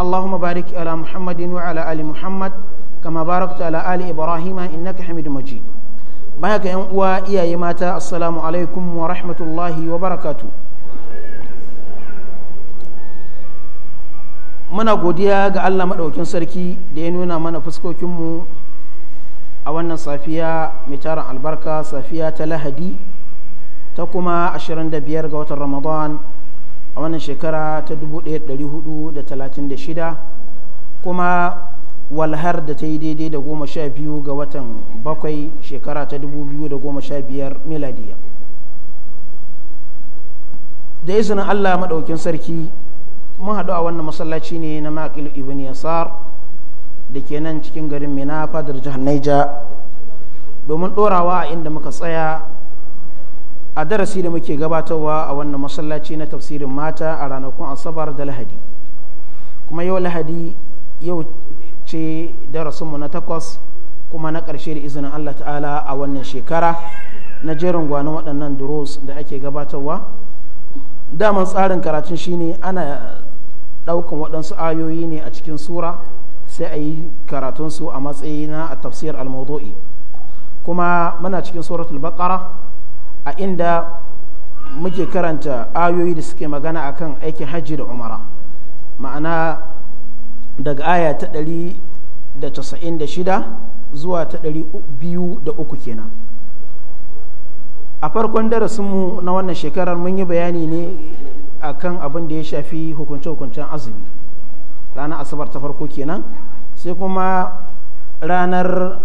اللهم بارك على محمد وعلى آل محمد كما باركت على آل إبراهيم إنك حميد مجيد بارك يا أموا إيا ماتا السلام عليكم ورحمة الله وبركاته muna godiya ga Allah maɗaukin sarki da ya nuna mana fuskokinmu a wannan safiya mai tara albarka safiya ta lahadi ta kuma 25 ga watan ramadan a wannan shekara ta 1436 kuma walhar da ta yi daidai da goma sha biyu ga watan bakwai shekara ta 2015 miladiya da izinin allah maɗaukin sarki mun haɗu a wannan masallaci ne na makil ibn yasar da ke nan cikin garin mina fadar jihar naija domin ɗorawa a inda muka tsaya a darasi da muke gabatarwa a wannan masallaci na tafsirin mata a ranakun asabar da lahadi kuma yau lahadi yau ce darasinmu na takwas kuma na ƙarshe da izinin allah ta'ala a wannan shekara na jerin gwanon waɗannan duros da ake gabatarwa daman tsarin karatun shine ana ɗaukan waɗansu ayoyi ne a cikin sura sai a yi karatunsu a matsayi na a tafsir al-mawdu'i kuma muna cikin suratul baqara a inda muke karanta ayoyi da suke magana akan aikin hajji da umara ma'ana daga aya ta 196 zuwa ta 203 kenan a farkon darasinmu na wannan shekarar mun yi bayani ne akan abin da ya shafi hukunce-hukuncen azumi ranar asabar ta farko kenan sai kuma ranar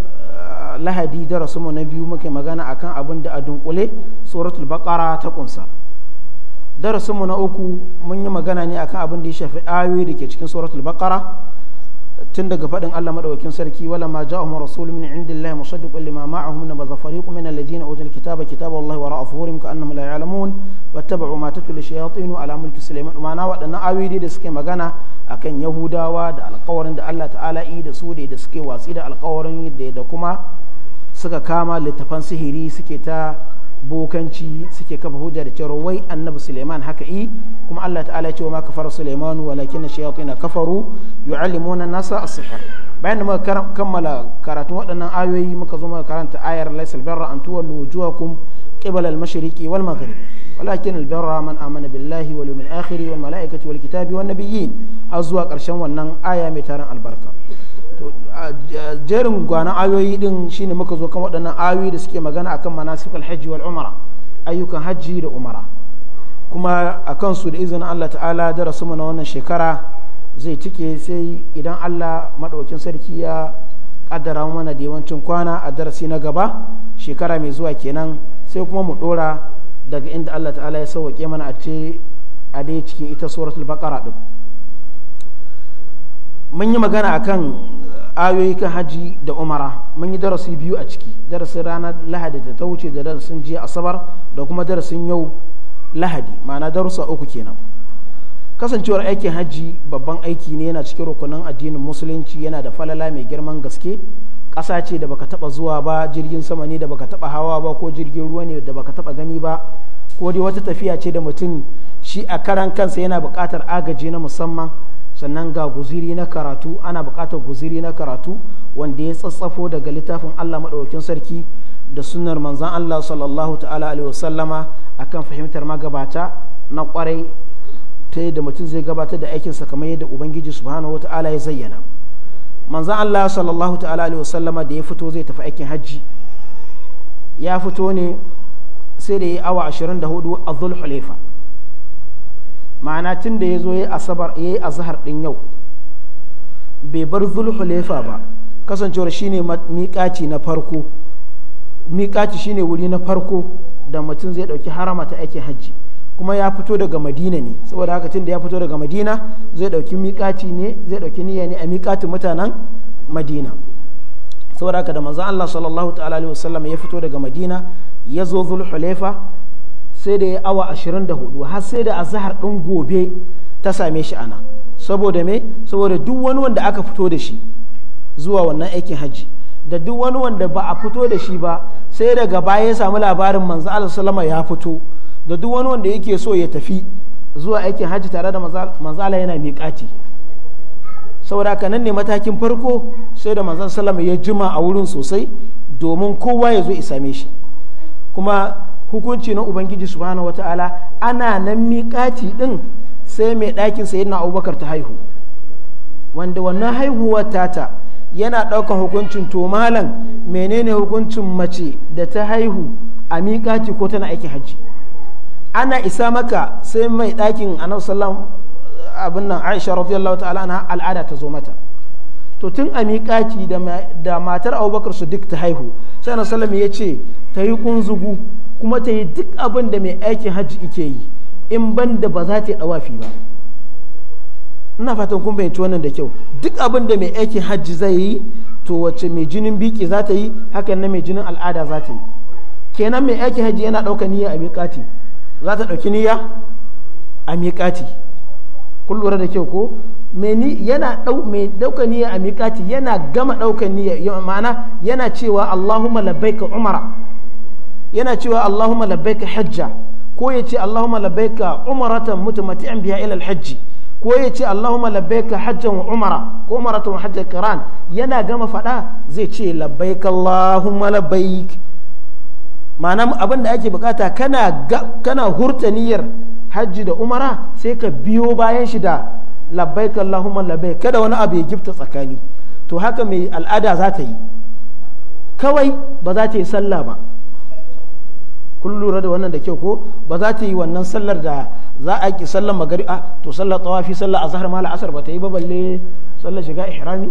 lahadi mu na biyu muke magana akan abin da a dunkule suratul baqara ta kunsa darasinmu na uku mun yi magana ne akan abin da ya shafi ayoyi da ke cikin suratul baqara tun daga faɗin Allah maɗaukin sarki wala ma ja'ahum rasulun min indillahi musaddiqun lima ma'ahum nabadha fariqun min alladhina utul kitaba kitaba Allah wa ra'a fuhurim ka annahum la ya'lamun wattaba'u ma tatlu shayatin ala mulki sulaiman mana waɗannan ayoyi da suke magana akan yahudawa da alƙawarin da Allah ta'ala yi da su da suke watsi da alƙawarin da kuma suka kama littafan sihiri suke ta bokanci suke kafa hujja da cewa wai annabi suleiman haka yi kuma allah ta'ala ya ce ma kafar suleiman walakin shayatin kafaru yu'allimuna nasa as-sihr bayan da muka kammala karatun waɗannan ayoyi muka zo muka karanta ayar laysal birra an tuwallu wujuhakum qibala al-mashriqi wal maghrib walakin al-birra man amana billahi wal yawmil akhir wal malaikati wal kitabi wan nabiyyin har zuwa ƙarshen wannan aya mai taron albarka jerin gwanan ayoyi din shine muka zo kan waɗannan ayoyi da suke magana akan manasik alhaji wal umara ayyukan hajji da umara kuma a kansu da izinin Allah ta'ala darasu mu na wannan shekara zai cike sai idan Allah maɗaukin sarki ya kaddara mana da yawancin kwana a darasi na gaba shekara mai zuwa kenan sai kuma mu ɗora daga inda Allah ta'ala ya sauwaƙe mana a ce a dai cikin ita suratul baqara ɗin. mun yi magana a kan ayoyi kan haji da umara mun yi darasi biyu a ciki darasin ranar lahadi da ta wuce da darasin jiya asabar da kuma darasin yau lahadi ma'ana darussa uku kenan kasancewar aikin haji babban aiki ne yana cikin rukunin addinin musulunci yana da falala mai girman gaske ƙasa ce da baka taba zuwa ba jirgin sama ne da baka taba hawa ba ko jirgin ruwa ne da baka taba gani ba ko dai wata tafiya ce da mutum shi a karan kansa yana buƙatar agaji na musamman sannan ga guziri na karatu ana bukatar guziri na karatu wanda ya tsatsafo daga littafin Allah maɗaukin sarki da sunar manzan Allah sallallahu ta'ala alaihi a akan fahimtar magabata na kwarai ta yadda mutum zai gabatar da aikinsa kamar yadda ubangiji subhanahu ta'ala ya zayyana manzan Allah sallallahu ta'ala alaihi sallama da ya fito zai tafi aikin hajji ya fito ne sai da ya yi awa 24 a zulhulaifa ma'ana tun da ya zo ya yi azahar ɗin yau bai bar zulhulefa ba kasancewar ne miƙaci na farko miƙaci shi ne wuri na farko da mutum zai ɗauki harama ta aikin hajji kuma ya fito daga madina ne saboda haka tun da ya fito daga madina zai ɗauki miƙaci ne zai ɗauki niyya ne a miƙatin mutanen madina saboda haka da manzon Allah sallallahu ta'ala alaihi wasallam ya fito daga madina ya zo zulhulefa sai da ya awa 24 har sai da azahar ɗin gobe ta same shi ana saboda me saboda duk wani wanda aka fito da shi zuwa wannan aikin hajji da duk wani wanda ba a fito da shi ba sai daga baya ya samu labarin manzo Allah sallama ya fito da duk wani wanda yake so ya tafi zuwa aikin hajji tare da manzo Allah yana miƙati saboda haka nan ne matakin farko sai da manzo sallama ya jima a wurin sosai domin kowa ya zo ya same shi kuma hukunci na ubangiji subhanahu wata'ala ana nan miƙati ɗin sai mai ɗakin na abubakar ta haihu wanda wannan haihuwar tata yana ɗaukar hukuncin to malam menene hukuncin mace da ta haihu a miƙati ko tana aikin hajji ana isa maka sai mai ɗakin annabi sallam abin nan aisha radiyallahu ta'ala ana al'ada ta zo mata to tun a miƙati da matar abubakar su duk ta haihu sai annabi sallam ya ce ta yi kunzugu kuma ta yi duk abin da mai aikin hajji ike yi in ban da ba za ta yi dawafi ba ina fatan kun bayyanci wannan da kyau duk abin da mai aikin hajji zai yi to wacce mai jinin biki za ta yi hakan na mai jinin al'ada za ta yi kenan mai aikin hajji yana ɗaukar niyya a miƙati za ta ɗauki niyya a miƙati kun lura da kyau ko mai yana mai ɗaukar niyya a miƙati yana gama ɗaukar niyya ma'ana yana cewa allahumma labbaika umara yana cewa Allahumma labbaika hajja ko ya ce Allahumma labbaika umaratan mutumati'an biha ila al-hajji ko ya ce Allahumma labbaika hajjan wa umara ko umaratan wa hajjan qiran yana gama fada zai ce labbaik Allahumma labbaik ma'ana abin da ake bukata kana kana hurta niyyar hajji da umara sai ka biyo bayan shi da labbaik Allahumma labbaik kada wani abu ya gifta tsakani to haka mai al'ada za ta yi kawai ba za ta yi sallah ba kun lura da wannan da kyau ko ba za ta yi wannan sallar da za a ki sallar magari a to sallar tawafi sallar azhar ma asar ba ta yi ba balle sallar shiga ihrami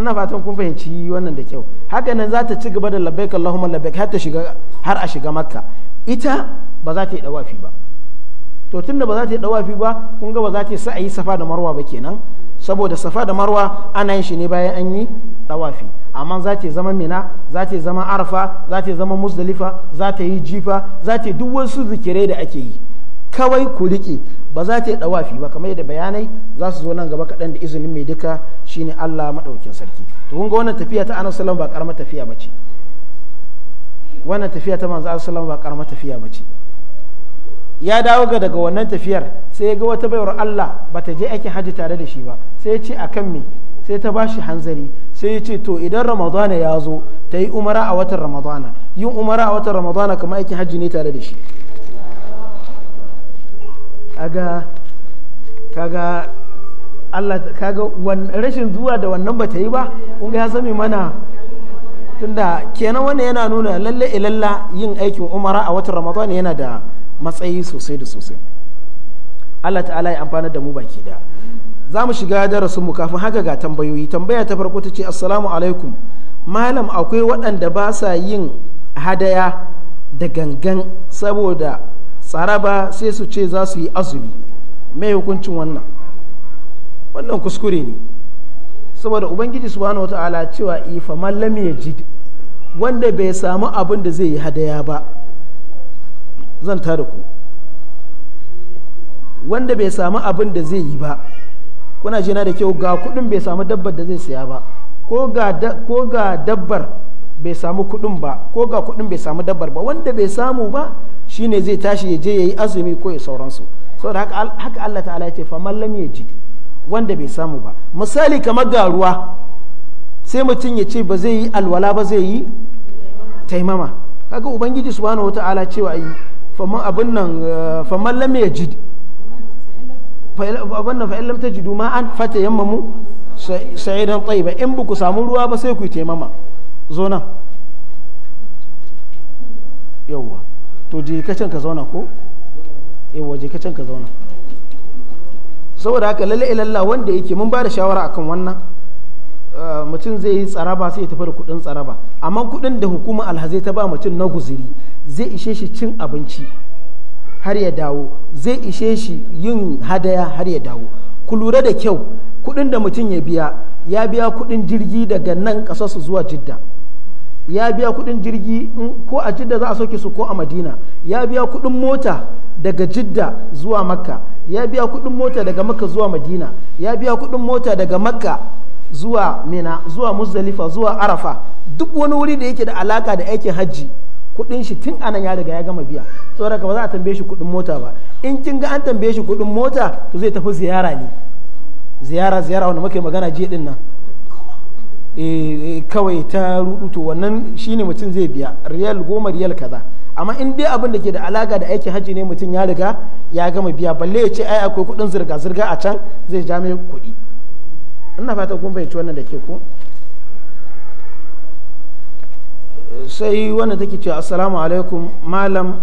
ana fatan kun fahimci wannan da kyau haka nan za ta ci gaba da labbaik allahumma labbaik har har a shiga makka ita ba za ta yi dawafi ba to tunda ba za ta yi dawafi ba kun ga ba za ta sa a yi safa da marwa ba kenan saboda safa da marwa ana yin shi ne bayan an yi dawafi amma za ta zama mina za ta zama arfa za ta zama musdalifa za ta yi jifa za ta duk wasu zikirai da ake yi kawai ku riƙe ba za ta yi dawafi ba kamar yadda bayanai za su zo nan gaba kaɗan da izinin mai duka shine Allah maɗaukin sarki to kun ga wannan tafiya ta Annabi sallallahu ba karamar tafiya bace wannan tafiya ta manzo sallallahu ba karamar tafiya bace ya dawo ga daga wannan tafiyar sai ya ga wata baiwar Allah ba ta je aikin hajji tare da shi ba sai ya ce a kan me sai ta ba shi hanzari sai ya ce to idan ramadana ya zo ta yi umara a watan ramadana yin umara a watan ramadana kamar aikin hajji ne tare da shi kaga kaga Allah kaga rashin zuwa da wannan ba ta yi ba kun ya sami mana tunda kenan wannan yana nuna lalle ilalla yin aikin umara a watan ramadana yana da matsayi sosai da sosai Allah ta'ala ya amfana da mu baki da. za mu shiga darasin mu kafin haka ga tambayoyi tambaya ta farko ta ce assalamu alaikum malam akwai waɗanda ba sa yin hadaya da gangan saboda ba sai su ce za su yi azumi mai hukuncin wannan wannan kuskure ne saboda ubangiji subhanahu ala cewa ifa mallam ya jid wanda bai samu abin da zai yi hadaya ba zan tara ku wanda bai samu abin da zai yi ba kuna jina da kyau ga kudin bai samu dabbar da zai siya ba ko ga dabbar bai samu kudin ba ko ga kudin bai samu dabbar ba wanda bai samu ba shi ne zai tashi ya je ya yi azumi ko ya sauransu saboda haka haka Allah ta'ala ya ce fa ya ji wanda bai samu ba misali kamar ga ruwa sai mutum ya ce ba zai yi alwala ba zai yi taimama kaga ubangiji subhanahu wata'ala cewa yi faman abin nan faman lam yajid abin nan fa'in lam tajidu ma an fata mu. sa'idan tayyiba in ba ku samu ruwa ba sai ku yi taimama zo nan yawwa to je ka can ka zauna ko yawwa je ka can ka zauna saboda haka lalle ilalla wanda yake mun ba da shawara akan wannan mutum zai yi tsaraba sai ya tafi da kudin tsaraba amma kudin da hukumar alhazai ta ba mutum na guziri zai ishe shi cin abinci har ya dawo zai ishe shi yin hadaya har ya dawo ku lura da kyau kudin da mutum ya biya ya biya kudin jirgi daga nan kasarsu zuwa jidda ya biya kudin jirgi ko a jidda za a soke su ko a madina ya biya kudin mota daga jidda zuwa makka ya biya kudin mota daga makka zuwa madina ya biya kudin mota daga makka zuwa mina zuwa Muzalifa zuwa arafa duk wani wuri da yake da alaka da aikin hajji kuɗin shi tun anan ya riga ya gama biya saboda ba za a tambaye shi kuɗin mota ba in kin ga an tambaye shi kuɗin mota to zai tafi ziyara ne ziyara ziyara wanda muke magana jiya din nan eh, eh, kawai ta to wannan shine mutum zai biya riyal goma riyal kaza amma in dai abin da ke da alaka da aikin hajji ne mutum ya riga ya gama biya balle ya ce ai akwai kuɗin zirga-zirga a can zai ja mai kuɗi ina fata kun bayyace wannan da ke ku sai wanda take cewa assalamu alaikum malam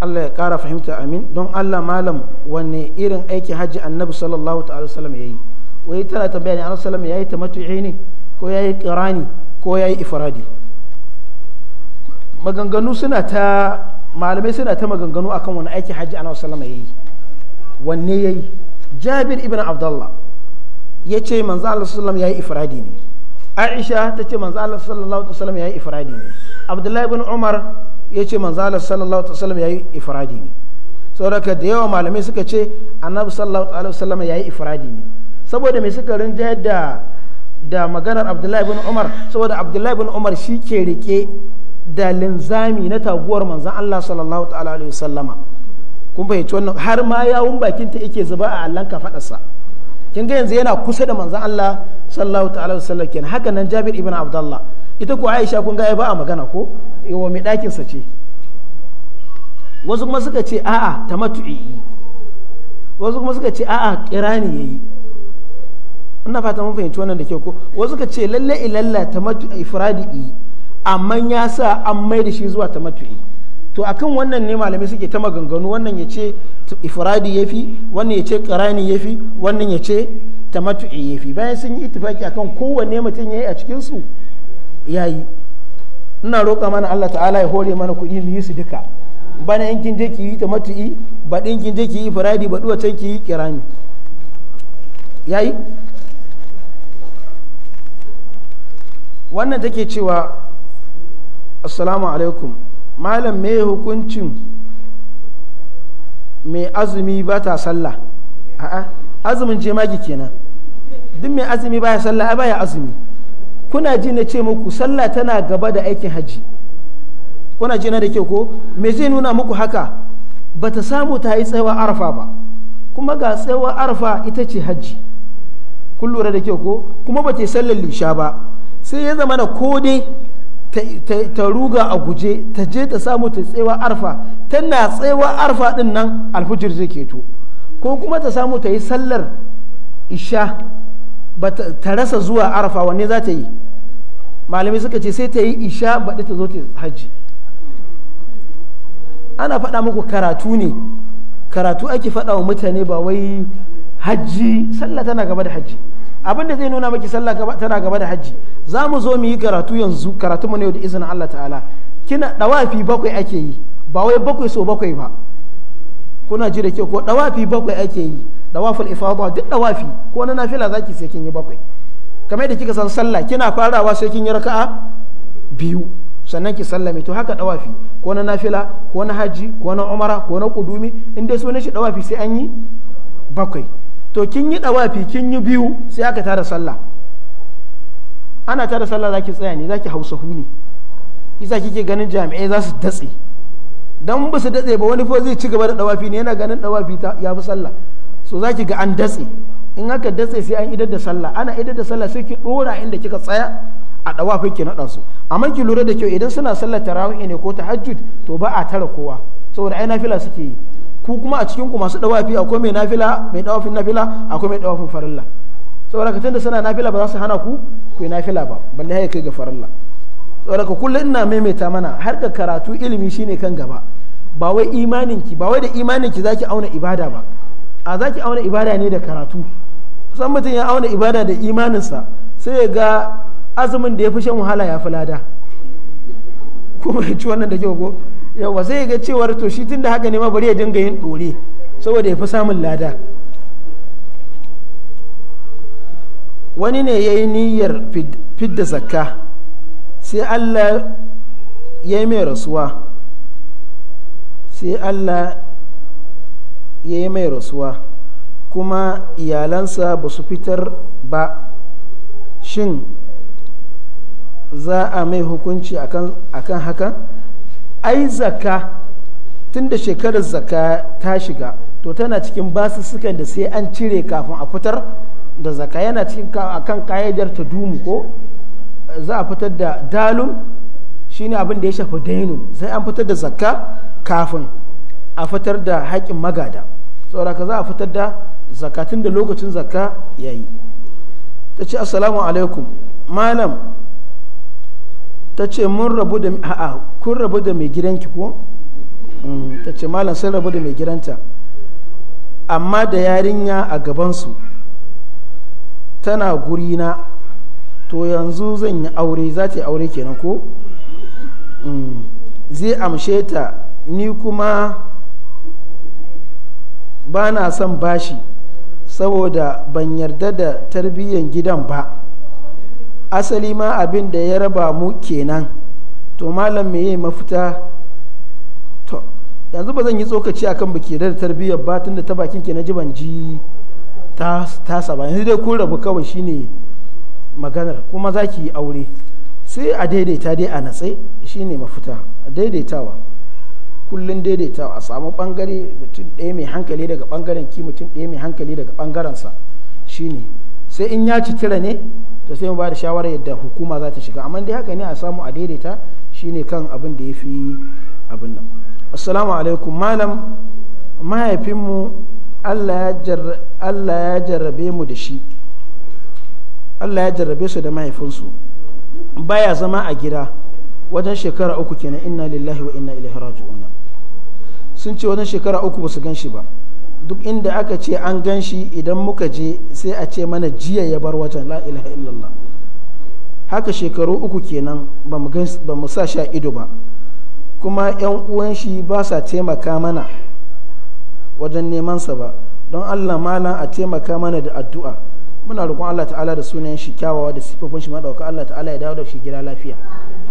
Allah ya ƙara fahimta amin don Allah malam wanne irin aiki hajji annabi sallallahu ta'ala sallam ya yi wai tana tambaya ne annabi sallam ya yi tamattu'i ne ko ya yi ƙirani ko ya yi ifradi maganganu suna ta malamai suna ta maganganu akan wani aiki hajji annabi sallam ya yi wanne ya yi jabir ibn abdullah ya ce manzo Allah sallam ya yi ifradi ne aisha ta ce manzo Allah sallallahu alaihi wasallam yayi ifradi ne abdullahi ibn umar ya ce manzo Allah sallallahu alaihi wasallam yayi ifradi ne saboda da yawa malamai suka ce annabi sallallahu alaihi wasallam yayi ifradi ne saboda me suka rinja da da maganar abdullahi ibn umar saboda abdullahi ibn umar shi ke rike da linzami na taguwar manzon Allah sallallahu alaihi wasallama kun fahimci wannan har ma yawun bakinta yake zuba a allan sa kin ga yanzu yana kusa da manzon Allah sallallahu ta'ala sallam kenan haka nan Jabir ibn Abdullah ita ko Aisha kun ga ba a magana ko yawa mai dakin sa ce wasu kuma suka ce a'a tamattu'i wasu kuma suka ce a'a kirani yayi ina fata mun fahimci wannan da ke ko wasu suka ce lalle ilalla tamattu ifradi amma ya sa an mai da shi zuwa tamattu'i to akan wannan ne malamai suke ta maganganu wannan ya ce ifradi ya fi wannan ya ce karani ya fi wannan ya ce tamatu'i ya fi bayan sun yi itifaki akan kowanne mutum ya yi a cikinsu ya yi ina roƙa mana allah ta'ala ya hore mana kuɗi mu yi su duka bana in kin je ki yi tamatu'i ba ɗin kin je ki yi ifradi ba duwacen ki yi kirani. ya yi wannan take cewa assalamu alaikum malam me hukuncin mai azumi ba ta sallah a'a azumin jemagi kenan duk mai azumi ba baya sallah baya azumi kuna ji na ce muku sallah tana gaba da aikin haji kuna ji na da ke ko me zai nuna muku haka ba ta samu ta yi tsayawa arfa ba kuma ga tsawa arfa ita ce haji kun lura da ke ko kuma ba ta yi sallar lisha ba sai ya zama na kode. ta ruga a guje ta je ta samu ta tsewa arfa tana tsewa arfa din nan alfijir zai keto ko kuma ta samu ta yi sallar isha ta rasa zuwa arfa wanne za ta yi malami suka ce sai ta yi isha baɗi ta zo ta hajji ana faɗa muku karatu ne karatu ake faɗa wa mutane ba wai hajji sallah tana gaba da hajji abin da zai nuna maki sallah tana gaba da hajji za mu zo mu yi karatu yanzu karatu mu ne da izinin Allah ta'ala kina dawafi bakwai ake yi ba wai bakwai so bakwai ba kuna ji da ke ko dawafi bakwai ake yi dawaful ifada duk dawafi ko na nafila zaki sai kin yi bakwai kamar da kika san sallah kina farawa sai kin yi raka'a biyu sannan ki sallame to haka dawafi ko na nafila ko na haji ko na umara ko na kudumi in dai so ne shi dawafi sai an yi bakwai to kin yi dawafi kin yi biyu sai aka tara sallah ana tara sallah zaki tsaya ne zaki hausa ne isa kike ganin jami'ai za su datse dan ba su datse ba wani fa zai ci gaba da dawafi ne yana ganin dawafi ta ya fi sallah so zaki ga an datse in aka datse sai an idar da sallah ana idar da sallah sai ki dora inda kika tsaya a dawafin ki naɗa su amma ki lura da kyau idan suna sallar tarawih ne ko tahajjud to ba a tara kowa saboda ai nafila suke yi ku kuma a cikin ku masu dawafi akwai mai nafila mai dawafin nafila akwai mai dawafin farilla saboda ka tunda suna nafila ba za su hana ku ku yi nafila ba balle har kai ga farilla saboda ka kullum ina maimaita mana har ka karatu ilimi shine kan gaba ba wai imanin ki ba wai da imanin ki zaki auna ibada ba a zaki auna ibada ne da karatu san mutum ya auna ibada da imanin sa sai ya ga azumin da ya fi shan wahala ya fi lada kuma ya ci wannan da kyau ko yawa sai ga cewar to shi tunda haka ne ma bari ya dinga yin dore saboda ya fi samun lada wani ne ya yi niyyar fidda zakka sai allah ya yi mai rasuwa sai allah ya yi mai rasuwa kuma iyalansa ba su fitar ba shin za a mai hukunci akan haka ai zaka tun da shekarar zaka ta shiga to tana cikin basussukan da sai an cire kafin a fitar da zaka yana cikin kan kayyadar ta dumu ko za a fitar da dalun shine abin da ya shafi dainu sai an fitar da zaka kafin a fitar da haƙƙin magada tsoraka za a fitar da zakatun da lokacin zakka yayi ta ce assalamu alaikum malam ta ce mun rabu da a'a kun rabu da mai gidanki ko mm, ta ce malam sun rabu da mai gidanta amma da yarinya a gabansu tana gurina to yanzu zan yi aure za ta yi aure kenan ko mm, zai amshe ta ni kuma ba na son bashi saboda ban yarda da tarbiyyar gidan ba asali ma abin da ya raba mu kenan to malam me yayi mafita to yanzu ba zan yi tsokaci akan baki da tarbiyyar ba tunda ta bakin ke na ji ji ta tasa ba yanzu dai kun rabu kawai shine maganar kuma za ki yi aure sai a daidaita dai a natse shine mafita a daidaitawa kullum daidaitawa a samu bangare mutum ɗaya mai hankali daga bangaren ki mutum ɗaya mai hankali daga bangarensa shine sai in ya ci tira ne to sai mu ba da shawarar yadda hukuma za ta shiga amma dai haka ne a samu a daidaita shine kan abin da ya fi abin nan assalamu alaikum malam mahaifinmu allah ya jarrabe mu da shi allah ya jarrabe su da mahaifinsu baya zama a gida wajen shekara uku kenan inna lillahi wa inna ilaihi raji'un sun ce wajen shekara uku ba su gan shi ba duk inda aka ce an gan shi idan muka je sai a ce mana jiya ya bar wajen la ilaha illallah haka shekaru uku kenan ba mu sa sha ido ba kuma 'yan uwan shi ba sa taimaka mana wajen nemansa ba don allah malam a taimaka mana da addu'a muna roƙon allah ta'ala da sunayen shi kyawawa da siffofin shi maɗauka allah ta'ala ya dawo da shi gida lafiya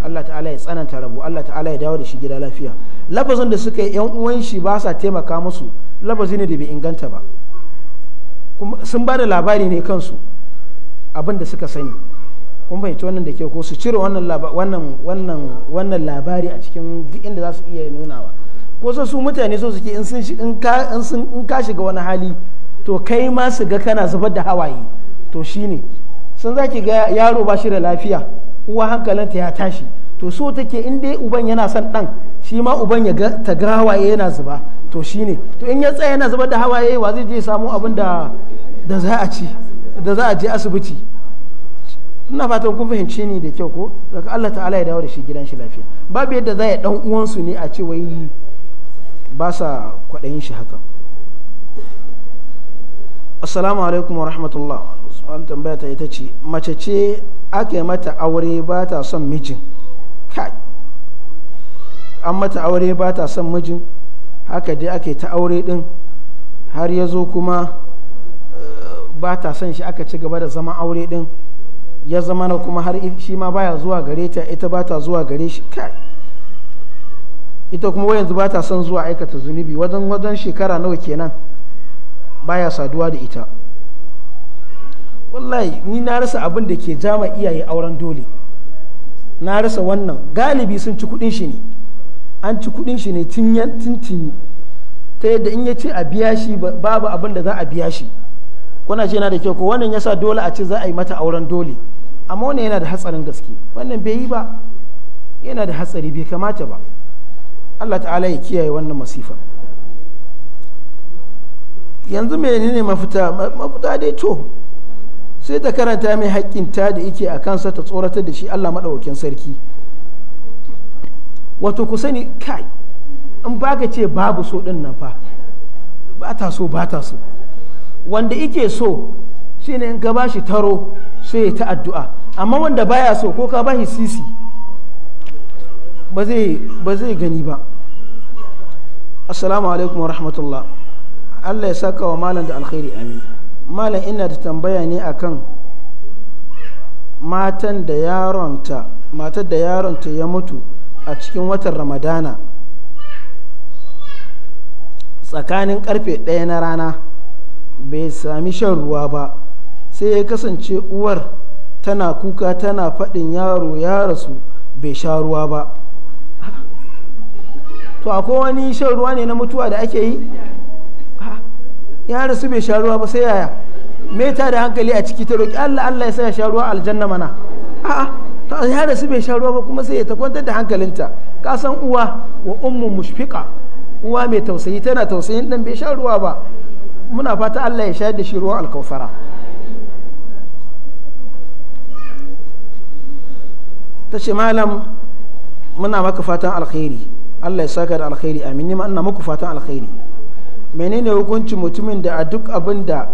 allah ta'ala ya tsananta rabu allah ta'ala ya dawo da shi gida lafiya lafazin da suka yi 'yan uwan shi ba sa taimaka musu labazi ne da bai inganta ba kuma sun ba da labari ne kansu abin da suka sani kun fahimci wannan da ke ko su cire wannan labari a cikin duk inda za su iya nunawa ko so su mutane so suke in ka shiga wani hali to kai ma su ga kana zubar da hawaye to shine sun zaki ga yaro ba shi da lafiya uwa hankalinta ya tashi to so take in dai uban yana son ɗan shi ma uban ya ga ta hawaye yana zuba to shine to in ya tsaya yana zubar da hawaye wa zai je samu abin da da za a ci da za a je asibiti ina fatan kun fahimce ni da kyau ko daga Allah ta'ala ya dawo da shi gidan shi lafiya babu yadda za ya dan uwansu ne a ce wai ba sa kwaɗayin shi haka assalamu alaikum wa rahmatullah wani tambaya ta ita ce mace ce ake mata aure ba ta son mijin an mata aure ba ta son mijin haka dai ake ta aure din har ya zo kuma eh, ba ta son shi aka ci gaba da zama aure din ya zama na kuma har shi ma baya zuwa gare ta ita ba ta zuwa gare shi kai ita kuma yanzu ba ta son zuwa aikata zunubi wajen wajen shekara nawa kenan baya saduwa da ita wallahi ni na rasa abin da ke jama iyaye auren dole na rasa wannan galibi sun ci kudin shi ne an ci kudin shi ne tintini ta yadda in ya ce a biya shi babu abin da za a biya shi kuna ce yana da kyau ko wannan yasa dole a ce za a yi mata auren dole amma wannan yana da hatsarin gaske wannan bai yi ba yana da hatsari bai kamata ba Allah ta'ala ya kiyaye wannan masifa yanzu menene mafita mafita dai to sai ta karanta mai haƙƙin ta da yake a kansa ta tsoratar da shi Allah maɗaukin sarki wato ku sani kai in ba ka ce babu so din nan fa ba ta so ba ta so wanda ike so shine in ka ba shi taro sai ya ta addu'a amma wanda baya so ko ka ba shi sisi ba zai gani ba assalamu alaikum wa rahmatullah allah ya saka wa malam da alkhairi amin malam ina da tambaya ne akan matan da yaronta matar da yaronta ya mutu a cikin watan ramadana tsakanin karfe ɗaya na rana bai sami shan ruwa ba sai ya kasance uwar tana kuka tana faɗin yaro ya rasu bai sha ruwa ba to akwai wani shan ruwa ne na mutuwa da ake yi ya rasu bai sha ruwa ba sai yaya meta da hankali a ciki ta roƙi allah allah ya sa ya sha ruwa aljanna mana a'a ta ya su bai sha ruwa ba kuma sai ya ta kwantar da hankalinta ka san uwa wa ummu mushfiqa uwa mai tausayi tana tausayin dan bai sha ruwa ba muna fata Allah ya shayar da shi ruwan alkawfara ta ce malam muna maka fatan alkhairi Allah ya saka da alkhairi amin nima ina muku fatan alkhairi menene hukuncin mutumin da a duk abin da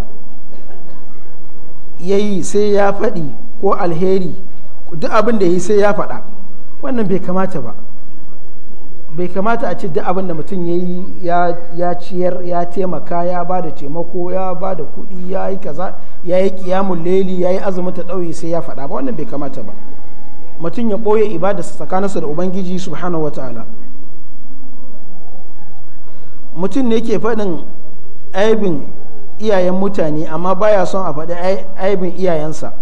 ya yi sai ya faɗi ko alheri duk abin da ya yi sai ya faɗa wannan bai kamata ba bai kamata a ce duk abin da mutum ya yi ya ciyar ya taimaka ya ba da taimako ya ba da kuɗi ya yi kaza ya yi kiyamun leli ya yi azumin ta ɗauyi sai ya faɗa ba wannan bai kamata ba mutum ya ɓoye ibadarsa tsakaninsa da ubangiji subhanahu wataala mutum ne ke faɗin aibin iyayen mutane amma baya son a faɗi aibin iyayensa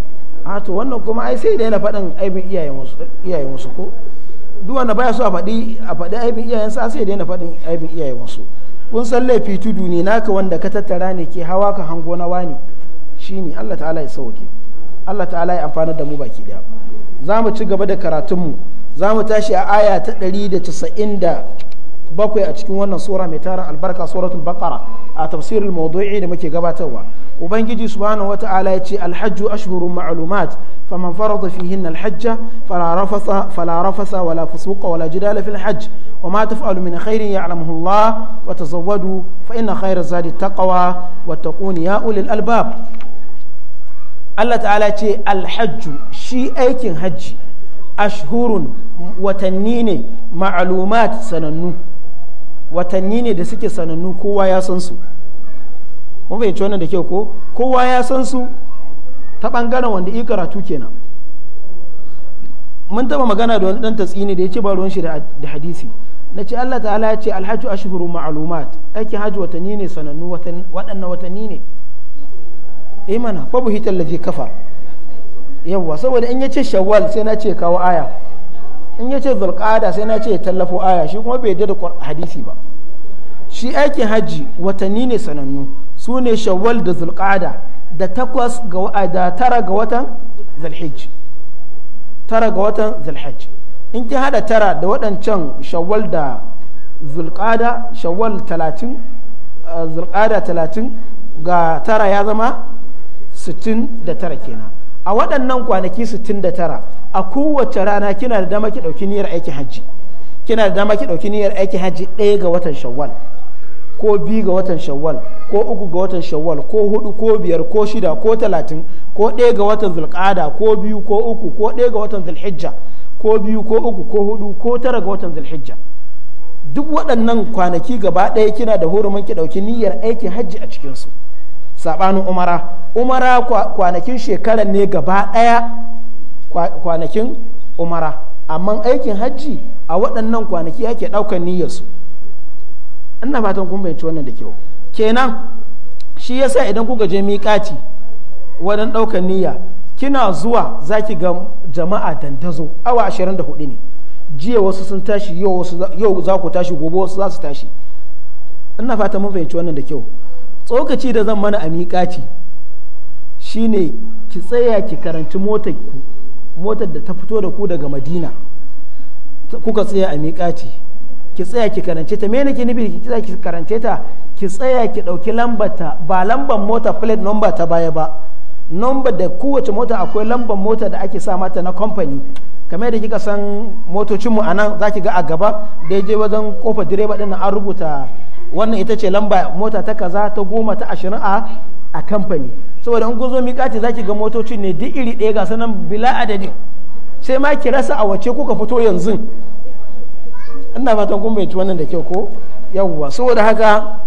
a to wannan kuma ai sai daina faɗin aibin iyayen wasu ko duk wanda baya so a faɗi a iyayen aibin iyayensa sai daina faɗin aibin iyayen wasu kun san laifi tudu ne naka wanda ka tattara ne ke hawa ka hango na wani shine Allah ta'ala ya sauke Allah ta'ala ya amfana da mu baki daya za mu ci gaba da karatunmu za mu tashi a aya ta 190 bakwai a cikin wannan sura mai tara albarka suratul baqara a tafsirul mawdu'i da muke gabatarwa ubangiji subhanahu wata'ala ya ce alhajju ashhurun ma'lumat faman farada fihin alhajja fala rafasa fala rafasa wala fusuqa wala jidala fil hajj وما تفعلوا من خير fa inna وتزودوا فإن خير الزاد التقوى واتقون يا albab allah الله تعالى الحج shi أيكن hajji ashhurun watanni ne ma'alumat sanannu watanni ne da suke sanannu kowa ya san su mun fahimci wannan da kyau ko kowa ya san su ta bangaren wanda i karatu kenan mun taba magana da wani dan tatsini da ya ce ba shi da hadisi na ce Allah ta'ala ya ce Alhaju ashhuru ma'lumat aikin haju watanni ne sanannu waɗannan watanni ne imana eh babu hitar lafi kafar yawwa saboda in ya ce shawwal sai na ce kawo aya in ya ce zulqada sai na ce ya tallafo aya shi kuma bai da hadisi ba shi aikin hajji watanni ne sanannu su ne shawwal da zulqada da takwas da tara ga watan zulhijji tara ga watan zulhijji in ki hada tara da waɗancan shawwal da zulqada shawwal talatin zulqada talatin ga tara ya zama sittin da tara kenan a waɗannan kwanaki sittin da tara a kowace rana kina da dama ki ɗauki niyyar aiki hajji kina da dama ki ɗauki niyyar aiki hajji ɗaya ga watan shawwal ko biyu ga watan shawwal ko uku ga watan shawwal ko hudu ko biyar ko shida ko talatin ko ɗaya ga watan zulƙada ko biyu ko uku ko ɗaya ga watan zulhijja ko biyu ko uku ko hudu ko tara ga watan zulhijja duk waɗannan kwanaki gaba ɗaya kina da hurumin ki ɗauki niyyar aiki hajji a cikinsu sabanin umara umara kwanakin shekarar ne gaba ɗaya kwanakin umara amma aikin hajji a waɗannan kwanaki ake ɗaukar niyyarsu ina fatan kun bayanci wannan da kyau kenan shi yasa idan kuka je miƙaci wajen ɗaukar niyya kina zuwa za ki ga jama'a dandazo awa 24 ne jiya wasu sun tashi yau za ku tashi gobe wasu za su tashi ina fata mun fahimci wannan da kyau tsokaci da zan mana a miƙaci shine ki tsaya ki karanci motar ku motar da ta fito da ku daga madina kuka tsaya a miƙaci ki tsaya ki karance ta me ki nufi ki tsaya ki karance ta ki tsaya ki ɗauki lambar ta ba lambar mota plate number ta baya ba number da kowace mota akwai lambar mota da ake sa mata na kamfani kamar da kika san motocinmu a nan za ki ga a gaba da je wajen kofar direba ɗin an rubuta wannan ita ce lamba mota ta kaza ta goma ta ashirin a a kamfani saboda in kun zo miƙati za ga motoci ne duk iri ɗaya ga sanan bila adadin sai ma ki rasa a wace kuka fito yanzu ina fatan kun bayyanci wannan da kyau ko yawwa saboda haka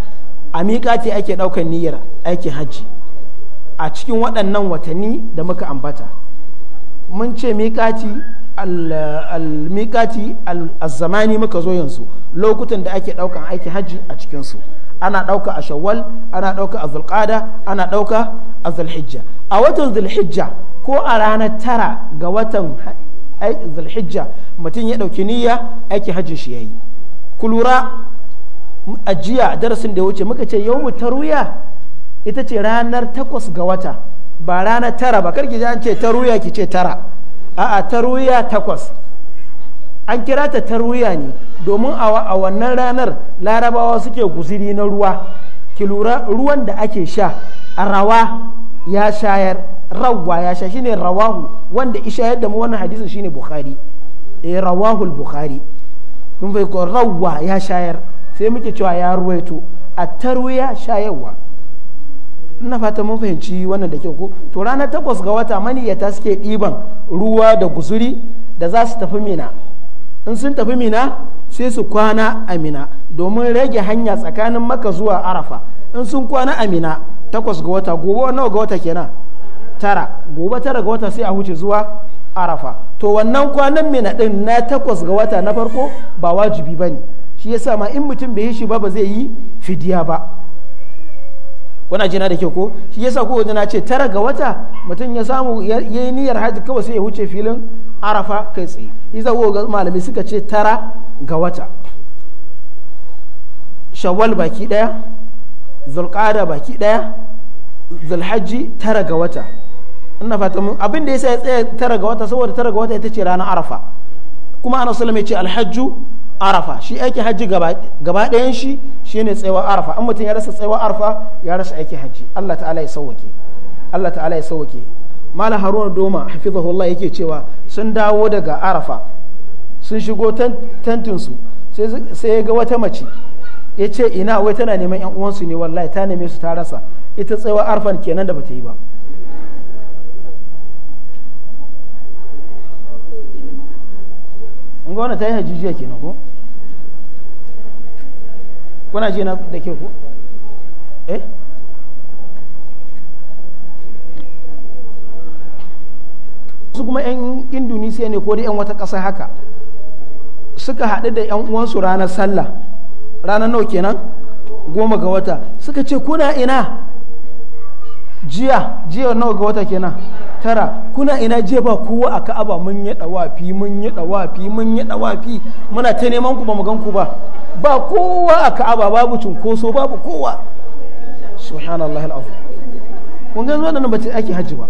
a miƙati ake ɗaukar niyyar aiki hajji a cikin waɗannan watanni da muka ambata mun ce miƙati al-miƙati zamani muka zo yanzu lokutan da ake ɗaukan aiki hajji a cikinsu ana ɗauka a shawwal ana ɗauka a zulƙada ana ɗauka a zulhijja a watan zulhijja ko a ranar tara ga watan zulhijja mutum ya ɗauki niyya aiki hajji shi ya yi ku a jiya darasin da ya wuce muka ce yau taruya ita ce ranar takwas ga wata ba ranar tara ba karki an ce taruya ki ce tara a'a tarwiya takwas an kira ta tarwiya ne domin a wannan ranar larabawa suke guziri na ruwa ki lura ruwan da ake sha a rawa ya shayar rawa ya sha shine rawahu wanda ishayar da mu wannan hadisin shine bukhari eh rawahul bukhari kun fai ko rawa ya shayar sai muke cewa ya ruwaito a tarwiya shayarwa ina fata mun fahimci wannan da kyau ko to ranar takwas ga wata maniyyata suke ɗiban ruwa da guzuri da za su tafi mina in sun tafi mina sai su kwana a mina domin rage hanya tsakanin maka zuwa arafa in sun kwana a mina takwas ga wata gobe nawa ga wata kenan tara gobe tara ga wata sai a wuce zuwa arafa to wannan kwanan mina din na takwas ga wata na farko ba wajibi ba ne shi yasa ma in mutum bai yi shi ba ba zai yi fidiya ba wana jina da ke ko shi yasa ko wajen na ce tara ga wata mutum ya samu ya yi niyyar hajji kawai sai ya wuce filin arafa kai tsaye yasa ko ga malami suka ce tara ga wata shawwal baki daya zulqada baki daya zulhajji tara ga wata ina fata mun abin da yasa ya tsaya tara ga wata saboda tara ga wata ita ce ranar arafa kuma ana sallama ya ce alhajju arafa shi aiki hajji gaba ɗayan shi ne tsewa arafa an mutum ya rasa tsewa arafa ya rasa aiki hajji Allah ta'ala ya sauwake Allah ta'ala ya sauwake malam haruna doma hafizahullah yake cewa sun dawo daga arafa sun shigo tantinsu sai ya ga wata mace ya ce ina wai tana neman yan uwansu ne wallahi ta neme su ta rasa ita tsewa arfan kenan da bata yi ba in ga wanda ta yi hajjujiya kenan ko kuna ji na da ke ku eh su kuma 'yan indonesiya ne ko da 'yan wata ƙasa haka suka haɗu da 'yan uwansu ranar sallah ranar nau kenan goma ga wata suka ce kuna ina jiya jiya nawa ga wata kenan tara kuna ina jiya ba kowa a ka'aba mun yi dawafi mun yi dawafi mun yi dawafi muna ta neman ku ba mu ku ba ba kowa a ka'aba babu cunkoso babu kowa subhanallahi alazim kun ga wannan ba ce ake haji ba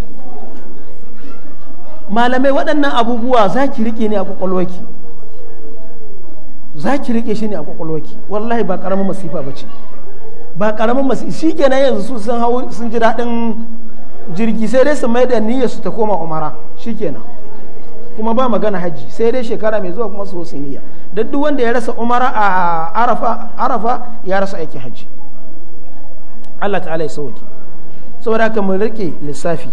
malamai waɗannan abubuwa za ki rike ne a kwakwalwarki za ki rike shi ne a kwakwalwarki wallahi ba karamin masifa ba ce ba karamin masu shi kenan yanzu su sun hau sun ji daɗin jirgi sai dai su mai da niyyar su ta koma umara shi kenan kuma ba magana hajji sai dai shekara mai zuwa kuma su niyya da duk wanda ya rasa umara a arafa arafa ya rasa aikin hajji Allah ta'ala ya sauke saboda haka mu rike lissafi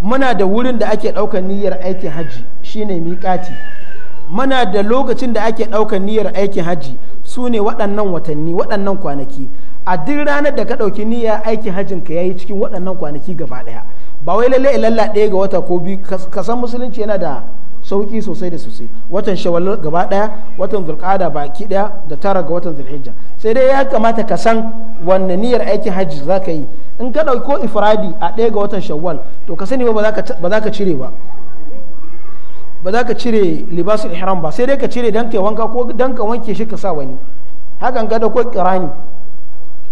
muna da wurin da ake ɗaukar niyyar aikin hajji shine miƙati muna da lokacin da ake ɗaukar niyyar aikin hajji su ne waɗannan watanni waɗannan kwanaki a duk ranar da ka ɗauki niyyar aikin hajjin ka yayi cikin waɗannan kwanaki gaba ɗaya ba wai lalle lalla ɗaya ga wata ko biyu ka san musulunci yana da sauki sosai da sosai watan shawal gaba ɗaya watan zulƙada baki ɗaya da tara ga watan zulhijja sai dai ya kamata ka san wanne niyyar aikin hajji za ka yi in ka ɗauki ko ifradi a ɗaya ga watan shawal to ka sani ba za ka cire ba ba za ka cire ihram ba sai dai ka cire dan ka wanka ko dan ka wanke shi ka sa wani hakan ka ko kirani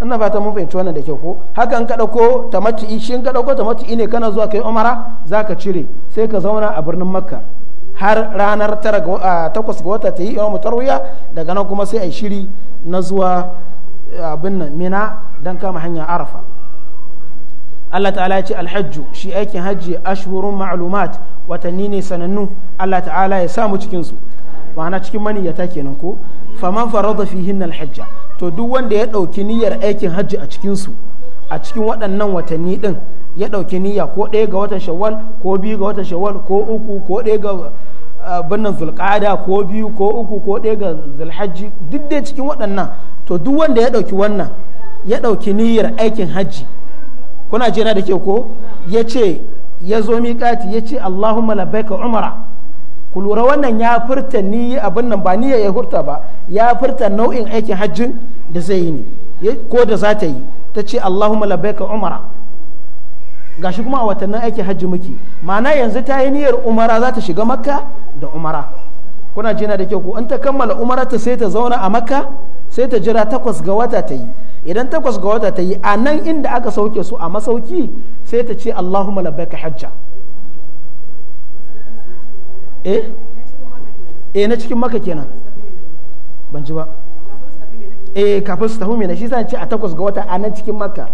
ina fata mun fahimci wannan da kyau ko haka in ka dauko tamattu'i shi in ka dauko tamattu'i ne kana zuwa kai umara zaka cire sai ka zauna a birnin makka har ranar tara ga takwas ga wata ta yi yawon tarwiya daga nan kuma sai a shiri na zuwa eh, abin nan mina don kama hanyar arafa Allah ta'ala ya ce alhajju shi aikin hajji ashhurun ma'lumat watanni ne sanannu Allah ta'ala ya samu cikinsu su ma'ana cikin maniyyata kenan ko faman farada fihin alhajja to duk wanda ya ɗauki niyyar aikin hajji a cikinsu a cikin waɗannan watanni ɗin ya ɗauki niyya ko ɗaya ga watan shawwal ko biyu ga watan shawwal ko uku ko ɗaya ga ah, bannan zulƙada ko biyu ko uku ko ɗaya ga zulhajji duk dai cikin waɗannan to duk wanda ya ɗauki wannan ya ɗauki niyyar aikin hajji kuna jina da ke ko ya ce ya zo miƙati ya ce allahumma labbaika umara ku lura wannan ya furta ni abin nan ba niyya ya hurta ba ya furta nau'in aikin hajjin da zai yi ne ko da za ta yi ta ce Allahumma labbaika umara gashi kuma a watannin aikin hajji muke ma'ana yanzu ta yi niyyar umara za ta shiga makka da umara kuna jina da kyau ko in ta kammala umara ta sai ta zauna a makka sai ta jira takwas ga wata ta yi idan takwas ga wata ta yi a nan inda aka sauke su a masauki sai ta ce Allahumma labbaika hajja Eh? eh na cikin maka kenan ban ji ba eh kafin su tafi mena shi sa ce a takwas ga wata a nan cikin maka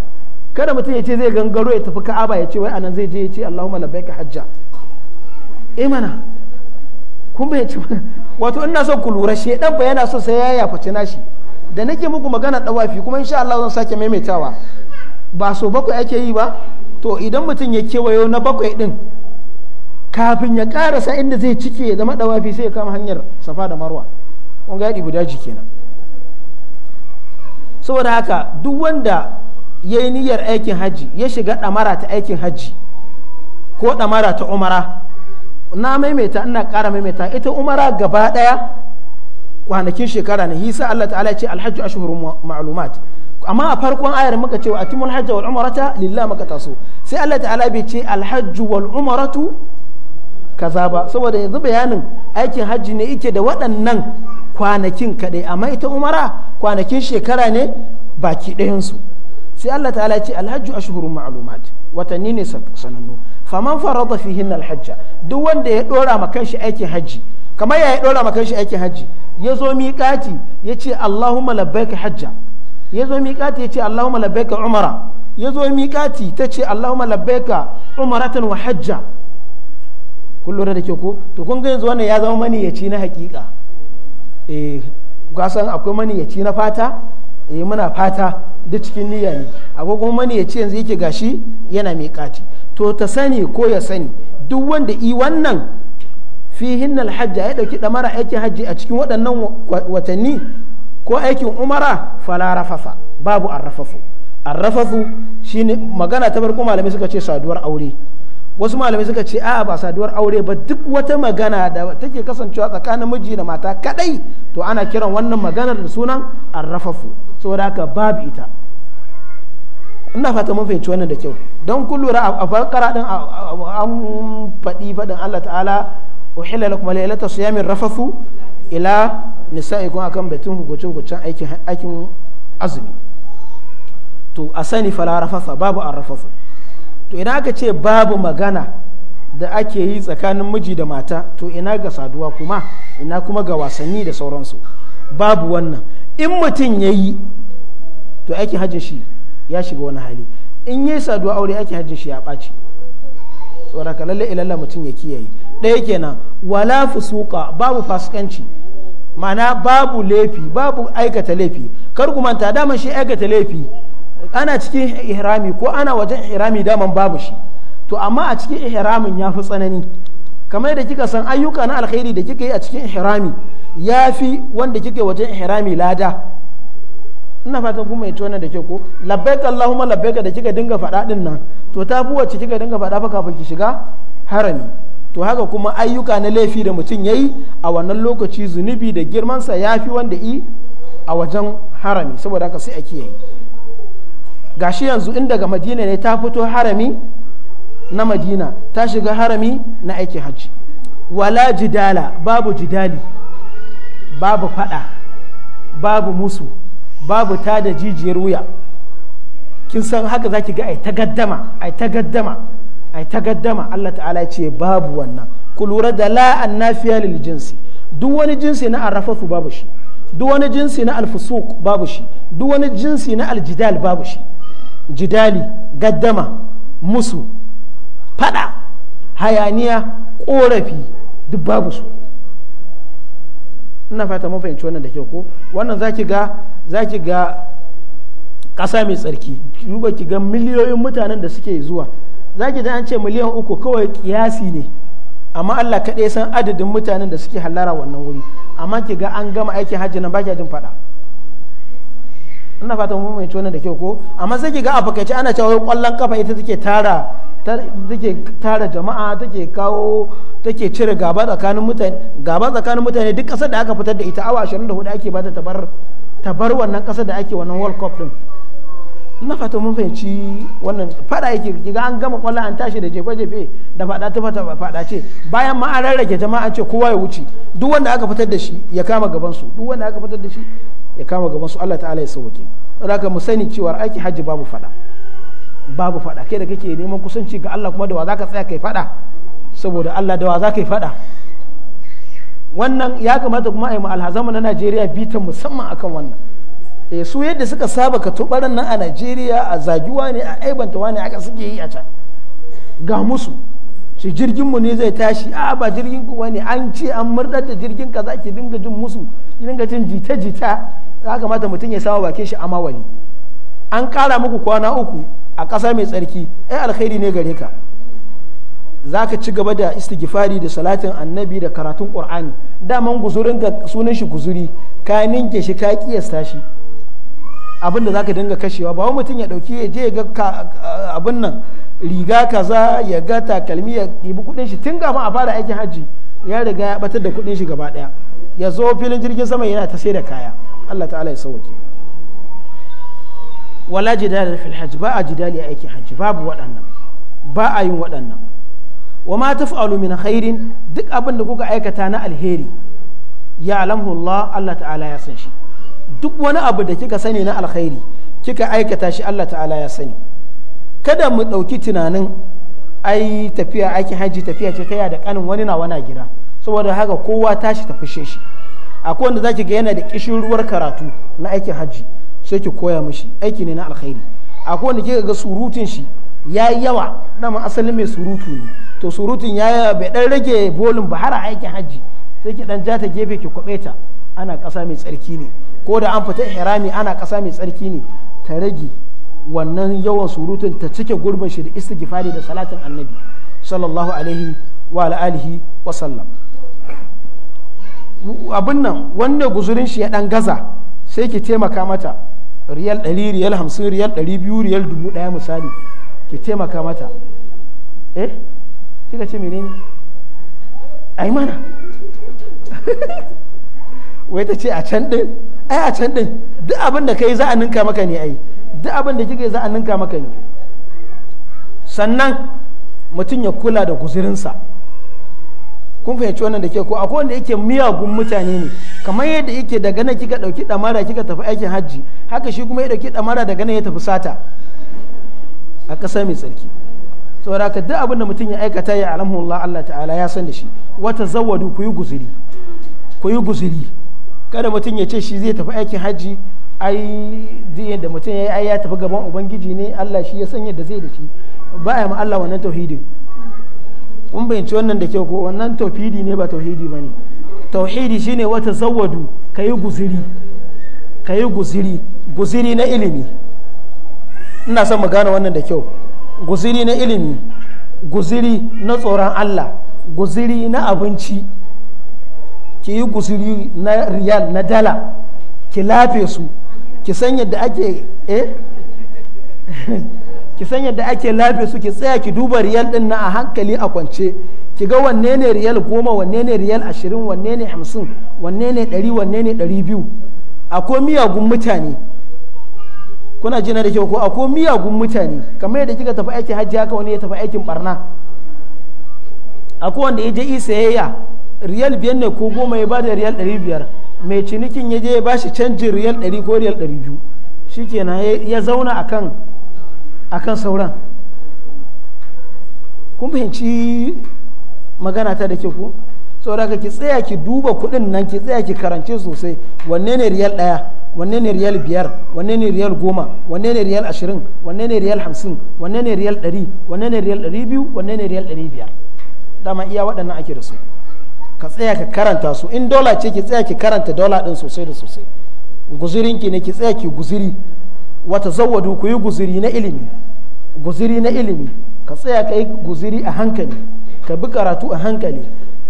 kada mutum ya ce zai gangaro ya tafi ka'aba ya ce wai anan zai je ya ce Allahumma labbaika hajja eh mana kun bai ci wato ina son ku lura shi dan yana so sai ya yafaci nashi da nake muku magana dawafi kuma insha Allah zan sake maimaitawa ba so bakwai ake yi ba to idan mutum ya kewayo na bakwai din kafin ya karasa inda zai cike ya zama dawafi sai ya kama hanyar safa da marwa kun ga ɗibu daji kenan saboda haka duk wanda ya yi niyyar aikin hajji ya shiga ɗamara ta aikin hajji ko ɗamara ta umara na maimaita ina ƙara maimaita ita umara gaba ɗaya kwanakin shekara ne hisa Allah ta'ala ce a ashhurun ma'alumat amma a farkon ayar muka ce wa atimul hajji wal lillah maka taso sai Allah ta'ala bai ce alhaji wal umaratu. kaza ba saboda yanzu bayanin aikin hajji ne ike da waɗannan kwanakin kaɗai amma ita umara kwanakin shekara ne baki ɗayansu sai Allah ta'ala ce alhajju ashhurun ma'lumat watanni ne sanannu faman farada fihin alhajja duk wanda ya dora ma kanshi aikin hajji kamar ya dora ma kanshi aikin hajji ya zo miƙati ya ce Allahumma labbaika hajja ya zo miƙati ya ce Allahumma labbaika umara ya zo miƙati ta ce Allahumma labbaika umaratan wa hajja kun da ke ko to kun ga yanzu wannan ya zama maniyaci na hakika ga eh, gasan akwai maniyaci na fata e muna fata duk cikin niyya ne akwai kuma maniyaci yanzu yake gashi yana mai kati to ta sani ko ya sani duk wanda i wannan fi hinnal hajja ya dauki damara aikin hajji a cikin waɗannan watanni ko aikin umara fala rafafa babu arrafafu arrafafu shine magana ta farko malamai suka ce saduwar aure wasu malamai suka ce a ba saduwar aure ba duk wata magana da take kasancewa tsakanin miji da mata kadai to ana kiran wannan maganar da sunan arrafafu saboda haka babu ita ina fata mun fahimci wannan da kyau don kun lura a farkara din an faɗi faɗin Allah ta'ala uhilla lakum laylata siyamin rafafu ila nisa'ikum akan batun hukuncin hukuncin aikin aikin azumi to a fala rafafa babu arrafafu to ina aka ce babu magana da ake yi tsakanin miji da mata to ina ga saduwa kuma ina kuma ga wasanni da sauransu babu wannan in mutum ya yi to ake hajji shi ya shiga wani hali in yi saduwa aure ake hajji shi ya ɓaci tsoraka lalle ilalla mutum ya kiyaye ɗaya kenan wala fusuka babu fasikanci ma'ana babu laifi babu aikata laifi kar ku manta dama shi aikata laifi ana cikin ihrami ko ana wajen ihrami daman babu shi to amma a cikin ihramin ya fi tsanani kamar da kika san ayyuka na alkhairi da kika yi a cikin ihrami ya fi wanda kika wajen ihrami lada ina fatan kuma mai tona da ke ko labbaik allahumma labbaik da kika dinga faɗa din nan to ta fi wacce kika dinga fada fa kafin ki shiga harami to haka kuma ayyuka na laifi da mutum yayi a wannan lokaci zunubi da girmansa ya fi wanda i a wajen harami saboda haka sai a kiyaye gashi yanzu in daga madina ne ta fito harami na madina ta shiga harami na aiki hajji wala jidala babu jidali babu fada babu musu babu ta da jijiyar wuya kin san haka zaki ga ai ta gaddama ai ta gaddama ai ta gaddama Allah ta'ala ya ce babu wannan ku lura da la annafiya lil jinsi duk wani jinsi na arrafafu babu shi duk wani jinsi na alfusuk babu shi duk wani jinsi na aljidal babu shi jidali gaddama musu fada hayaniya korafi duk babu su ina fata mun fahimci wannan da kyau ko wannan zaki ga zaki ga kasa mai tsarki duba ki ga miliyoyin mutanen da suke zuwa zaki ji an ce miliyan uku kawai kiyasi ne amma Allah kaɗai san adadin mutanen da suke hallara wannan wuri amma ki ga an gama aikin hajji nan baki jin fada ina fata mun mai tona da kyau ko amma sai ki ga a fakaice ana cewa kwallon kafa ita take tara take tara jama'a take kawo take cire gaba tsakanin mutane gaba tsakanin mutane duk kasar da aka fitar da ita awa 24 ake bata tabar tabar wannan kasar da ake wannan World Cup din ina fata mun fahimci wannan fada yake ga an gama kwallon an tashi da jefe-jefe da fada ta fata fada ce bayan ma an rarrage jama'a ce kowa ya wuce duk wanda aka fitar da shi ya kama gaban su duk wanda aka fitar da shi ya kama gaban su Allah ta'ala ya sauke raka mu sani cewa aiki hajji babu fada babu fada kai da kake neman kusanci ga Allah kuma da wa zaka tsaya kai fada saboda Allah da wa zaka yi fada wannan ya kamata kuma ai alhazama na Najeriya bitan musamman akan wannan e su yadda suka saba ka tubaran nan a Najeriya a zagiwa ne a aibanta wani aka suke yi a can ga musu shi jirgin mu ne zai tashi a ba jirgin ku wani an ce an murdar da jirgin ka zaki dinga jin musu dinga jin jita jita ka mata mutum ya samu bakin shi a an kara muku kwana uku a ƙasa mai tsarki ai alkhairi ne gare ka zaka ci gaba da istighfari da salatin annabi da karatun qur'ani daman guzurin ga sunan shi guzuri ka ninke shi ka kiyasta shi abin da za ka dinga kashewa ba mutum ya dauki ya je ga abin nan riga kaza ya ga takalmi ya ibi kudin shi tun kafin a fara aikin hajji ya riga ya batar da kudin shi gaba daya ya zo filin jirgin sama yana ta sai da kaya Allah ta'ala ya sauke wala jidali fil hajj ba a jidali a aikin hajji babu waɗannan ba a yin waɗannan wa ma taf'alu min khairin duk abin da kuka aikata na alheri ya alamhu Allah Allah ta'ala ya san shi duk wani abu da kika sani na alkhairi kika aikata shi Allah ta'ala ya sani kada mu ɗauki tunanin ai tafiya aikin haji tafiya ce ta da kanin wani na wana gida saboda haka kowa tashi ta fushe shi akwai wanda zaki ga yana da kishin ruwar karatu na aikin haji sai ki koya mishi aiki ne na alkhairi akwai wanda kika ga surutun shi ya yi yawa dama asalin mai surutu ne to surutun ya yawa bai dan rage bolin ba aikin haji sai ki dan ja ta gefe ki kwabe ta ana ƙasa mai tsarki ne ko da an fita ihrami ana ƙasa mai tsarki ne ta rage wannan yawan surutun ta cike gurbin shi da istighfari da salatin annabi sallallahu alaihi wa alihi wa sallam abin nan wanda guzurin shi ya dan gaza sai ki taimaka mata riyal 100 riyal 50 riyal 200 riyal 1000 misali ki taimaka mata eh kika ce menene ai mana wai ta ce a can din ai a can din duk abin da kai za a ninka maka ne ai duk abin da kika za a ninka maka ne sannan mutum ya kula da guzurinsa kun fahimci wannan da ke ko akwai wanda yake miyagun mutane ne kamar yadda yake daga nan kika dauki damara kika tafi aikin hajji haka shi kuma ya dauki damara daga nan ya tafi sata a ƙasa mai tsarki saboda ka duk abin da mutum ya aikata ya alhamdulillah Allah ta'ala ya san da shi wata zawadu ku yi guzuri ku yi guzuri kada mutum ya ce shi zai tafi aikin hajji ai yadda mutum ya yi ai ya tafi gaban ubangiji ne Allah shi ya san yadda zai da shi ba ya yi Allah wannan tauhidin kun bayanci wannan da kyau ko wannan tauhidi ne ba tauhidi ba ne tauhidi shine wata zawadu ka yi guziri ka yi guziri na ilimi ina son mu gane wannan da kyau guziri na ilimi guziri na tsoron Allah guziri na abinci ki yi gusuri na riyal na dala ki lafe su ki san yadda ake eh ki san yadda ake lafe su ki tsaya ki duba riyal din na a hankali a kwance ki ga wanne ne riyal goma wanne ne riyal ashirin wanne ne hamsin wanne ne ɗari wanne ne ɗari biyu akwai miyagun mutane kuna jina da kyau ko akwai miyagun mutane kamar yadda kika tafi aikin hajji haka wani ya tafi aikin barna akwai wanda ya je isayayya riyal biyar ne ko goma ya bada riyal ɗari biyar mai cinikin ya je ya bashi canjin riyal ɗari ko riyal ɗari biyu shikenan ya zauna akan akan sauran kun fahimci magana ta da ke ku ka ki tsaya ki duba kuɗin nan ki tsaya ki karance sosai wanne ne riyal ɗaya wanne ne riyal biyar wanne ne riyal goma wanne ne riyal ashirin wanne ne riyal hamsin wanne ne riyal ɗari wanne ne riyal ɗari biyu wanne ne riyal ɗari biyar dama iya waɗannan ake da su ka tsaya ka karanta su in dola ce ki tsaya ki karanta dola din sosai da sosai guzirinki ne ki tsaya ki guziri wata zawadu ku yi guziri na ilimi guziri na ilimi ka tsaya ka yi guziri a hankali ka bi karatu a hankali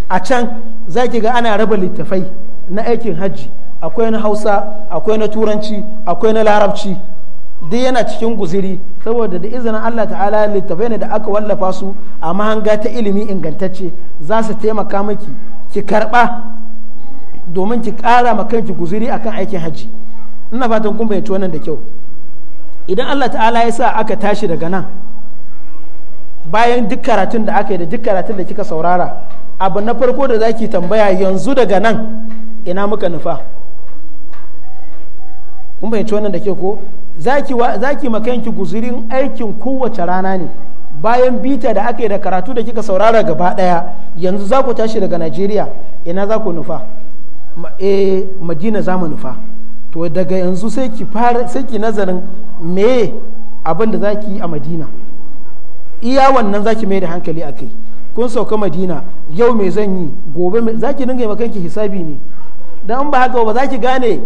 a can za ki ga ana raba littafai na aikin hajji akwai na hausa akwai na turanci akwai na larabci duk yana cikin guziri saboda da izinin Allah ta'ala littafai ne da aka wallafa su a mahanga ta ilimi ingantacce za su taimaka miki ki karba domin ki kara ma kanki guziri akan aikin hajji ina fatan kun bayyace wannan da kyau idan Allah ta'ala ya sa aka tashi daga nan bayan duk karatun da aka yi da duk karatun da kika saurara abu na farko da zaki tambaya yanzu daga nan ina muka nufa kun bayyace wannan da kyau ko zaki makanki guzurin aikin kowace rana ne bayan bita da aka yi da karatu da kika saurara gaba daya yanzu za ku tashi daga najeriya ina za ku nufa e madina za mu nufa to daga yanzu sai ki fara sai ki nazarin me abin da za ki yi a madina iya wannan za ki mai da hankali a kai kun sauka madina yau me zan yi gobe za ki dinga makanki hisabi ne don ba haka ba za ki gane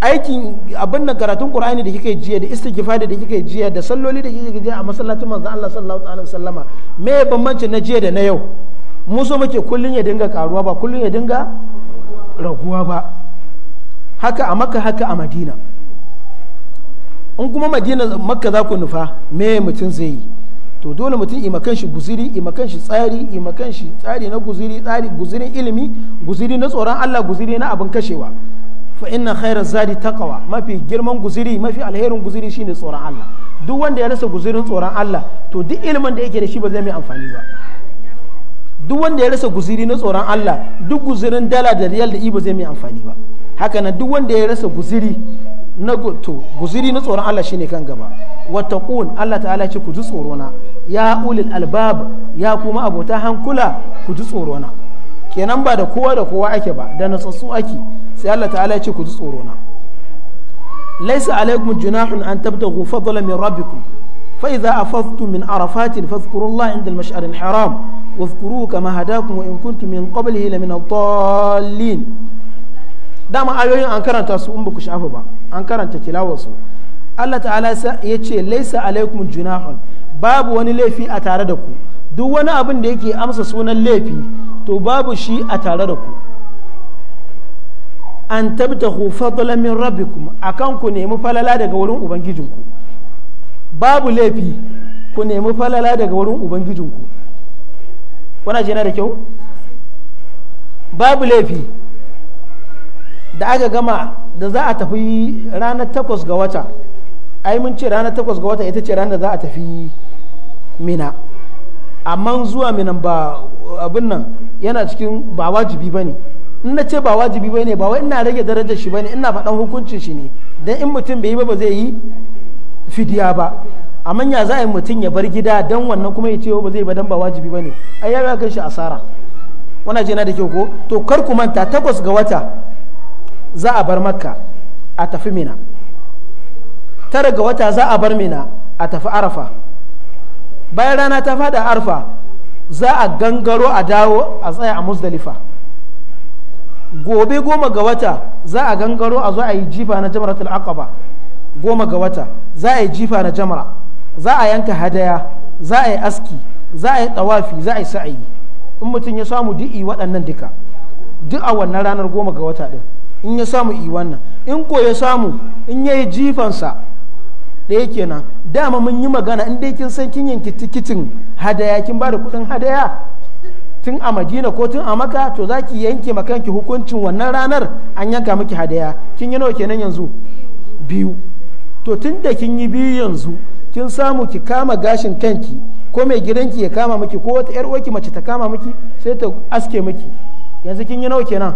aikin abin da karatun qur'ani da kike jiya da istighfari da kike jiya da salloli da kike jiya a masallacin manzon Allah sallallahu alaihi sallama me bambancin na jiya da na yau mu so muke kullun ya dinga karuwa ba kullun ya dinga raguwa ba haka a makka haka a madina in kuma madina makka za ku nufa me mutum zai yi to dole mutum imakan shi guziri imakan shi tsari imakan shi tsari na guziri tsari guzirin ilimi guziri na tsoron Allah guziri na abin kashewa fa inna khayra zadi taqwa mafi girman guziri mafi alherin guziri shine tsoron Allah duk wanda ya rasa guzirin tsoron Allah to duk ilimin da yake da shi ba zai mai amfani ba duk wanda ya rasa guziri na tsoron Allah duk guzirin dala da riyal da ba zai mai amfani ba haka na duk wanda ya rasa guziri na to guziri na tsoron Allah shine kan gaba wattaqun Allah ta'ala ce ku ji tsoro na ya ulil albab ya kuma abota hankula ku ji tsoro na kenan ba da kowa da kowa ake ba da natsatsu ake sai Allah ta'ala ya ce ku ji tsoro na laisa alaikum junahun an tabtaghu fadlan min rabbikum fa idza afadtum min arafatin fadhkurullaha inda al-mash'ar al-haram واذكروه كما in kuntu min من قبله لمن الضالين dama ayoyin an karanta su in baku shafa ba an karanta tilawarsu Allah ta'ala ya ce laisa alaikum junahun babu wani laifi a tare da ku duk wani abin da yake amsa sunan laifi to babu shi a tare da ku an tabtahu fadlan min rabbikum akan ku nemi falala daga wurin ubangijinku babu laifi ku nemi falala daga wurin ubangijinku kuna jina da kyau babu laifi da aka gama da za a tafi ranar takwas ga wata ai mun ce ranar takwas ga wata ita ce ranar da za a tafi mina amma zuwa minan ba abin nan yana cikin ba wajibi ba ne in na ce ba wajibi ne ba wai ina rage darajar shi bane ina faɗan hukuncin shi ne don in mutum bai yi ba ba zai yi fidiya ba amma ya za a yi mutum ya bar gida don wannan kuma ya ce ba zai ba dan ba wajibi ne ai ya kan shi asara wana jina da kyau ko to kar ku manta takwas ga wata za a bar makka a tafi mina tara ga wata za a bar mina a tafi arafa bayan rana ta fada arafa za a gangaro a dawo a tsaya a musdalifa gobe goma ga wata za a gangaro a zo a yi jifa na jamaratul aqaba goma ga wata za a yi jifa na jamara za a yanka hadaya za a yi aski za a yi tawafi za a yi sa'ayi in mutum ya samu di'i waɗannan duka duk a wannan ranar goma ga wata ɗin in ya samu i wannan in ko ya samu in ya yi jifansa ɗaya kenan dama mun yi magana in dai kin san kin yanki tikitin hadaya kin ba da kuɗin hadaya tun a madina ko tun a maka to za ki yanke makanki hukuncin wannan ranar an yanka miki hadaya kin yi nawa kenan yanzu biyu to tun da kin yi biyu yanzu kin samu ki kama gashin kanki ko mai gidanki ya kama miki ko wata yar uwarki mace ta kama miki sai ta aske miki yanzu kin yi nawa kenan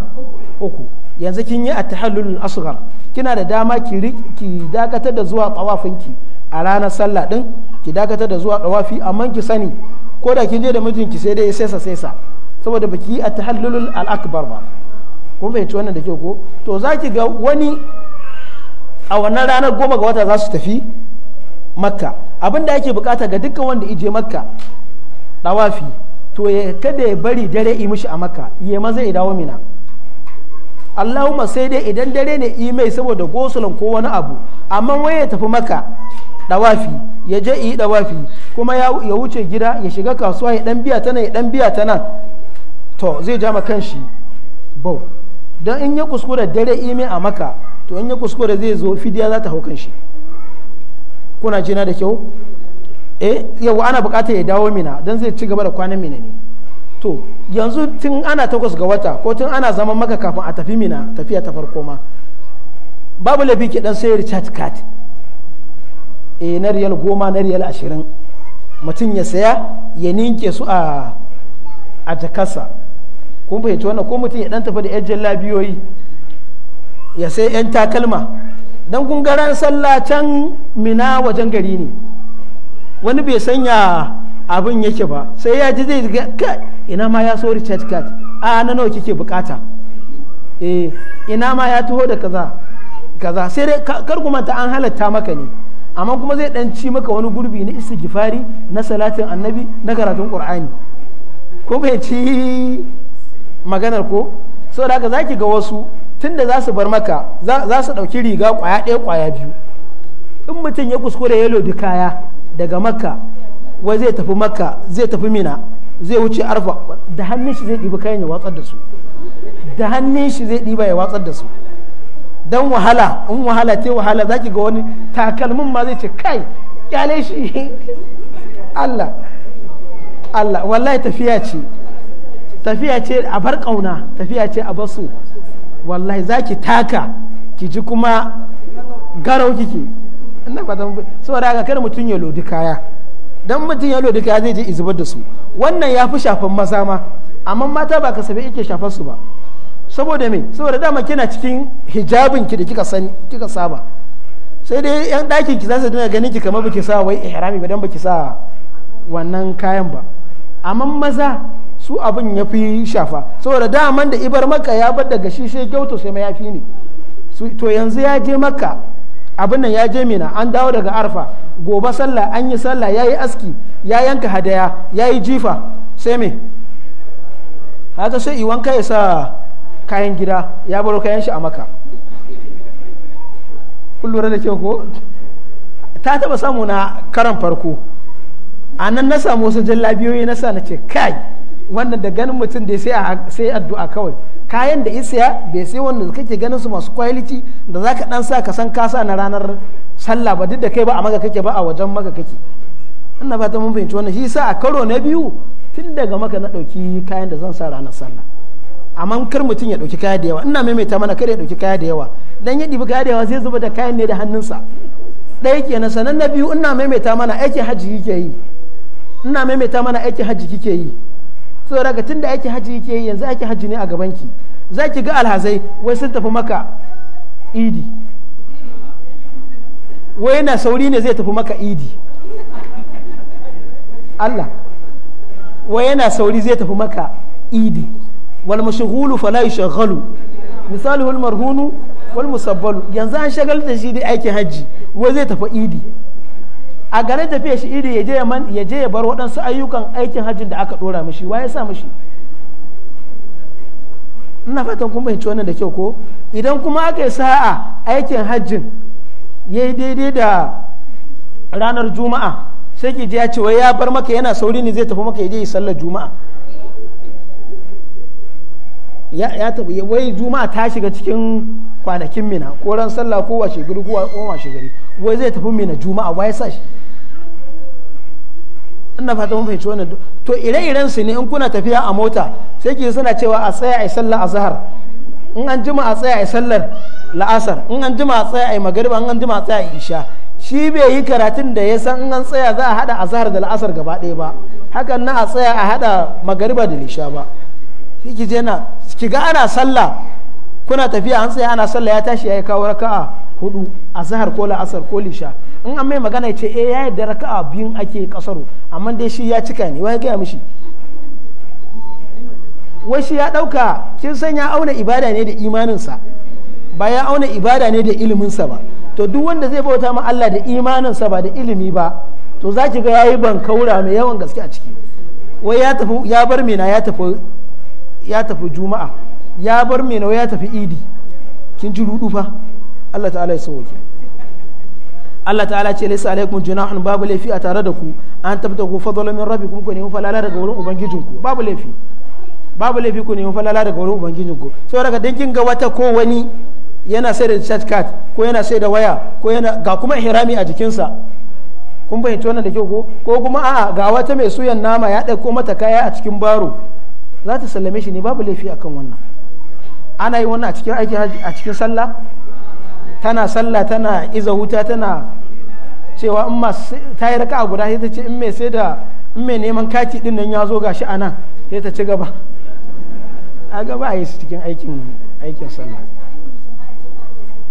uku yanzu kin yi a tahallul asghar kina da dama ki dakatar da zuwa tawafinki a ranar sallah din ki dakatar da zuwa dawafi amma ki sani ko da kin je da mijinki sai dai sai sa sai sa saboda baki a tahallulul al-akbar ba bai ci wannan da ke ko to zaki ga wani a wannan ranar goma ga wata za su tafi makka abin da ake bukata ga dukkan wanda ije makka dawafi to ya kada ya bari dare yi mishi a makka ya maza ya dawo mina allahumma sai dai idan dare ne yi mai saboda gosulan ko wani abu amma wai ya tafi makka dawafi ya je yi dawafi kuma ya wuce gida ya shiga kasuwa ya dan biya ta nan ya dan biya ta nan to zai ja ma kanshi bau don in ya kuskura dare ime a maka to in ya kuskura zai zo fidiya za ta hau kanshi kuna jina da kyau eh yawa ana bukata ya dawo mina don zai ci gaba da kwanan mina ne to yanzu tun ana takwas ga wata ko tun ana zama maka kafin a tafi mina tafiya ta farko ma babu laifi ke dan sayar chat card eh na riyal goma na riyal ashirin mutum ya saya ya ninke su a a jakarsa kun fahimci wannan ko mutum ya dan tafi da yajjan labiyoyi ya sai yan takalma dan kun garan sallah can mina wajen gari ne wani bai sanya abin yake ba sai ya ji zai ga ina ma ya sori recharge card a na nawa kike bukata eh ina ma ya taho da kaza kaza sai dai kar kuma an halatta maka ne amma kuma zai dan ci maka wani gurbi na istighfari na salatin annabi na karatun qur'ani ko bai ci maganar ko saboda haka zaki ga wasu tunda za su bar maka za su dauki riga kwaya ɗaya kwaya biyu in mutum ya kuskure ya lodi kaya daga makka wai zai tafi makka zai tafi mina zai wuce arfa da hannun shi zai ɗiba kayan ya watsar da su da hannun shi zai ɗiba ya watsar da su don wahala in wahala ce wahala za ki ga wani takalmin ma zai ce kai kyale shi Allah Allah wallahi tafiya ce tafiya ce a bar kauna tafiya ce a basu wallahi za ki taka ki ji kuma garau kike ina ba zan kada mutum ya lodi kaya dan mutum ya lodi kaya zai je izubar da su wannan ya fi shafan maza ma amma mata ba kasabe yake shafar su ba saboda me saboda dama kina cikin hijabin ki da kika sani kika saba sai dai yan dakin ki zasu su dinga ganin ki kamar baki sa wai ihrami ba dan baki sa wannan kayan ba amma maza su abin ya fi shafa saboda daman da ibar maka ya bar daga shi sai gauto sai yafi ne to yanzu ya je maka abin nan ya je mina an dawo daga arfa gobe sallah an yi sallah ya yi aski ya yanka hadaya ya yi jifa sai me haka sai iwanka ya sa kayan gida ya baro kayan shi a maka kullum da kyau ko ta taba samu na karan farko a nan na samu wasu jallabiyoyi na sa na ce kai wannan da ganin mutum da sai addu'a kawai kayan da isiya bai sai wanda kake ganin su masu kwaliti da za ka dan sa ka san kasa na ranar sallah ba duk da kai ba a maka kake ba a wajen maka kake ina ta mun fahimci wannan shi sa a karo na biyu tun daga maka na ɗauki kayan da zan sa ranar sallah amma kar mutum ya ɗauki kaya da yawa ina maimaita mana kar ya ɗauki kaya da yawa dan ya ba kaya da yawa zai zuba da kayan ne da hannunsa ɗaya kenan sanan na biyu ina maimaita mana aikin hajji kike yi ina maimaita mana aikin hajji kike yi so daga tunda aikin hajji kike yi yanzu aiki hajji ne a gaban ki za ki ga alhazai wai sun tafi maka idi wai yana sauri ne zai tafi maka idi Allah wai yana sauri zai tafi maka idi wal falai shagalu misali walmarhunu walmusabbalu yanzu an shagal da shi da aikin hajji wai zai tafi idi a gare tafiya shi idi ya je ya je ya bar waɗansu ayyukan aikin hajjin da aka dora mishi ya sa mishi ina fatan kun fahimci wannan da kyau ko idan kuma aka yi sa'a aikin hajjin ya yi daidai da ranar juma'a sai ki ji ya ce wai ya bar maka yana sauri ne zai tafi maka ya je yi sallar juma'a ya ya wai juma'a ta shiga cikin kwanakin mina ko ran sallah ko washe gari ko washe gari wai zai tafi mina juma'a wai sa shi ina fata mun fahimci wannan to ire-iren su ne in kuna tafiya a mota sai ki suna cewa a tsaya a sallar azhar in an jima a tsaya a sallar la'asar in an jima a tsaya a magariba in an jima a tsaya a isha shi bai yi karatun da ya san in an tsaya za a hada azhar da la'asar gaba ɗaya ba hakan na a tsaya a hada magariba da isha ba shi ki na ki ga ana sallah kuna tafiya an tsaya ana sallah ya tashi ya kawo raka'a hudu a zahar ko la'asar ko lisha in an mai magana ya ce eh ya yarda raka'a biyun ake kasaro amma dai shi ya cika ne wai gaya mishi wai shi ya dauka kin san ya auna ibada ne da imaninsa ba ya auna ibada ne da iliminsa ba to duk wanda zai bauta ma Allah da imaninsa ba da ilimi ba to za ki ga yayi ban kaura mai yawan gaske a ciki wai ya tafi ya bar mina ya tafi ya tafi juma'a ya bar mai nawa ya tafi idi kin ji rudu fa Allah ta'ala ya sauke Allah ta'ala ce laysa alaikum junahun babu laifi a tare da ku an tabbata ku fadlan min rabbikum ku nemi falala daga wurin ubangijin ku babu laifi babu laifi ku nemi falala daga wurin ubangijin ku. sai daga dangin ga wata ko wani yana sai da chat card ko yana sai da waya ko yana ga kuma hirami a jikinsa kun fahimci wannan da kyau ko ko kuma a'a ga wata mai suyan nama ya ɗauko mata kaya a cikin baro za ta sallame shi ne babu laifi akan wannan ana yi wannan a cikin aiki a cikin sallah tana sallah tana iza wuta tana cewa in masu ta yi raka guda sai ta ce in mai sai da in mai neman kati din nan ya zo gashi a nan sai ta ci gaba a gaba a yi su cikin aikin aikin sallah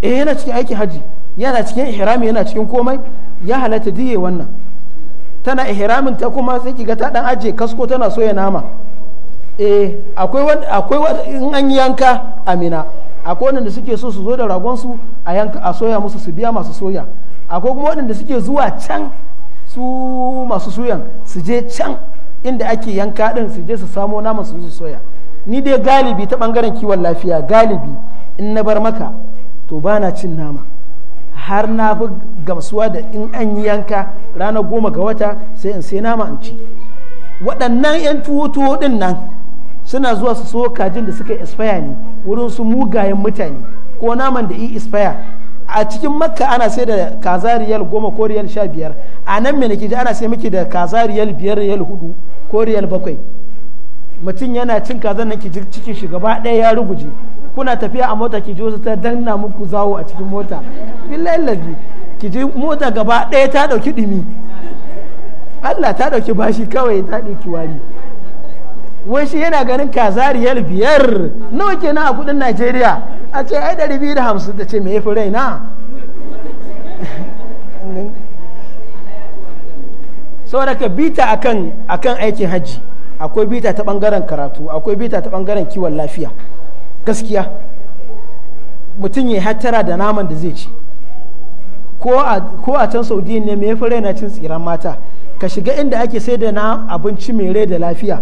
eh yana cikin aikin haji yana cikin ihrami yana cikin komai ya halatta diye wannan tana ihramin ta kuma sai ki ga ta dan aje kasko tana soya nama eh akwai akwai in an yanka amina akwai waɗanda suke so su zo da ragonsu a yanka a soya musu su biya masu soya akwai kuma waɗanda suke zuwa can su masu suyan su je can inda ake yanka ɗin su je su samo naman su su soya ni dai galibi ta ɓangaren kiwon lafiya galibi in na bar maka to ba na cin nama har na fi gamsuwa da in an yi yanka ranar goma ga wata sai in sai nama in ci waɗannan 'yan tuwo-tuwo ɗin nan suna zuwa su so kajin da suka ispaya ne wurin su mugayen mutane ko naman da yi ispaya a cikin makka ana sai da kaza riyal goma ko riyal sha biyar a nan mai nake ana sai miki da kaza riyal biyar riyal hudu ko riyal bakwai mutum yana cin kazan na ki cikin shi gaba ɗaya ya ruguje kuna tafiya a mota ki ji wasu ta danna muku zawo a cikin mota billahi lazi ki ji mota gaba ɗaya ta ɗauki ɗumi Allah ta ɗauki bashi kawai ta dauki wari wai shi yana ganin kaza riyal biyar nawa kenan a kudin najeriya a ce ai ɗari biyu da hamsin da ce me ya fi raina saboda ka bita akan akan aikin hajji akwai bita ta bangaren karatu akwai bita ta bangaren kiwon lafiya gaskiya mutum ya hattara da naman da zai ci ko a can saudiya ne mai fi raina cin tsiran mata ka shiga inda ake sai da na abinci mai rai da lafiya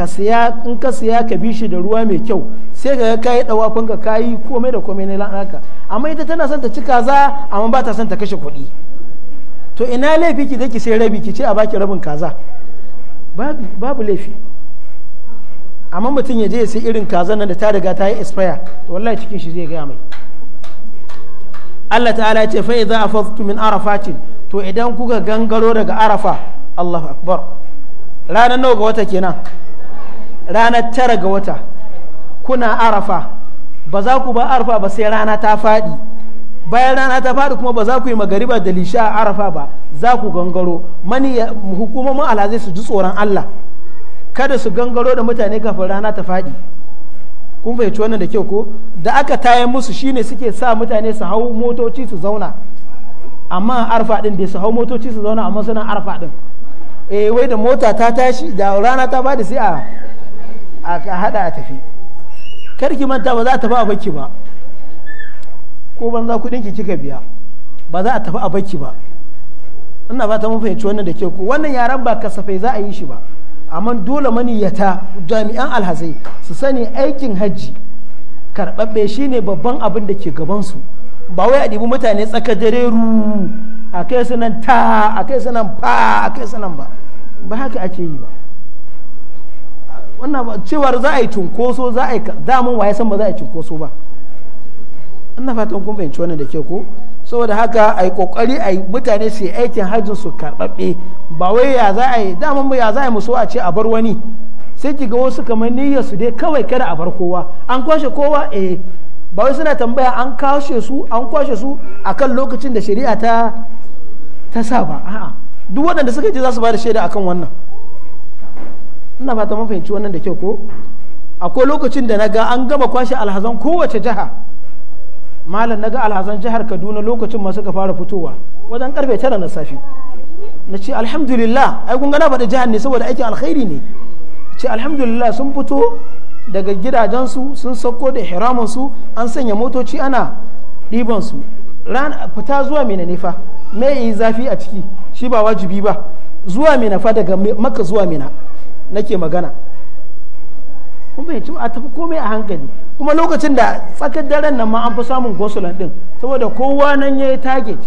ka siya in ka siya ka bi shi da ruwa mai kyau sai ka yi dawafin ka kayi komai da komai na haka amma ita tana son ta ci kaza amma ba ta son ta kashe kuɗi to ina laifi ki ki sai rabi ki ce a baki rabin kaza babu laifi amma mutum ya je ya sai irin kaza nan da ta riga ta yi expire to wallahi cikin shi zai gaya mai Allah ta'ala ya ce fa idza afadtu min arafatin to idan kuka gangaro daga arafa Allahu akbar ranar nawa ga wata kenan ranar tara ga wata kuna arafa ba za ku ba arafa ba sai rana ta faɗi bayan rana ta faɗi kuma ba za ku yi magariba da lisha arafa ba za ku gangaro mani hukumomin zai su ji tsoron allah kada su gangaro da mutane kafin rana ta faɗi kun fahimci wannan da kyau ko da aka tayar musu shine suke sa mutane su hau motoci su zauna amma arfa din da su hau motoci su zauna amma suna arfa din eh wai da mota ta tashi da rana ta bada sai a a hada a tafi kar manta ba za a tafi a baki ba ko banza kudin ki kika biya ba za a tafi a baki ba ina fata mun fahimci wannan da ke ku wannan yaran ba kasafai za a yi shi ba amma dole maniyyata jami'an alhazai su sani aikin hajji karɓaɓɓe shine babban abin da ke gabansu ba wai a ɗibi mutane tsaka dare ru a kai sunan ta a kai sunan fa a kai sunan ba ba haka ake yi ba wannan cewar za a yi cunkoso za a yi damun waye san ba za a yi cunkoso ba ina fatan kun fahimci wannan da ke ko saboda haka a yi kokari a yi mutane su yi aikin hajjin su karɓaɓɓe ba wai ya za a yi daman ya za a yi musu a ce a bar wani sai ki wasu kamar niyyar su dai kawai kada a bar kowa an kwashe kowa eh ba wai suna tambaya an kwashe su an kwashe su akan lokacin da shari'a ta ta sa ba a'a duk waɗanda suka je za su ba da shaida akan wannan ina fata mun fahimci wannan da kyau ko akwai lokacin da na ga an gama kwashe alhazan kowace jiha malam na ga alhazan jihar kaduna lokacin ma suka fara fitowa wajen karfe tara na safi na ce alhamdulillah ai kun gana faɗi jihar ne saboda aikin alkhairi ne ce alhamdulillah sun fito daga gidajensu sun sauko da hiramansu an sanya motoci ana ɗibansu fita zuwa mai nanefa mai yi zafi a ciki shi ba wajibi ba zuwa mai nafa daga maka zuwa mina nake magana kuma bai a tafi komai a hankali kuma lokacin da tsakar daren nan ma an fi samun gosulan din saboda kowa nan ya yi target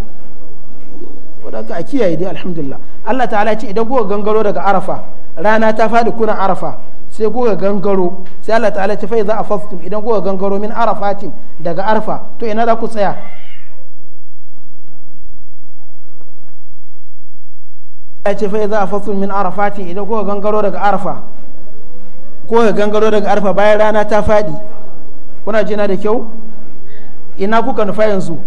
wadanda a kiyaye dai alhamdulillah Allah ta'ala ce idan kuka gangaro daga arafa rana ta faɗi kunan arafa sai kuka gangaro sai Allah ta'ala ce fa idza afaftum idan kuka gangaro min arafatin daga arafa to ina za ku tsaya ya ce fa za fasul min arafati idan kuka gangaro daga arafa ko ka gangaro daga arafa bayan rana ta faɗi kuna jina da kyau ina kuka nufa yanzu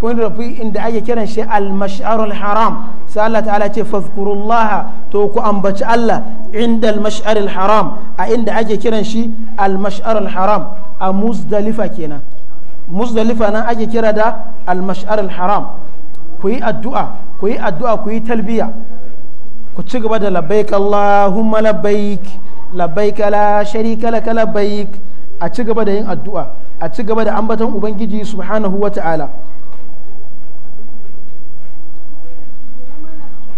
kun rufi inda ake kiran shi al-mash'arul haram sai Allah ta'ala ce fadhkurullah to ku ambaci Allah inda al-mash'arul haram a inda ake kiran shi al-mash'arul haram a muzdalifa kenan muzdalifa nan ake kira da al-mash'arul haram ku yi addu'a ku yi addu'a ku yi talbiya ku ci gaba da labbaik Allahumma labbaik labbaik la sharika laka labbaik a ci gaba da yin addu'a a ci gaba da ambaton ubangiji subhanahu wa ta'ala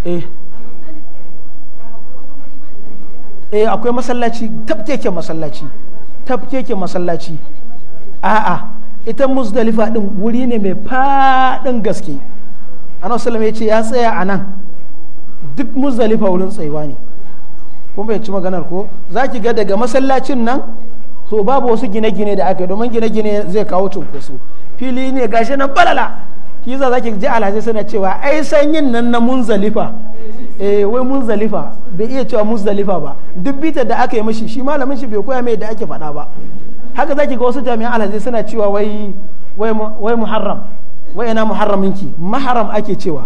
eh, eh akwai masallaci tabkeke masallaci tabkeke masallaci a'a ita muzdalifa din wuri ne mai faɗin gaske annabi ya ce ya tsaya a nan duk muzalifa wurin tsayuwa ne bai ci maganar ko za ki ga daga masallacin nan so babu wasu gine-gine da aka yi domin gine-gine zai kawo cunkoso fili ne gashi nan balala ki za ki ji alhaji suna cewa ai sanyin nan na munzalifa eh wai munzalifa bai iya cewa munzalifa ba duk bita da aka yi mishi shi malamin shi bai koya mai da ake faɗa ba haka za ki ga wasu jami'an alhaji suna cewa wai wai muharram wai ina muharraminki maharam ake cewa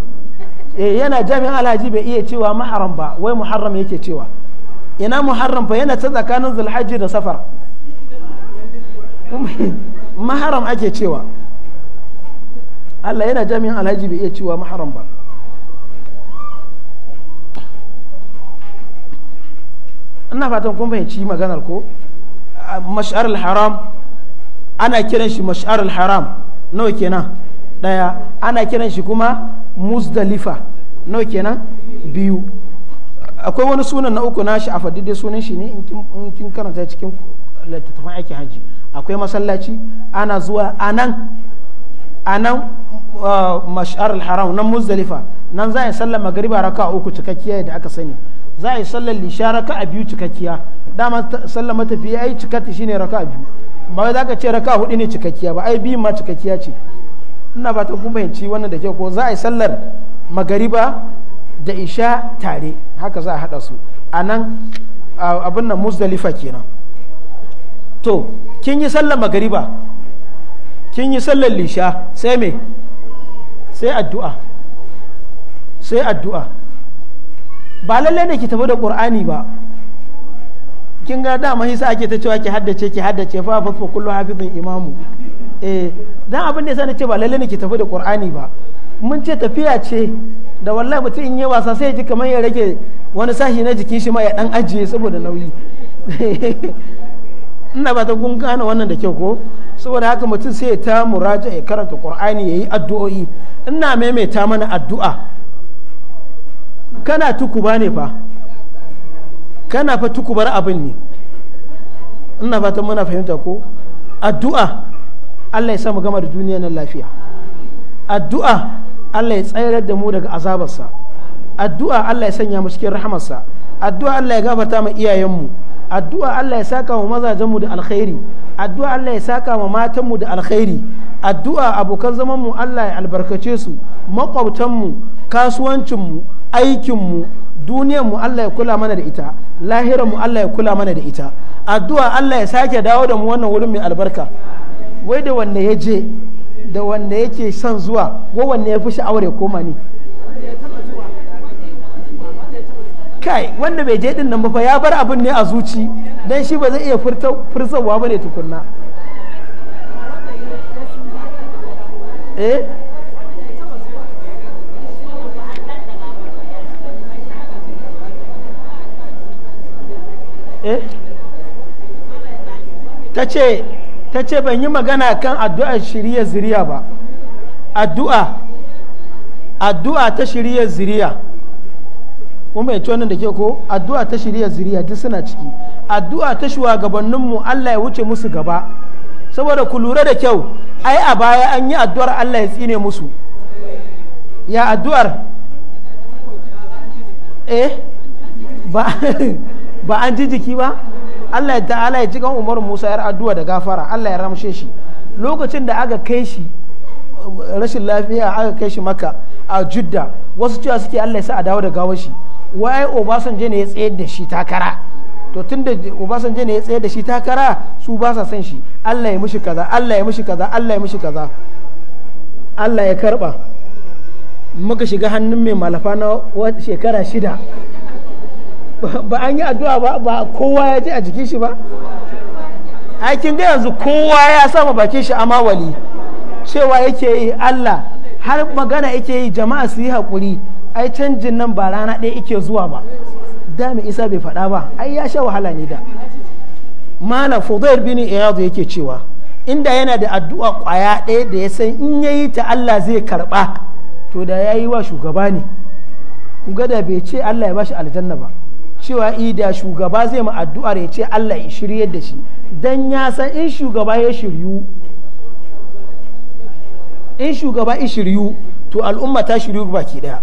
Eh, yana jami'in alhaji bai iya cewa maharam ba wai muharram yake cewa ina muharram fa yana ta tsakanin zulhaji da safar maharam ake cewa Allah yana jami'in alhaji bai iya cewa maharam ba ina fatan kun fahimci maganar ko mash'ar haram ana kiran shi mash'ar haram nawa kenan daya ana kiran shi kuma muzdalifa nawa kenan biyu akwai wani sunan na uku nashi a fadidai sunan shi ne in kin karanta cikin littattafan aikin hajji akwai masallaci ana zuwa anan anan uh, mashar haram nan muzdalifa nan za a yi sallar magariba raka uku cikakkiya da aka sani za a yi sallar lisha raka a biyu cikakkiya dama sallar matafiya ai cikatti shine raka a biyu ba za ka ce raka hudu ne cikakkiya ba ai biyu ma cikakkiya ce ina fata kun fahimci wannan da kyau ko za a yi sallar magariba da isha tare haka za a haɗa su a nan abin nan musdalifa kenan to kin yi sallar magariba kin yi sallar lisha sai me sai addu'a sai addu'a ba lallai ne ki tafi da ƙur'ani ba kin ga dama hisa ake ta cewa ki haddace ki haddace fa fa kullu hafizin imamu eh dan abin da yasa sani ce ba lalle ne ke tafi da qur'ani ba mun ce tafiya ce da wallahi mutum in yi wasa sai ji kamar ya rage wani sashi na jikin shi ma ya dan ajiye saboda nauyi ina ba ta kun gane wannan da kyau ko saboda haka mutum sai ya ta muraja ya karanta qur'ani yayi addu'o'i ina maimaita mana addu'a kana tukuba ne fa kana fa tukubar abin ne ina ta muna fahimta ko addu'a Allah ya sa mu gama da duniya nan lafiya addu'a Allah ya tsayar da mu daga azabarsa addu'a Allah ya sanya mu cikin rahamarsa addu'a Allah ya gafarta mu iyayenmu addu'a Allah ya saka mu mazajenmu da alkhairi addu'a Allah ya saka mu matanmu da alkhairi addu'a abokan zamanmu Allah ya albarkace su makwabtanmu kasuwancinmu aikinmu duniyarmu Allah ya kula mana da ita mu Allah ya kula mana da ita addu'a Allah ya sake dawo da mu wannan wurin mai albarka wai da wanne ya je da wanda yake son zuwa ko wanne ya fi sha'awar ya koma ne kai wanda bai je din nan ba fa ya bar abin ne a zuci dan shi ba zai iya furtawa ba ne tukunna eh, eh? ta ce ta ce ban yi magana kan addu'a shirya ziriya ba addu'a addu'a ta shirya ziriya kuma mai wannan da ke ko addu'a ta shirya ziriya duk suna ciki addu'a ta shugabanninmu Allah ya wuce musu gaba saboda ku lura da kyau ai a baya an yi addu'ar Allah ya tsine musu ya addu'ar eh ba an ji jiki ba Allah ya ta'ala ya cikin Umar Musa yar addu'a da gafara Allah ya ramshe shi lokacin da aka kai shi rashin lafiya aka kai shi maka a Judda wasu cewa suke Allah ya sa a dawo da gawar shi wai obasanje ne ya tsayar da shi takara to tunda obasanje ne ya tsayar da shi takara su ba sa son shi Allah ya mishi kaza Allah ya mishi kaza Allah ya mishi kaza Allah ya karba muka shiga hannun mai malafa na shekara shida ba an yi addu'a ba ba kowa ya ji a jikin shi ba aikin da yanzu kowa ya sama bakin shi amma wali cewa yake yi Allah har magana yake yi jama'a su yi haƙuri ai canjin nan ba rana ɗaya yake zuwa ba da mai isa bai faɗa ba ai ya sha wahala ne da malam fudayar bin iyadu yake cewa inda yana da addu'a ƙwaya ɗaya da ya san in ya yi ta Allah zai karɓa to da ya yi wa shugaba ne kuga gada bai ce Allah ya bashi aljanna ba cewa ida shugaba zai ma addu'ar ya ce Allah ya shirye da shi dan ya san in shugaba ya shiryu in shugaba ya shiryu to al'umma ta shiryu baki daya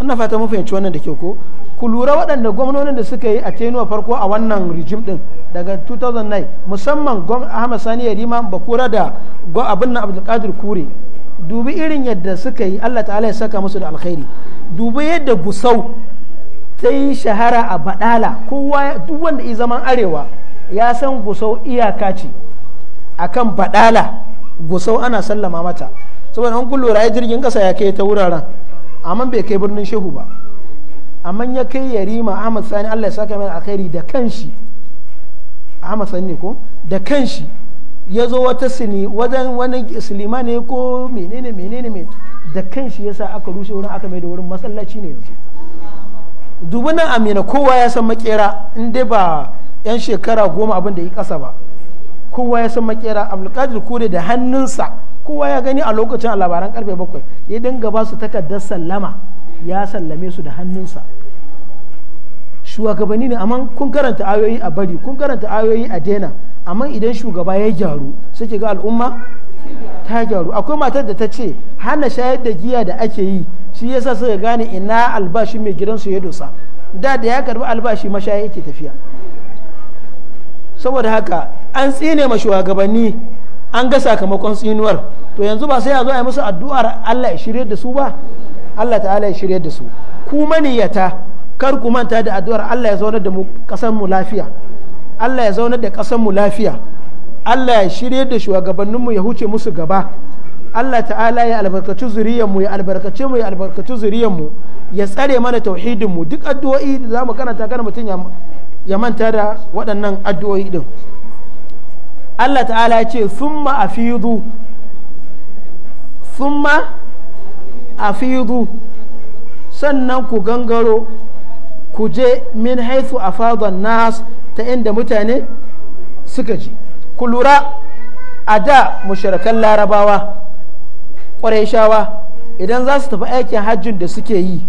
ina fata mun fahimci wannan da ke ko ku lura waɗanda gwamnonin da suka yi a tenuwa farko a wannan rijim din daga 2009 musamman ahmad sani ya rima bakura da abin na abdulkadir kure dubi irin yadda suka yi allah ta'ala ya saka musu da alkhairi dubi yadda gusau Sai yi shahara a baɗala kowa duk wanda yi zaman arewa ya san gusau iyaka ce a kan baɗala gusau ana sallama mata saboda an kullura ya jirgin ƙasa ya kai ta wuraren amma bai kai birnin shehu ba amma ya kai yarima ahmad sani allah ya saka mai alkhairi da kanshi ahmad sani ko da kanshi ya zo wata sini wajen wani silima ne ko menene menene da kanshi sa aka rushe wurin aka mai da wurin masallaci ne yanzu dubunan amina kowa ya san makera in dai ba yan shekara goma abin da ya kasa ba kowa ya san makera abdulkadir kure da hannunsa kowa ya gani a lokacin labaran karfe bakwai ya dinga ba su takardar sallama ya sallame su da hannunsa shugabanni ne amma kun karanta ayoyi a bari kun karanta ayoyi a daina amma idan shugaba ya gyaru suke ga al'umma ta gyaru akwai matar da ta ce hana shayar da giya da ake yi shi sa suka gane ina albashi mai gidansu ya dosa da da ya karbi albashi mashaya yake tafiya saboda haka an tsine ma shugabanni an ga sakamakon tsinuwar to yanzu ba sai a zo a yi musu addu'ar Allah ya shirye da su ba Allah ta'ala ya shirya da su ku maniyata kar ku manta da addu'ar Allah ya zaunar da mu kasan mu lafiya Allah ya zaunar da kasan mu lafiya Allah ya shirye da shugabanninmu ya huce musu gaba Allah ta'ala ya albarkaci zuriyarmu ya albarkace mu ya albarkaci zuriyarmu ya tsare mana tauhidinmu duk addu'o'i da za mu karanta kana mutum ya manta da waɗannan addu'o'i din Allah ta'ala ya ce summa afidu summa afidu sannan ku gangaro ku je min haithu fadon nas ta inda mutane suka ji ku lura a da mushrikan larabawa ƙwarai idan za su tafi aikin hajjin da suke yi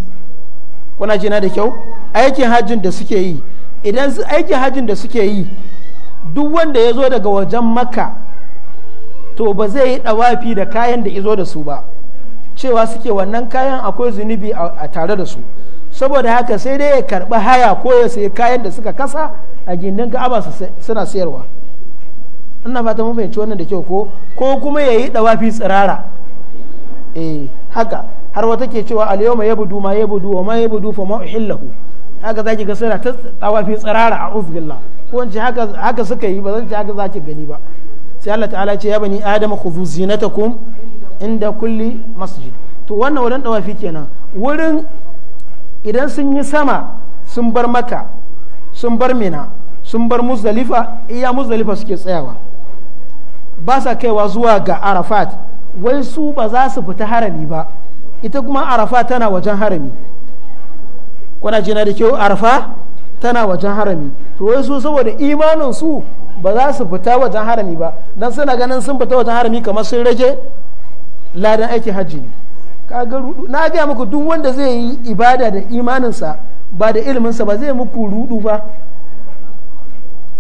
kuna jina da kyau aikin hajjin da suke yi idan aikin hajjin da suke yi duk wanda ya zo daga wajen maka to ba zai yi ɗawafi da kayan da izo da su ba cewa suke wannan kayan akwai zunubi a tare da su saboda haka sai dai ya karɓi haya ko ya sayi kayan da suka kasa a gindin ka'aba suna sayarwa ina fata mun fahimci wannan da kyau ko kuma ya yi ɗawafi tsirara eh haka har wata ke cewa al ya yabdu ma yabdu wa ma yabdu fa ma uhillahu haka zaki ga suna ta tawafi tsirara a uzbillah ko wance haka haka suka yi ba zan ce haka zaki gani ba sai Allah ta'ala ce ya bani adama khudhu zinatakum inda kulli masjid to wannan wurin tawafi kenan wurin idan sun yi sama sun bar maka sun bar mina sun bar muzdalifa iya Muzalifa suke tsayawa ba sa kaiwa zuwa ga arafat wai su ba za su fita harami ba ita kuma arafa tana wajen harami kuna jina da kyau arafa tana wajen harami to wai su saboda imanin su ba za su fita wajen harami ba dan suna ganin sun fita wajen harami kamar sun rage ladan aikin hajji ne kaga na gaya muku duk wanda zai yi ibada da imaninsa ba da iliminsa ba zai muku rudu ba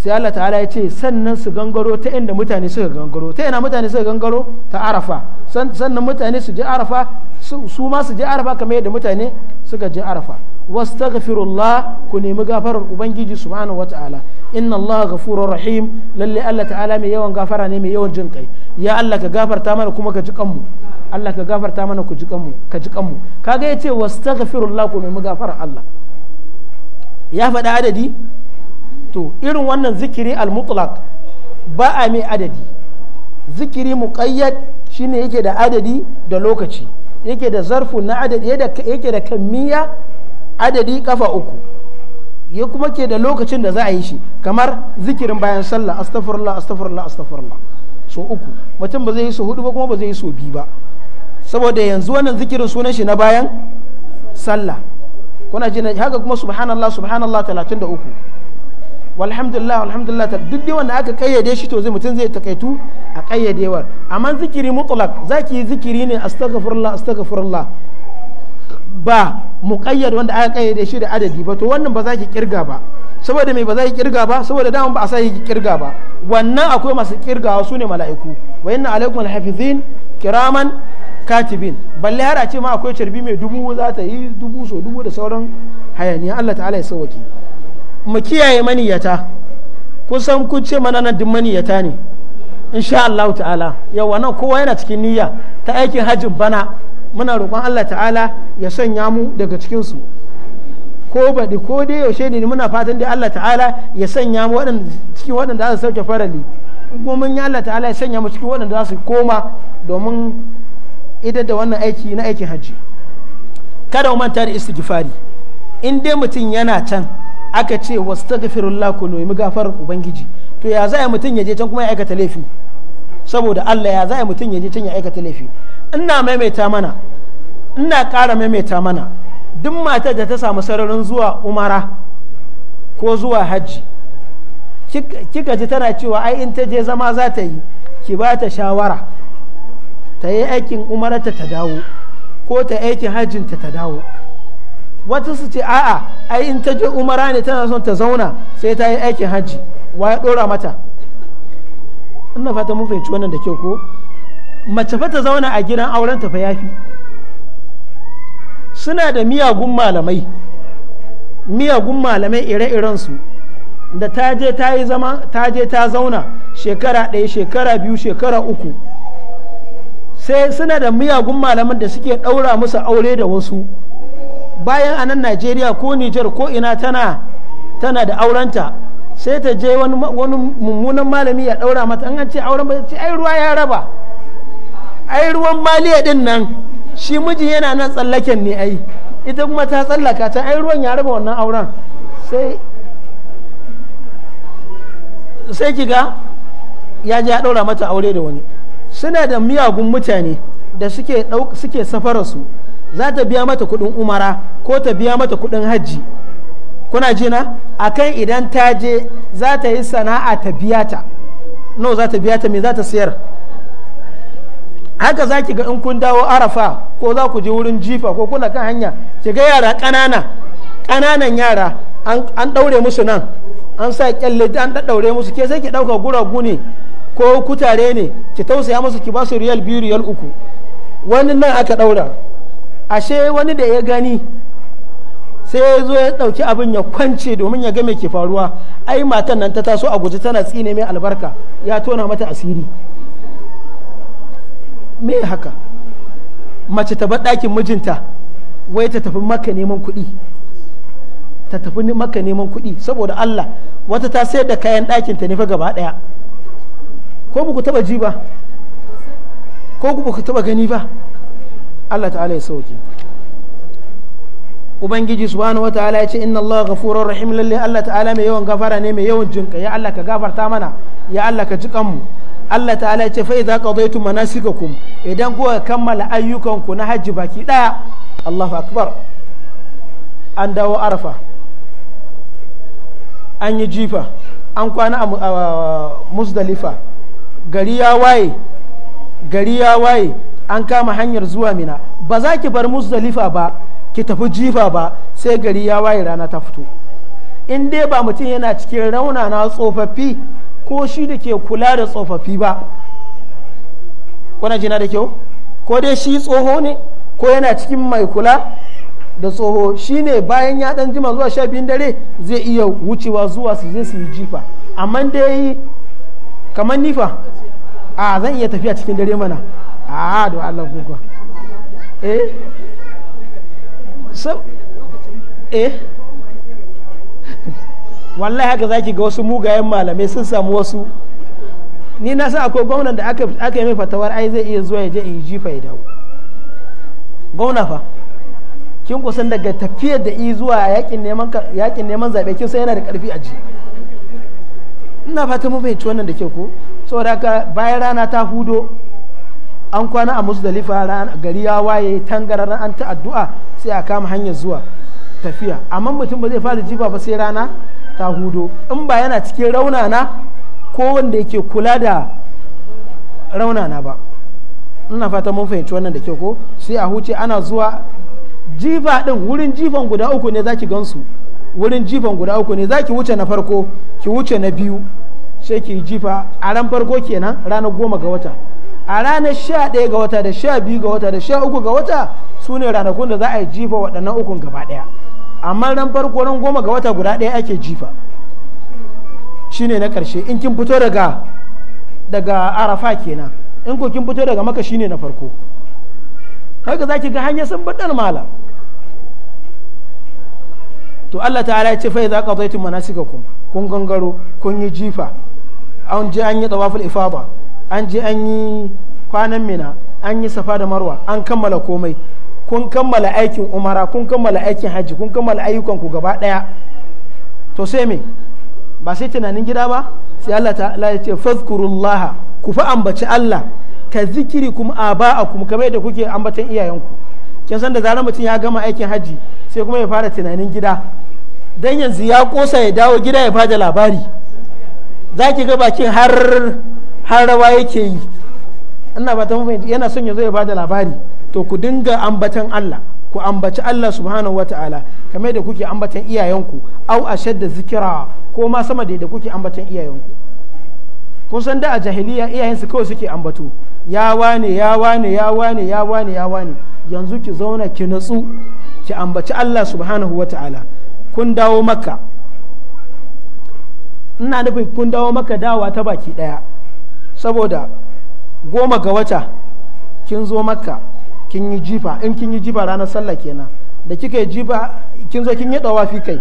sai Allah ta'ala ya ce sannan su gangaro ta inda mutane suka gangaro ta ina mutane suka gangaro ta arafa sannan mutane su je arafa su ma su je arafa kamar yadda mutane suka je arafa wastaghfirullah ku nemi gafarar ubangiji subhanahu wata'ala inna Allaha ghafurur rahim lalle Allah ta'ala mai yawan gafara ne mai yawan jin kai ya Allah ka gafarta mana kuma ka ji kanmu Allah ka gafarta mana ku ji kanmu ka ji kanmu kaga yace wastaghfirullah ku nemi gafarar Allah ya faɗa adadi to irin wannan zikiri al-mutlaq ba a mai adadi zikiri shi shine yake da adadi da lokaci yake da zarfu na adadi yake da kammiya adadi kafa uku ya kuma ke da lokacin da za a yi shi kamar zikirin bayan sallah astaghfirullah astaghfirullah astaghfirullah so uku mutum ba zai yi so hudu ba kuma ba zai yi so biyu ba saboda yanzu wannan zikirin sunan shi na bayan sallah kuna jin haka kuma subhanallah subhanallah 33 walhamdulillah walhamdulillah ta duk da wanda aka kayyade shi to zai mutum zai takaitu a kayyadewar amma zikiri mutlak zaki yi zikiri ne astaghfirullah astaghfirullah ba muqayyad wanda aka kayyade shi da adadi ba to wannan ba za ki kirga ba saboda mai ba za ki kirga ba saboda dama ba a sa ki kirga ba wannan akwai masu kirgawa su ne mala'iku wa inna alaikum alhafizin kiraman katibin balle har a ce ma akwai carbi mai dubu za ta yi dubu so dubu da sauran hayaniya Allah ta'ala ya sauwake mu kiyaye maniyata kusan kun ce mana nan duk maniyata ne insha Allah ta'ala yawa nan kowa yana cikin niyya ta aikin hajjin bana muna roƙon Allah ta'ala ya sanya mu daga cikinsu ko baɗi ko dai yaushe ne muna fatan dai Allah ta'ala ya sanya mu cikin waɗanda za su sauke farali kuma mun yi Allah ta'ala ya sanya mu cikin waɗanda za su koma domin idan da wannan aiki na aikin hajji kada mu manta da istighfari in dai mutum yana can aka ce wasu wastaghfirullah ku nemi gafar ubangiji to ya za mutum ya je can kuma ya aikata laifi saboda Allah ya za mutum ya je can ya aikata laifi ina maimaita mana ina ƙara maimaita mana duk matar da ta samu sararin zuwa umara ko zuwa hajji kika ji tana cewa ai in ta je zama za ta yi ki ba ta shawara ta yi aikin umararta ta dawo ko ta aikin hajjinta ta dawo wata su ce a'a ai in ta je umara ne tana son ta zauna sai ta yi aikin hajji wa ya dora mata ina fata mun fahimci wannan da kyau ko mace fa ta zauna a gidan auren ta fa yafi suna da miyagun malamai miyagun malamai ire-iren su da ta je ta yi zama ta je ta zauna shekara ɗaya shekara biyu shekara uku sai suna da miyagun malaman da suke ɗaura musu aure da wasu bayan a nan najeriya ko nijar ko ina tana tana da aurenta sai ta je wani mummunan malami ya daura mata an ce auren ba ce ai ruwa ya raba ai ruwan maliya din nan shi miji yana nan tsallaken ne ai ita kuma ta tsallaka ta ai ruwan ya raba wannan auren sai sai kiga ya ji ya daura mata aure da wani suna da miyagun mutane da suke safararsu su za ta biya mata kuɗin umara ko ta biya mata kuɗin hajji kuna jina akan idan ta je za ta yi sana'a ta biya ta no za ta biya ta me za ta sayar haka za ki ga in kun dawo arafa ko za ku je wurin jifa ko kuna kan hanya ki ga yara ƙanana ƙananan yara an ɗaure musu nan an sa kyalle an ɗaɗɗaure musu ke sai ki ɗauka guragu ne ko kutare ne ki tausaya musu ki ba su riyal biyu riyal uku wani nan aka ɗaura ashe wani da ya gani sai ya zo ya dauki abin ya kwance domin ya ga me ke faruwa ai matan nan ta taso a guji tana tsine mai albarka ya tona mata asiri me haka mace ta ɗakin mijinta wai ta tafi maka neman kuɗi ta tafi maka neman kuɗi saboda Allah wata ta sayar da kayan ɗakin ta nufa gaba ɗaya ko ku taba ji ba ko ku taɓa gani ba Allah ta'ala ya sauke ubangiji subhanahu wataala ya ce inna Allah ghafurur rahim lalle Allah ta'ala mai yawan gafara ne mai yawan jinka ya Allah ka gafarta mana ya Allah ka ji kanmu Allah ta'ala ya ce fa idza qadaytum manasikakum idan kuka kammala ku na hajji baki daya Allahu akbar an dawo arafa an yi jifa an kwana a musdalifa gari ya waye gari ya waye an kama hanyar zuwa mina ba za ki bar muzdalifa ba ki tafi jifa ba sai gari ya waye rana ta fito in dai ba mutum yana cikin rauna na tsofaffi ko shi da ke kula da tsofaffi ba kuna jina da kyau ko dai shi tsoho ne ko yana cikin mai kula da tsoho shi ne bayan ya dan jima zuwa sha dare zai iya wucewa zuwa su je su yi jifa amma dai kamar nifa a zan iya tafiya cikin dare mana a ah, do Allah kuka eh so eh wallahi haka zaki ga wasu mugayen malamai sun samu wasu ni na san akwai gwamnan da aka yi mai fatawar ai zai iya zuwa ya je in jifa ya dawo gwamna fa kin kusan daga tafiyar da i zuwa yakin neman zaɓe kin san yana da ƙarfi a ji ina fata mun fahimci wannan da ke ko saboda haka bayan rana ta hudo an kwana a musdalifa gari ya waye tangarar an ta addu'a sai a kama hanyar zuwa tafiya amma mutum ba zai fara jifa ba sai rana ta hudo in ba yana cikin raunana ko wanda yake kula da raunana ba ina fata mun fahimci wannan da ke ko sai a huce ana zuwa jifa din wurin jifan guda uku ne zaki gansu wurin jifan guda uku ne zaki wuce na farko ki wuce na biyu sai ki jifa a ran farko kenan ranar goma ga wata a ranar sha ɗaya ga wata da sha biyu ga wata da sha uku ga wata su ne ranakun da za a yi jifa waɗannan ukun gaba ɗaya amma ran farko ran goma ga wata guda ɗaya ake jifa Shi ne na ƙarshe in kin fito daga daga arafa kenan in ko kin fito daga maka shi ne na farko haka za ki ga hanyar sun baɗar mala to Allah ta'ala ya ce fa idza qadaytum manasikakum kun gangaro kun yi jifa an ji an yi tawaful ifada an je an yi kwanan mina an yi safa da marwa an kammala komai kun kammala aikin umara kun kammala aikin hajji kun kammala ayyukan ku gaba daya to sai me ba sai tunanin gida ba sai Allah Allah ya ce fazkurullaha ku fa ambaci Allah ka zikiri kuma aba'akum kamar yadda kuke ambatan iyayenku kin san da zarar mutum ya gama aikin hajji sai kuma ya fara tunanin gida dan yanzu ya kosa ya dawo gida ya bada labari zaki ga bakin har har rawa yake yi ina ba ta mafi yana son ya zo ya bada labari to ku dinga ambatan Allah ku ambaci Allah subhanahu wa ta'ala kamar da kuke ambatan iyayenku au a shadda zikira ko ma sama da kuke ambatan iyayenku kun san da a jahiliya iyayensu kawai suke ambato ya wane ya wane ya wane ya wane ya wane yanzu ki zauna ki natsu ki ambaci Allah subhanahu wa ta'ala kun dawo maka ina nufin kun dawo maka dawa ta baki daya saboda goma ga wata kin zo makka kin yi jifa in kin yi jifa ranar sallah kenan da kika yi jifa kin zo kin yi fi kai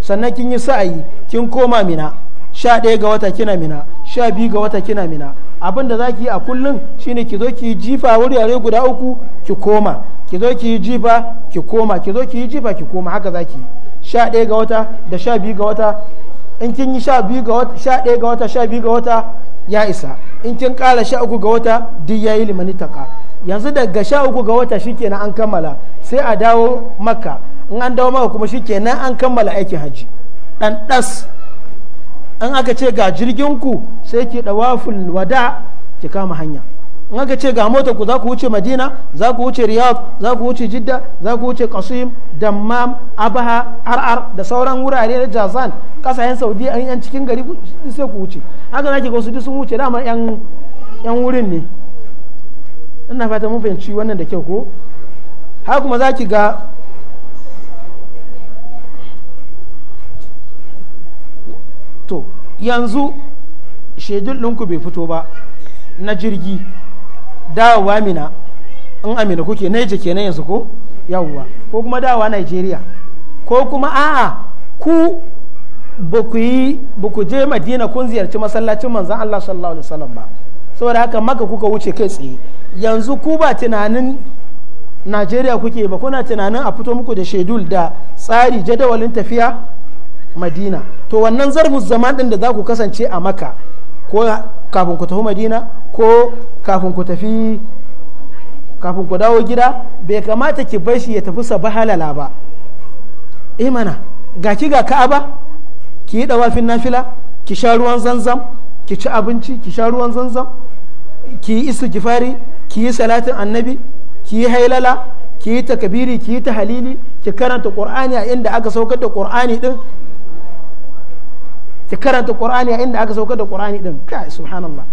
sannan kin yi sa'ayi kin koma mina sha ɗaya ga wata kina mina sha biyu ga wata kina mina abin da za ki yi a kullum shine ki zo ki yi jifa wurare guda uku ki koma ki zo ki yi jifa ki koma ki zo ki yi jifa ki koma haka za ki yi sha ɗaya ga wata da sha biyu ga wata in kin yi sha ga wata sha ɗaya ga wata sha biyu ga wata ya isa in kin ƙara sha uku ga wata duk ya yi limani taka yanzu daga sha uku ga wata shikenan an kammala sai a dawo maka in an dawo maka kuma shikenan an kammala aikin hajji dan ɗas in aka ce ga jirgin ku sai ki ɗawaful wada ki kama hanya in ka ce ga motar ku za ku wuce madina za ku wuce riyadh za ku wuce jidda za ku wuce qasim dammam abaha ar'ar da sauran wurare na jazan kasayen saudi an yan cikin gari sai ku wuce haka nake ga su duk sun wuce dama yan yan wurin ne ina fata mun fahimci wannan da kyau ko ha kuma zaki ga to yanzu shedul ɗinku bai fito ba na jirgi dawowa mina in amina kuke naija kenan yanzu ko yawwa ko kuma dawowa nigeria ko kuma a'a ku ba ku yi je madina kun ziyarci masallacin manzan allah sallallahu alaihi wasallam ba saboda haka maka kuka wuce kai tsaye yanzu ku ba tunanin najeriya kuke ba kuna tunanin a fito muku da shedul da tsari jadawalin tafiya madina to wannan zarfin zaman din da za ku kasance a maka ko kafin ku tafi madina ko kafin ku tafi kafin ku dawo gida bai kamata ki bar shi ya tafi halala ba imana eh ga ki ga ka'aba ki yi dawafin nafila ki sha ruwan zanzam ki ci abinci ki sha ruwan zanzam ki yi isu kifari ki yi salatin annabi ki yi hailala ki yi takabiri ki yi tahalili ki karanta qur'ani a inda aka saukar da qur'ani din ki karanta qur'ani a inda aka saukar da qur'ani din kai subhanallah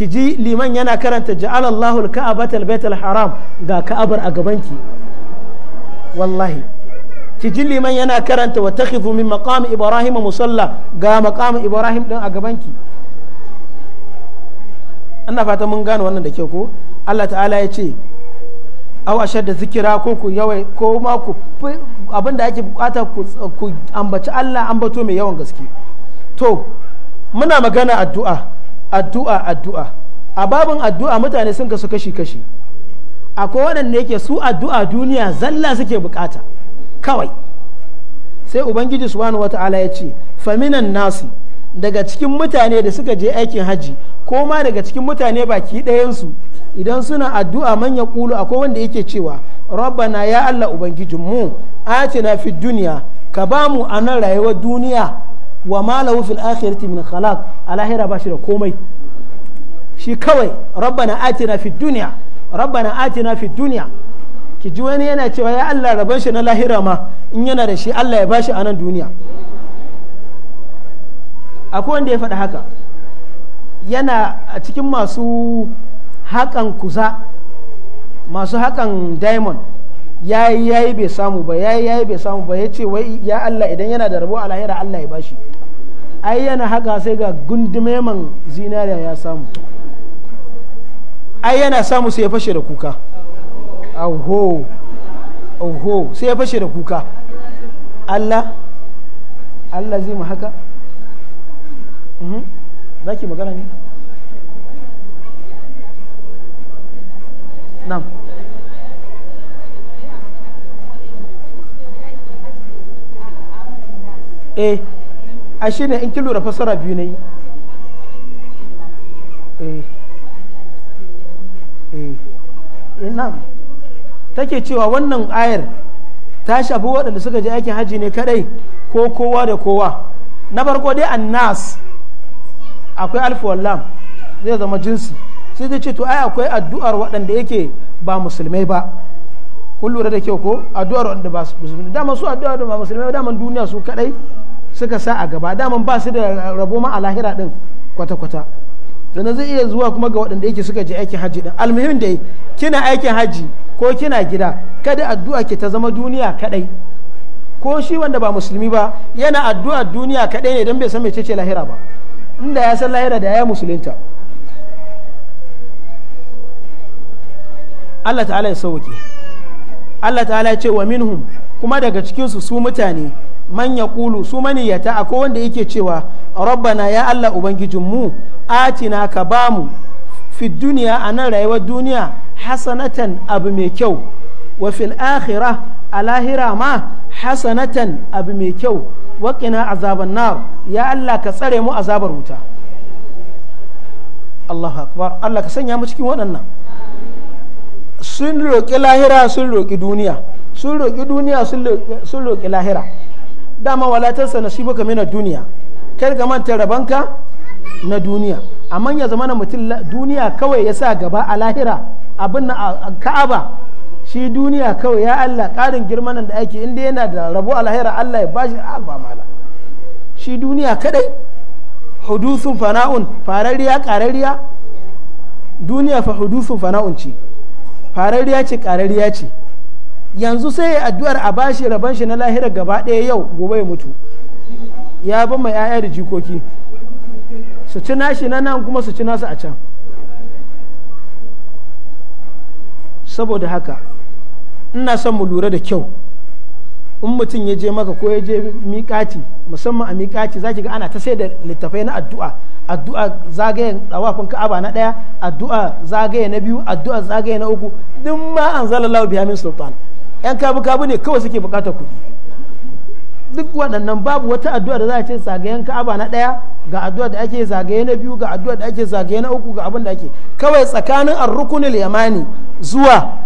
ki ji liman yana karanta ja'alallahu Allahul ka'abata al haram ga ka'abar a gabanki wallahi ki ji liman yana karanta wa takhifu min maqami ibrahim musalla ga maqami ibrahim din a gabanki ina fata mun gane wannan da kyau ko Allah ta'ala ya ce aw ashadda zikira ko ku yawai ko ma ku abinda yake bukata ku ambaci Allah ambato mai yawan gaske to muna magana addu'a addu'a addu'a a babin addu'a mutane sun kasu kashi kashi akwai waɗanda ke su addu'a duniya zalla suke bukata kawai sai ubangiji wata ala ya ce faminan nasi daga cikin mutane da suka je aikin haji ko ma daga cikin mutane baki ɗayansu idan suna addu'a manyan kulu akwai wanda yake cewa rabbana ya allah ubangijinmu na fi duniya ka ba mu a rayuwar duniya wa ma fil akhirati min khalaq a lahira ba shi da komai shi kawai rabbana atina fid dunya rabbana atina fid dunya ki ji wani yana cewa ya Allah rabon shi na lahira ma in yana da shi Allah ya bashi a nan duniya akwai wanda ya faɗi haka yana a cikin masu haƙan kusa masu haƙan diamond yayi yi bai samu ba ya yi ya yi bai samu ba ya ce wai ya Allah idan yana da rabo alahira Allah ya bashi ai yana haka sai ga gundumeman zinariya ya samu ai yana samu sai ya fashe da kuka oho oho sai ya fashe da kuka Allah Allah zai mu haka mhm, za ki magana ne na'am eh a shi ne in ki lura fassara biyu na yi eh eh ina eh, take cewa wannan ayar ta shafi waɗanda suka je aikin haji ne kadai ko kowa da kowa na farko dai annas akwai wallam zai zama jinsi sai zai ce to ai akwai addu'ar waɗanda yake ba musulmai ba kun lura da kyau ko addu'ar wanda ba su musulmi dama su addu'ar da ba musulmi man duniya su kadai suka sa a gaba dama ba su da rabo ma a lahira din kwata-kwata sannan zai iya zuwa kuma ga waɗanda yake suka je aikin haji din almuhim dai kina aikin haji ko kina gida kada addu'a ke ta zama duniya kadai ko shi wanda ba musulmi ba yana addu'a duniya kadai ne don bai san mecece lahira ba inda ya san lahira da ya musulunta Allah ta'ala ya sauke Allah ta'ala ce wa minhum kuma daga cikinsu su mutane man ya kulu su ta akwai wanda yake cewa rabbana ya Allah ubangijinmu atina ka bamu fi duniya a nan rayuwar duniya hasanatan abu mai kyau wa fil akhirah a lahira ma hasanatan abu mai kyau waƙina azaban nar ya Allah ka tsare mu azabar wuta Allah akbar Allah ka sanya mu cikin waɗannan sun roƙi lahira sun roƙi duniya sun roƙi duniya sun roƙi lahira dama walatarsa shi baka mina duniya kar ga manta rabanka na duniya amma ya zama na mutum duniya kawai ya sa gaba a lahira abin na ka'aba shi duniya kawai ya Allah ƙarin girman da ake inda yana da rabo a lahira Allah ya bashi alba mala shi duniya kadai hudusun fana'un farariya ƙarariya duniya fa hudusun fana'un ce farariya ce ƙarariya ce yanzu sai ya addu'ar a bashi rabon shi na lahira gaba ɗaya yau gobe ya mutu ya ban ma 'ya'ya da jikoki su ci nashi na nan kuma su ci nasu a can saboda haka ina son mu lura da kyau in mutum ya je maka ko ya je miƙati musamman a miƙati za ki ga ana ta sai da littafai na addu'a addu'a a wafin ka'aba na ɗaya addu'a zagaye na biyu addu'a zagaye na uku duk ma an zala lahu biya min sultan yan kabu kabu ne kawai suke buƙatar kuɗi duk waɗannan babu wata addu'a da za a ce zagayen ka'aba na ɗaya ga addu'a da ake zagaye na biyu ga addu'a da ake zagaye na uku ga abin da ake kawai tsakanin arrukunul yamani zuwa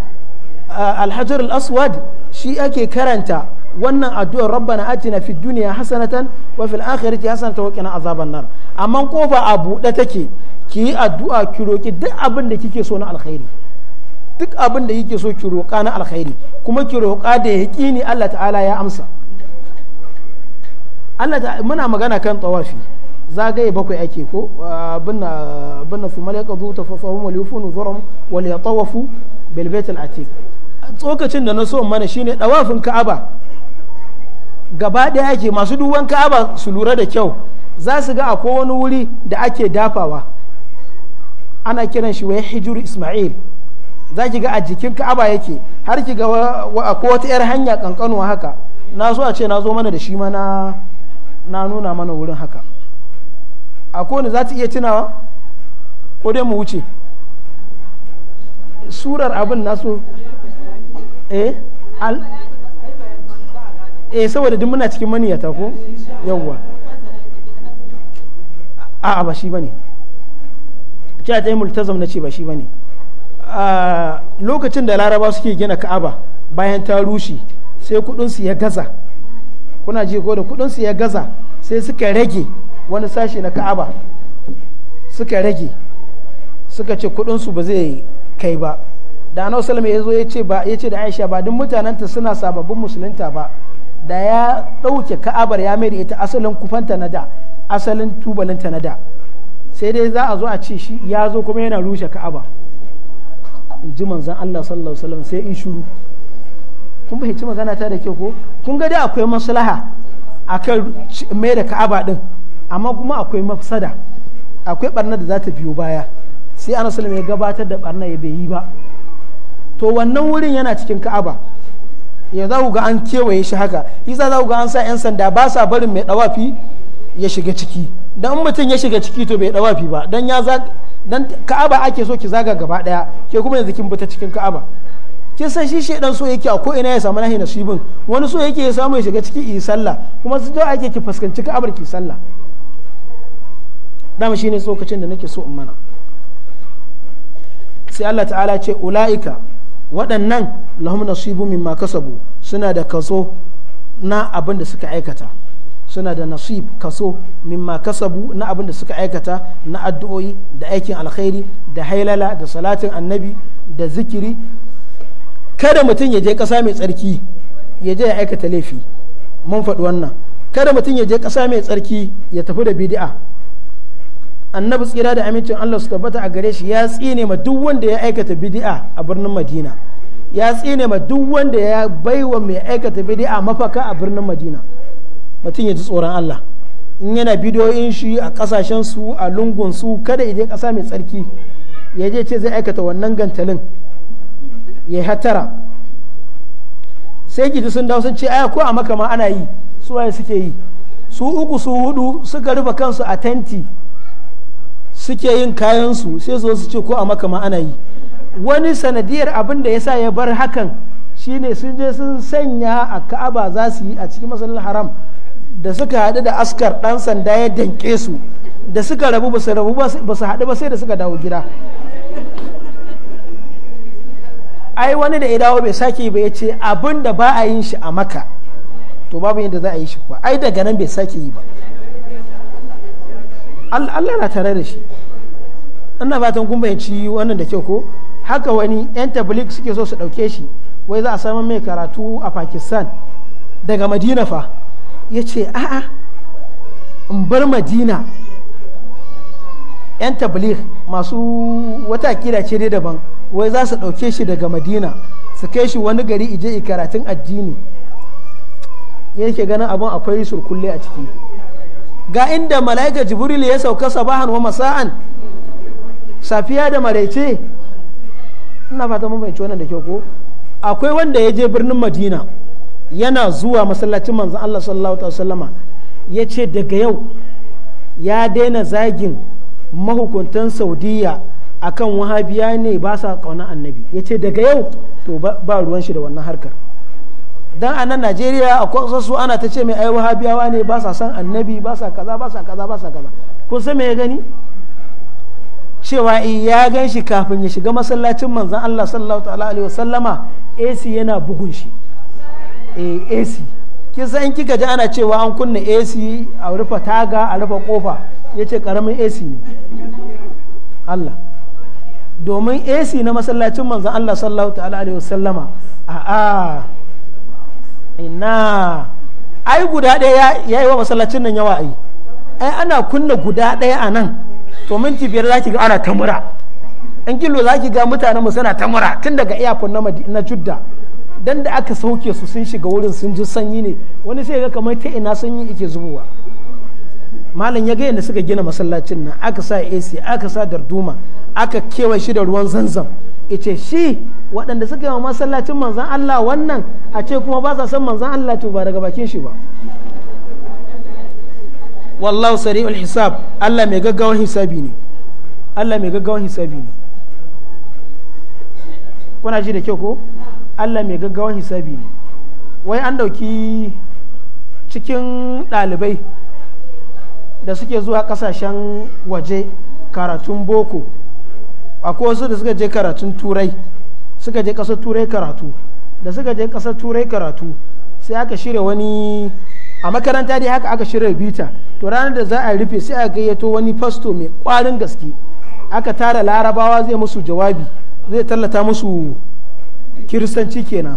ah, alhajar al-aswad shi ake karanta wannan addu'ar rabbana atina fi duniya hasanatan wa fil akhirati hasanatan wa qina azaban nar amma kofa a buɗe take ki yi addu'a ki roki duk abin da kike so na alkhairi duk abin da kike so ki roka na alkhairi kuma ki roka da yaqini Allah ta'ala ya amsa Allah ta muna magana kan tawafi zagaye bakwai ake ko abin abin na sumal ya qadu tafafahum wal yufunu zurum wal yatawafu bil bait al atiq tsokacin da na so mana shine dawafin ka'aba gaba ɗaya ake masu duban ka'aba su lura da kyau za su ga akwai wani wuri da ake dafawa ana kiran shi wai hijiru ismail za ki ga a jikin ka'aba yake har ki ga akwai wata 'yar hanya kankanuwa haka na so a ce na zo mana da shi mana na nuna mana wurin haka a kone za ta iya tunawa ko dai mu wuce surar abin nasu eh eh saboda duk muna cikin maniyata ko yawwa a'a ba shi bane cewa ta yi multazam na ce ba shi bane a lokacin da laraba suke gina ka'aba bayan ta rushe sai kudinsu ya gaza kuna ji ko da kudinsu ya gaza sai suka rage wani sashi na ka'aba suka rage suka ce kudinsu ba zai kai ba da anau salama ya zo ya ce da aisha ba duk mutanenta suna sababbin musulunta ba da ya ɗauke ka'abar ya mai da ita asalin kufanta na da asalin tubalinta na da sai dai za a zo a ce shi ya zo kuma yana rushe ka'aba in ji manzan Allah sallallahu alaihi sai in shuru kun fahimci magana ta da ke ko kun ga dai akwai maslaha akan mai da ka'aba din amma kuma akwai mafsada akwai barnar da za ta biyo baya sai ana ya gabatar da barna ya bai yi ba to wannan wurin yana cikin ka'aba ya za ga an kewaye shi haka yasa za ga an sa 'yan sanda ba sa barin mai dawafi ya shiga ciki in mutum ya shiga ciki to bai dawafi ba don ya za don ka'aba ake so ki zaga gaba daya ke kuma yanzu kin fita cikin ka'aba kin san shi shedan so yake a ko ina ya samu nahi nasibin wani so yake ya samu ya shiga ciki yi sallah kuma su ake ki fuskanci ka'abar ki sallah dama shine tsokacin da nake so in mana sai Allah ta'ala ce ula'ika waɗannan lahum nasibu mimma kasabu suna da kaso na abin da suka aikata suna da nasib kaso mimma kasabu na abin da suka aikata na addu'o'i da aikin alkhairi da hailala da salatin annabi da zikiri kada mutum ya je ƙasa mai tsarki ya je ya aikata laifi mun faɗi wannan kada mutum ya je ƙasa mai tsarki ya tafi da bidi'a. annabi tsira da amincin Allah su tabbata a gare shi ya tsine ma duk wanda ya aikata bidi'a a birnin Madina ya tsine ma duk wanda ya baiwa mai aikata bid'a mafaka a birnin Madina mutum ya ji tsoron Allah in yana bidiyoyin shi a kasashen su a lungun su kada je kasa mai tsarki ya je ce zai aikata wannan gantalin ya hatara sai gidi sun dawo sun ce aya ko a makama ana yi su waye suke yi su uku su hudu suka rufe kansu a tenti suke yin kayansu sai su su ce ko a maka ma ana yi wani sanadiyar abin da ya sa ya bar hakan shine sun je sun sanya a ka'aba za su yi a cikin masallin haram da suka haɗu da askar ɗan sanda ya danke su da suka rabu ba su rabu ba su haɗu ba sai da suka dawo gida ai wani da ya dawo bai sake ba ya ce abin da ba a yin shi a maka to babu yadda za a yi shi ba ai daga nan bai sake yi ba Allah na tare da shi ina fatan kun bayanci wannan da kyau ko haka wani yan tablik suke so su dauke shi wai za a samu mai karatu a pakistan daga madina fa ya ce a'a in bar madina yan tablik masu wata akida ce dai daban wai za su dauke shi daga madina su kai shi wani gari ije karatun addini yake ganin abin akwai surkulle a ciki ga inda mala'ika jibril ya sauka sabahan wa masa'an safiya da maraice ina fata mun fahimci wannan da kyau ko akwai wanda ya je birnin madina yana zuwa masallacin manzon Allah sallallahu alaihi wasallama ya ce daga yau ya daina zagin mahukuntan saudiya akan wahabiya ne ba sa ƙaunar annabi ya ce daga yau to ba ruwan shi da wannan harkar dan a nan najeriya a kwasasu ana ta ce mai ai wahabiyawa ne ba sa san annabi ba sa kaza ba sa kaza ba sa kaza kun san me ya gani cewa ya gan shi kafin ya shiga masallacin manzan allah sallallahu ta'ala alaihi wasallama ac yana bugun shi eh, ac kin san kika ji ana cewa an kunna ac a rufe taga a rufe kofa ya ce karamin ac ne allah domin ac na masallacin manzan allah sallallahu ta'ala alaihi wasallama a'a ina ai guda ɗaya ya yi wa masallacin nan yawa ai ai ana kunna guda ɗaya a nan to minti biyar za ki ga ana tamura in kilo za ki ga mutanen mu suna tamura tun daga iyakun na judda dan da aka sauke su sun shiga wurin sun ji sanyi ne wani sai ga kamar ta ina sanyi yake zubowa malam ya ga yadda suka gina masallacin nan aka sa ac aka sa darduma aka kewa shi da ruwan zanzam ice shi waɗanda suka yi wa masallacin manzan Allah wannan a ce kuma ba sa san manzan Allah to ba daga bakin shi ba wallahu sari'ul hisab Allah mai gaggawan hisabi ne Allah mai gaggawan hisabi ne kuna ji da kyau ko Allah mai gaggawan hisabi ne wai an ɗauki cikin ɗalibai da suke zuwa kasashen waje karatun boko akwai wasu da suka je karatun turai suka je kasar turai karatu da suka je kasar turai karatu sai aka shirya wani a makaranta dai haka aka shirya bita to ranar da za a rufe sai a gayyato wani fasto mai kwarin gaske aka tara larabawa zai musu jawabi zai tallata musu kiristanci kenan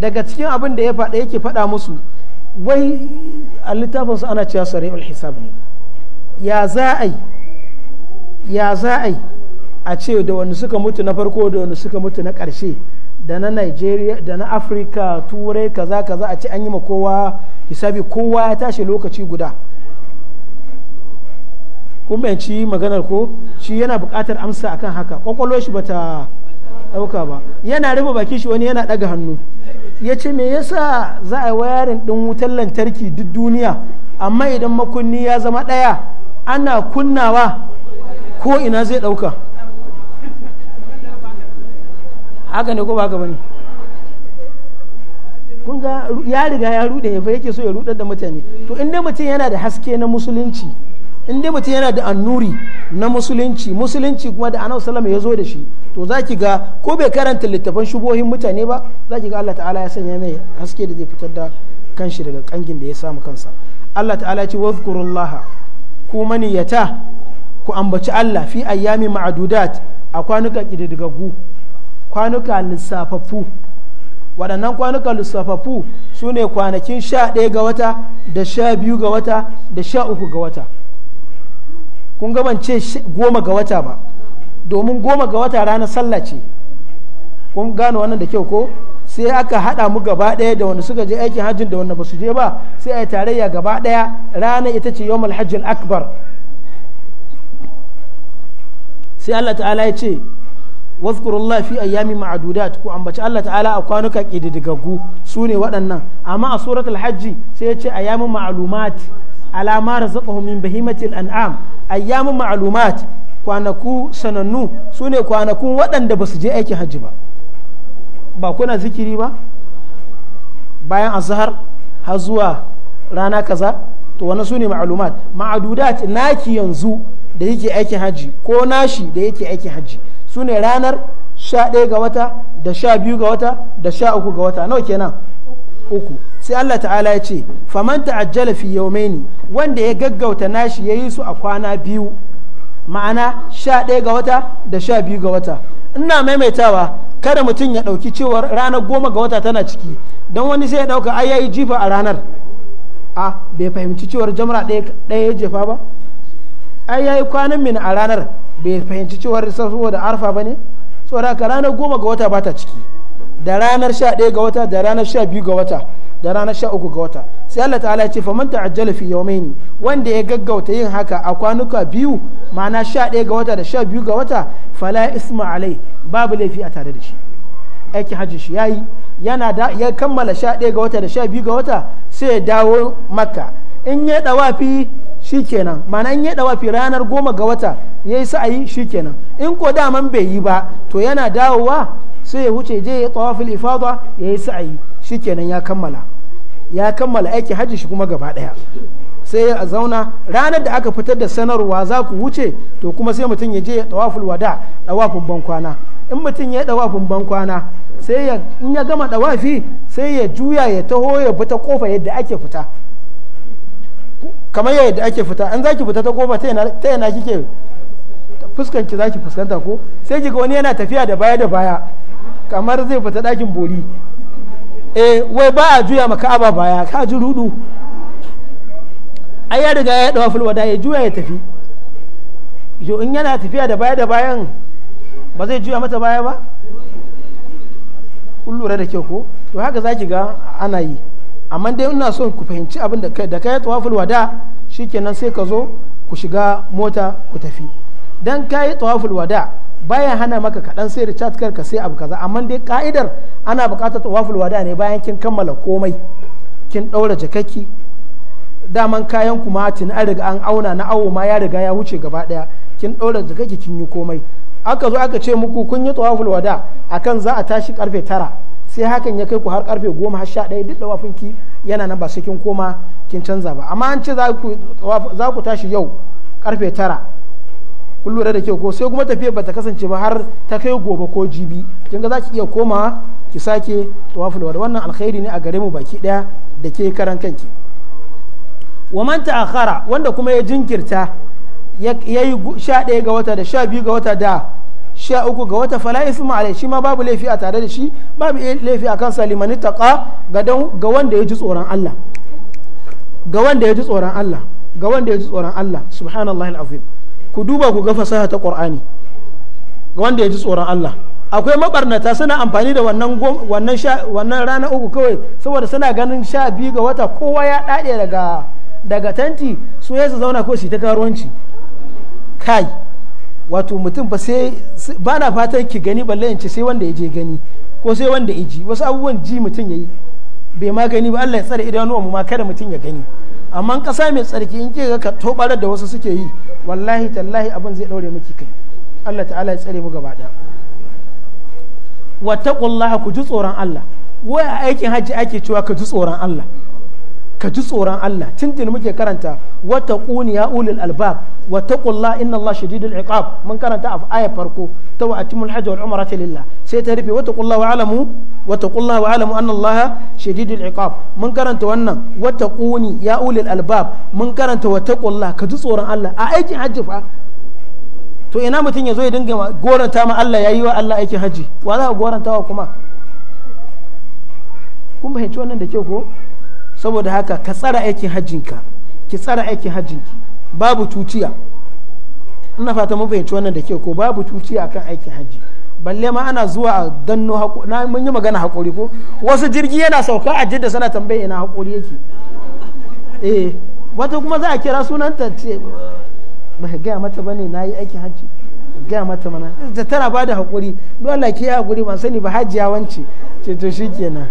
daga cikin abin da ya faɗa yake faɗa musu wai a littafinsu ana cewa sari'ul hisab ne ya za a ya za a a ce da wani suka mutu na farko da wani suka mutu na karshe da na nigeria da na afirka turai kaza kaza a ce an yi ma kowa hisabi kowa ya tashi lokaci guda kuma ci maganar ko shi yana bukatar amsa akan haka kwakwalwar shi bata ɗauka ba yana rufe baki shi wani yana ɗaga hannu ya ce me yasa za a yi wayarin ɗin wutar lantarki duk duniya amma idan makunni ya zama ɗaya ana kunnawa ko ina zai ɗauka haka ne ko ba ne ya riga ya rude ya yake so ya rudar da mutane to in dai mutum yana da haske na musulunci in mutum yana da annuri na musulunci musulunci kuma da anau salama ya zo da shi to za ki ga ko bai karanta littafan shubohin mutane ba za ki ga Allah ta'ala ya sanya mai haske da zai fitar da kanshi daga kangin da ya samu kansa Allah ta'ala ya ce wazkurullaha ku maniyata ku ambaci Allah fi ayyami ma'adudat a kwanuka ƙididdigaggu kwanuka lissafaffu waɗannan kwanuka lissafaffu su ne kwanakin sha ɗaya ga wata da sha biyu ga wata da sha uku ga wata kun gabance goma ga wata ba domin goma ga wata ranar sallah ce kun gane wannan da kyau ko sai aka haɗa mu gaba ɗaya da wanda suka je aikin hajjin da wanda ba su je ba sai a yi tarayya gaba ɗaya rana ita ce yawmal hajjil akbar sai Allah ta'ala ya ce wazkurullah fi ayyami ma'adudat ku ambaci Allah ta'ala a kwanuka kididdigaggu su ne waɗannan amma a suratul hajji sai ya ce ayyamin ma'lumat alama razaqahum min bahimatil an'am ayyamin ma'lumat kwanaku sanannu su ne kwanakun waɗanda ba su je aikin hajji ba ba kuna zikiri ba bayan azhar har zuwa rana kaza to wani su ne ma'alumat ma'adudat naki yanzu da yake aikin haji ko nashi da yake aikin haji su ne ranar 11 ga wata da 12 ga wata da 13 ga wata nawa kenan uku sai Allah ta'ala ya ce faman ta'ajjala fi yawmaini wanda ya gaggauta nashi yayi su a kwana biyu ma'ana 11 ga wata da 12 ga wata ina maimaitawa kada mutum ya ɗauki cewar ranar goma ga wata tana ciki don wani sai ya ɗauka ai yayi jifa a ranar a bai fahimci cewar jamra ɗaya ya jefa ba ai yayi kwanan min a ranar bai fahimci cewar saboda arfa ba ne saboda haka ranar goma ga wata ba ta ciki da ranar 11 ga wata da ranar 12 ga wata da ranar 13 ga wata sai Allah ta'ala ya ce fa man ta'ajjala fi yawmaini wanda ya gaggauta yin haka a kwanuka biyu ma'ana 11 ga wata da 12 ga wata fala isma alai babu laifi a tare da shi aiki hajji shi yayi yana da ya kammala 11 ga wata da 12 ga wata sai ya dawo makka in ya fi shikenan ma'ana in ya fi ranar 10 ga wata yayi sa'ayi shikenan in ko daman bai yi ba to yana dawowa sai ya wuce je ya tawafil ifada ya yi sa'ayi shikenan ya kammala ya kammala aiki hajji shi kuma gaba daya sai ya zauna ranar da aka fitar da sanarwa za ku wuce to kuma sai mutum ya je ya tawaful wada dawafin bankwana in mutum ya dawafin bankwana sai ya in ya gama dawafi sai ya juya ya taho ya bi ta kofa yadda ake fita kamar yadda ake fita an zaki fita ta kofa ta yana kike fuskanci zaki fuskanta ko sai kiga wani yana tafiya da baya da baya kamar zai fita dakin bori e wai ba a juya maka aba baya ka ji rudu ai ya riga ya dawa fulwada ya juya ya tafi yo in yana tafiya da baya da bayan ba zai juya mata baya ba kun lura da kyau ko to haka zaki ga ana yi amma dai ina so ku fahimci abin da kai da kai tawaful wada shikenan sai ka zo ku shiga mota ku tafi dan kai tawaful wada baya hana maka kaɗan sai Richard kar ka sai abu kaza amma dai ka'idar ana buƙatar tawaful wada ne bayan kin kammala komai kin ɗaura jakakki daman kayan kuma tun an riga an auna na awo ma ya riga ya wuce gaba ɗaya kin ɗaura jakakki kin yi komai aka zo aka ce muku kun yi tawaful wada akan za a tashi karfe tara sai hakan ya kai ku har karfe goma har sha ɗaya duk tawafin ki yana nan ba sai kin koma kin canza ba amma an ce za ku tashi yau karfe tara kun lura da kyau ko sai kuma tafiyar bata kasance ba har ta kai gobe ko jibi kin ga zaki iya koma ki sake tawaful wada wannan alkhairi ne a gare mu baki daya da ke karan kanki wa man ta'akhara wanda kuma ya jinkirta yayi 11 ga wata da 12 ga wata da sha uku ga wata fala isma alai shi ma babu laifi a tare da shi babu laifi a kan salimani taqa ga ga wanda ya ji tsoron Allah ga wanda ya ji tsoron Allah ga wanda ya ji tsoron Allah subhanallahi alazim ku duba ku ga fasaha ta qur'ani wanda ya ji tsoron Allah akwai mabarnata suna amfani da wannan rana uku kawai saboda suna ganin sha biyu ga wata kowa ya dade daga tanti su ya zauna ko su ta karuwanci kai wato mutum ba sai ba na fatan ki gani balle in sai wanda ya je gani ko sai wanda ya ji wasu abubuwan ji mutum ya yi bai ma gani ba Allah ya tsare idanuwa mu ma kada mutum ya gani amma ƙasa mai tsarki in ke ka tobar da wasu suke yi wallahi tallahi abin zai ɗaure miki kai Allah ta'ala ya tsare mu gaba ɗaya wattaqullaha ku ji tsoron Allah wai a aikin hajji ake cewa ka ji tsoron Allah ka ji tsoron Allah tuntuni muke karanta wata ya ulil albab wa taqulla inna Allah shadidul iqab mun karanta a ayar farko ta wa atimul hajj wal umrata lillah sai ta rufe wata taqulla wa alamu wa taqulla wa alamu anna Allah shadidul iqab mun karanta wannan wata kuni ya ulil albab mun karanta wa taqulla ka ji tsoron Allah a aikin hajji fa to ina mutum yazo ya dinga goranta ma Allah yayi wa Allah aikin hajji wa za ka goranta wa kuma kun fahimci wannan da ke ko saboda haka ka tsara aikin hajjinka ki tsara aikin hajjinki babu tuciya ina fata mun fahimci wannan da ke ko babu tuciya akan aikin hajji balle ma ana zuwa a danno na mun yi magana hakuri ko wasu jirgi yana sauka a jidda sana tambaye ina hakuri yake eh wata kuma za a kira sunanta ce ba gaya mata bane na yi aikin hajji gaya mata mana ta tana ba da hakuri duk Allah ke hakuri ban sani ba hajjiya wance ce to shikenan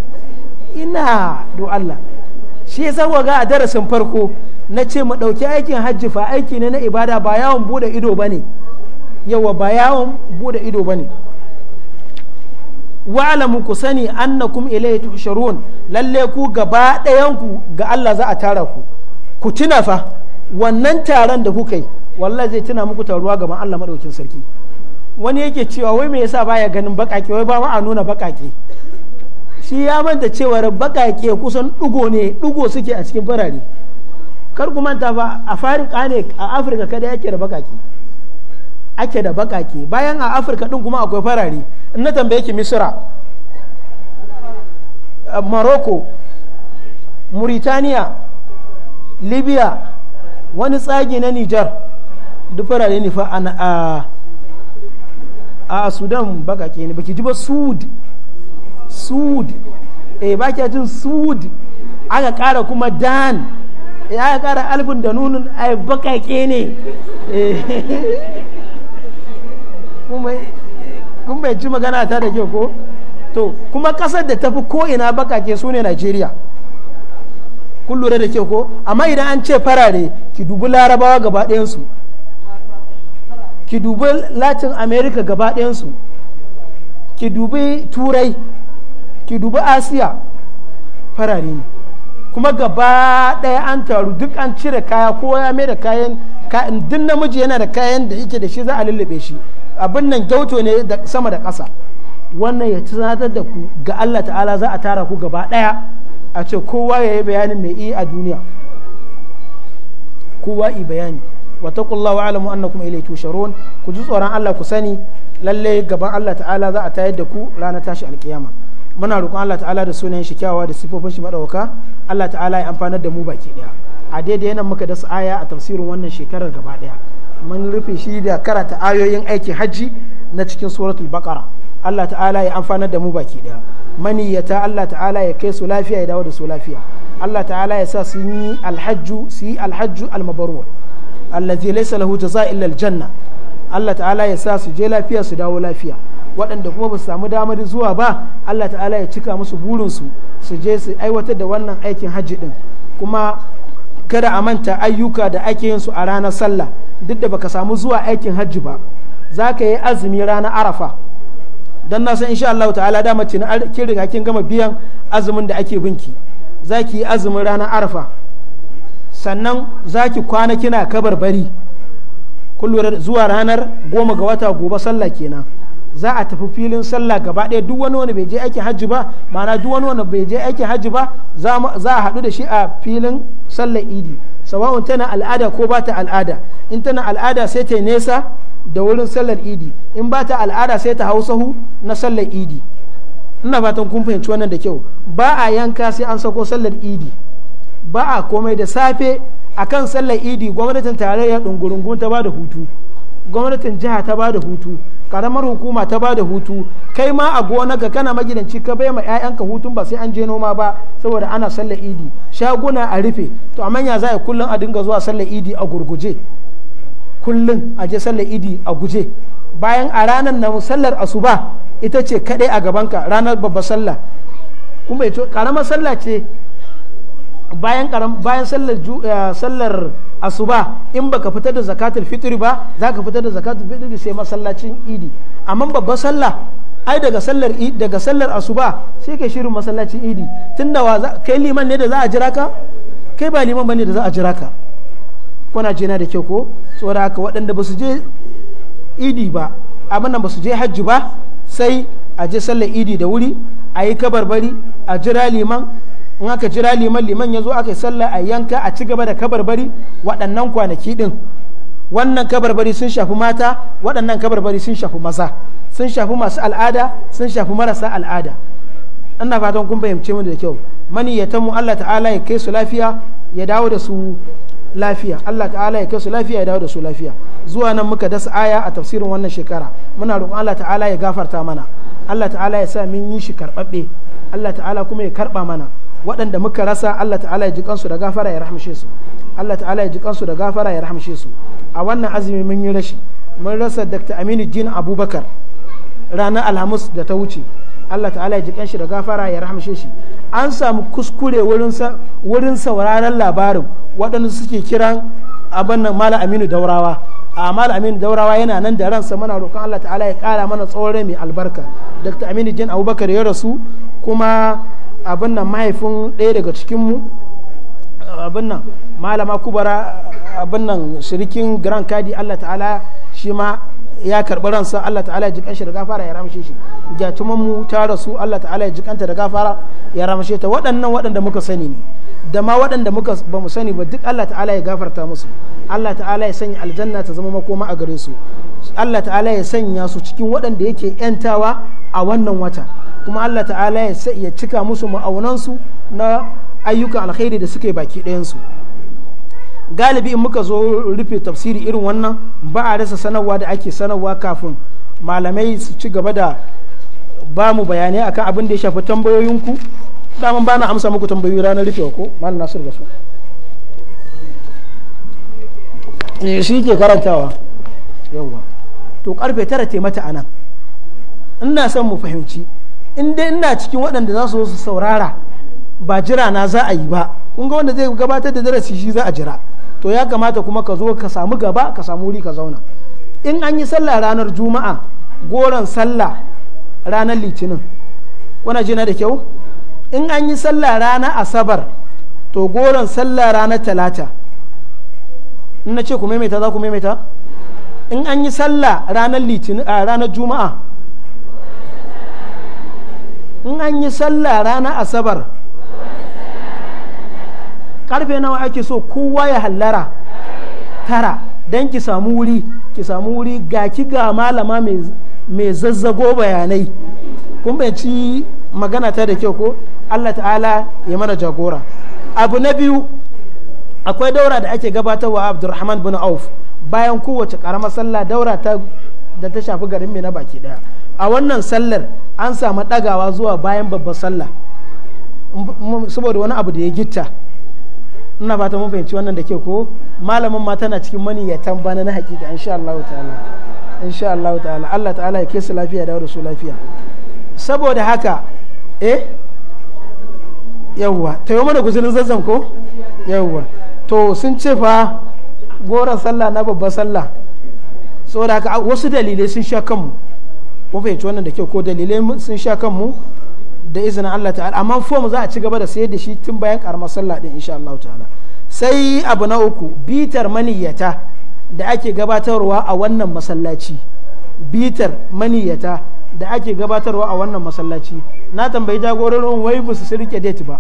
ina do Allah shi ya ga a darasin farko na ce mu ɗauki aikin hajji fa aiki ne na ibada ba yawon bude ido ba ne yawa ba yawon bude ido ba ne wa'alamu ku sani annakum ilayhi tuhsharun lalle ku gaba ɗayanku ga Allah za a tara ku ku tuna fa wannan taron da kuka yi wallahi zai tuna muku taruwa gaba Allah madaukin sarki wani yake cewa wai me yasa baya ganin bakake wai ba ma a nuna bakake shi ya manta cewar baƙaƙe kusan ɗugo ne ɗugo suke a cikin farare kar ku manta fa a farika ne a afirka kada yake da baƙaƙe ake da baƙaƙe bayan a afirka ɗin kuma akwai farare in na tambaye ki misira eh, maroko muritaniya libya wani tsagi na nijar duk farare ne fa a sudan baƙaƙe ne baki ji ba sud sud eh ba kya jin sud aka kara kuma dan ya eh, ka kara alifin da nunun ai bakake ne eh. kun bai ci magana ta da ke ko to kuma kasar da tafi ko ina bakake su ne nigeria kun lura da ke ko amma idan an ce farare ki dubi larabawa gaba su ki dubi latin america gaba su ki dubi turai ki dubi asiya farare ne kuma gaba ɗaya an taru duk an cire kaya kowa ya mai da kayan duk namiji yana da kayan da yake da shi za a lullube shi abin nan gyauto ne da sama da kasa wannan ya tunatar da ku ga allah ta'ala za a tara ku gaba ɗaya a ce kowa ya yi bayanin mai iya a duniya kowa yi bayani wata kulla wa alamu kuma ilai tusharon ku ji tsoron allah ku sani lallai gaban allah ta'ala za a tayar da ku ranar tashi alkiyama muna roƙon Allah ta'ala da sunayen shi kyawawa da sifofin shi madauka Allah ta'ala ya amfanar da mu baki daya a daidai yana muka dasa aya a tafsirin wannan shekarar gaba daya mun rufe shi da karata ayoyin aikin hajji na cikin suratul baqara Allah ta'ala ya amfanar da mu baki daya maniyyata Allah ta'ala ya kai su lafiya ya dawo da su lafiya Allah ta'ala ya sa su yi alhajju su yi alhajju almabarur allazi laysa lahu illa aljanna Allah ta'ala ya sa su je lafiya su dawo lafiya waɗanda kuma ba su samu damar zuwa ba Allah ta'ala ya cika musu burinsu su je su aiwatar da wannan aikin hajji ɗin kuma kada a manta ayyuka da ake yin su a ranar sallah duk da baka samu zuwa aikin hajji ba za ka yi azumi ranar arafa don na san insha Allah ta'ala dama ce kin riga kin gama biyan azumin da ake binki za ki yi azumin ranar arafa sannan za ki kwana kina kabar bari kullum zuwa ranar goma ga wata gobe sallah kenan za a tafi filin sallah gaba ɗaya duk wani wanda bai je aikin hajji ba ma'ana duk wani wanda bai je aikin hajji ba za a haɗu da shi a filin sallar idi sawa'un tana al'ada ko ba ta al'ada in tana al'ada sai ta nesa da wurin sallar idi in ba ta al'ada sai ta hau sahu na sallar idi ina fatan kun fahimci wannan da kyau ba a yanka sai an sako sallar idi ba a komai da safe akan sallar idi gwamnatin tarayya ɗungurungun ta ba da hutu gwamnatin jiha ta ba da hutu karamar hukuma ta bada hutu kai ma a gonaka kana magidanci ka bai ma 'ya'yanka hutun ba sai an je noma ba saboda ana sallar idi shaguna a rufe to a manya za a kullum a dinga zuwa sallar idi a gurguje kullum a je sallar idi a guje bayan a ranar na musallar asuba ita ce kadai a gabanka ranar babbar sallah kuma ita karamar sallah ce bayan karam bayan sallar eh, sallar asuba in baka fitar da zakatul fitri ba zaka fitar da zakatul fitri sai masallacin idi amma babbar sallah ai daga sallar daga sallar asuba sai kai shirin masallacin idi tunda wa kai liman ne da za a jira ka kai ba liman bane da za a jira ka kuna jina da kyau ko saboda haka waɗanda ba su je idi ba amma nan ba su je hajji ba sai a je sallar idi da wuri a yi kabarbari a jira liman in aka jira liman liman ya zo aka yi sallah a yanka a ci gaba da kabarbari waɗannan kwanaki ɗin wannan kabarbari sun shafi mata waɗannan kabarbari sun shafi maza sun shafi masu al'ada sun shafi marasa al'ada ina fatan kun fahimce mu da kyau mani ya tamu Allah ta'ala ya kai su lafiya ya dawo da su lafiya Allah ta'ala ya kai su lafiya ya dawo da su lafiya zuwa nan muka dasa aya a tafsirin wannan shekara muna roƙon Allah ta'ala ya gafarta mana Allah ta'ala ya sa min yi shi karɓaɓɓe Allah ta'ala kuma ya karɓa mana waɗanda muka rasa Allah ta'ala ya ji kansu da gafara ya rahamshe su Allah ta'ala ya ji kansu da gafara ya rahamshe su a wannan azumi mun yi rashi mun rasa Dr. Aminu Jin Abubakar ranar Alhamis da ta wuce Allah ta'ala ya ji kanshi da gafara ya rahamshe shi an samu kuskure wurin sauraron labarin waɗanda suke kiran abin nan Malam Aminu Daurawa a Malam Aminu Daurawa yana nan da ransa muna roƙon Allah ta'ala ya ƙara mana tsawon mai albarka Dr. Aminu Jin Abubakar ya rasu kuma abin nan mahaifin ɗaya daga cikinmu abin nan malama kubara abin nan shirikin grand kadi allah ta'ala shi ma ya karɓi ransa allah ta'ala ya ji shi da gafara ya ramshe shi gyatuman mu ta rasu allah ta'ala ya ji da gafara ya ramshe ta waɗannan waɗanda muka sani ne da ma waɗanda muka ba mu sani ba duk Allah ta'ala ya gafarta musu Allah ta'ala ya sanya aljanna ta zama makoma a gare su Allah ta'ala ya sanya su cikin waɗanda yake ‘yantawa a wannan wata kuma Allah ta'ala ya cika musu ma'aunansu na ayyukan alkhairi da suke baki ɗayansu galibi in muka zo rufe tafsiri irin wannan ba a rasa sanarwa da ake sanarwa kafin malamai su ci gaba da ba mu bayanai akan abin da ya shafi tambayoyinku daman ba na amsa muku tambayoyi ranar rufewa ko malam nasir da su eh, shi ke karantawa yawwa to karfe tara ta mata anan ina son mu fahimci in dai ina cikin waɗanda za su su saurara ba jira na za a yi ba kun ga wanda zai gabatar da darasi shi za a jira to ya kamata kuma ka zo ka samu gaba ka samu wuri ka zauna in an yi sallah ranar juma'a goron sallah ranar litinin kuna jina da kyau in an yi sallah ranar asabar to goron sallah ranar talata in na ce ku maimaita za ku maimaita in an yi sallah ranar litinin a ranar juma'a in an yi sallah ranar asabar karfe nawa ake so kowa ya hallara tara don ki samu wuri ki samu wuri ga ki ga malama mai zazzago bayanai kun ci magana ta da kyau ko allah ta'ala ya mana jagora abu na biyu akwai daura da ake gabatarwa abdulrahman bin auf bayan kowace karama sallah daura ta da ta shafi garin mai na baki daya a wannan sallar an samu ɗagawa zuwa bayan babban sallah saboda wani abu da ya gitta ina fata mun fahimci wannan da ke ko malamin ma tana cikin mani ya tambana na hakika insha Allah ta'ala insha Allah ta'ala Allah ta'ala ya kesa lafiya da su lafiya saboda haka eh yawwa ta yau mana guzulin zazzan ko yawwa to sun ce fa goron sallah na babban sallah saboda haka wasu dalilai sun sha kanmu kun fahimci wannan da kyau ko dalilai sun sha kanmu da izinin Allah ta'ala amma fom za a ci gaba da sayar da shi tun bayan karamar sallah din insha Allah ta'ala sai abu na uku bitar maniyyata da ake gabatarwa a wannan masallaci bitar maniyyata da ake gabatarwa a wannan masallaci na tambayi jagororin wai ba su rike date ba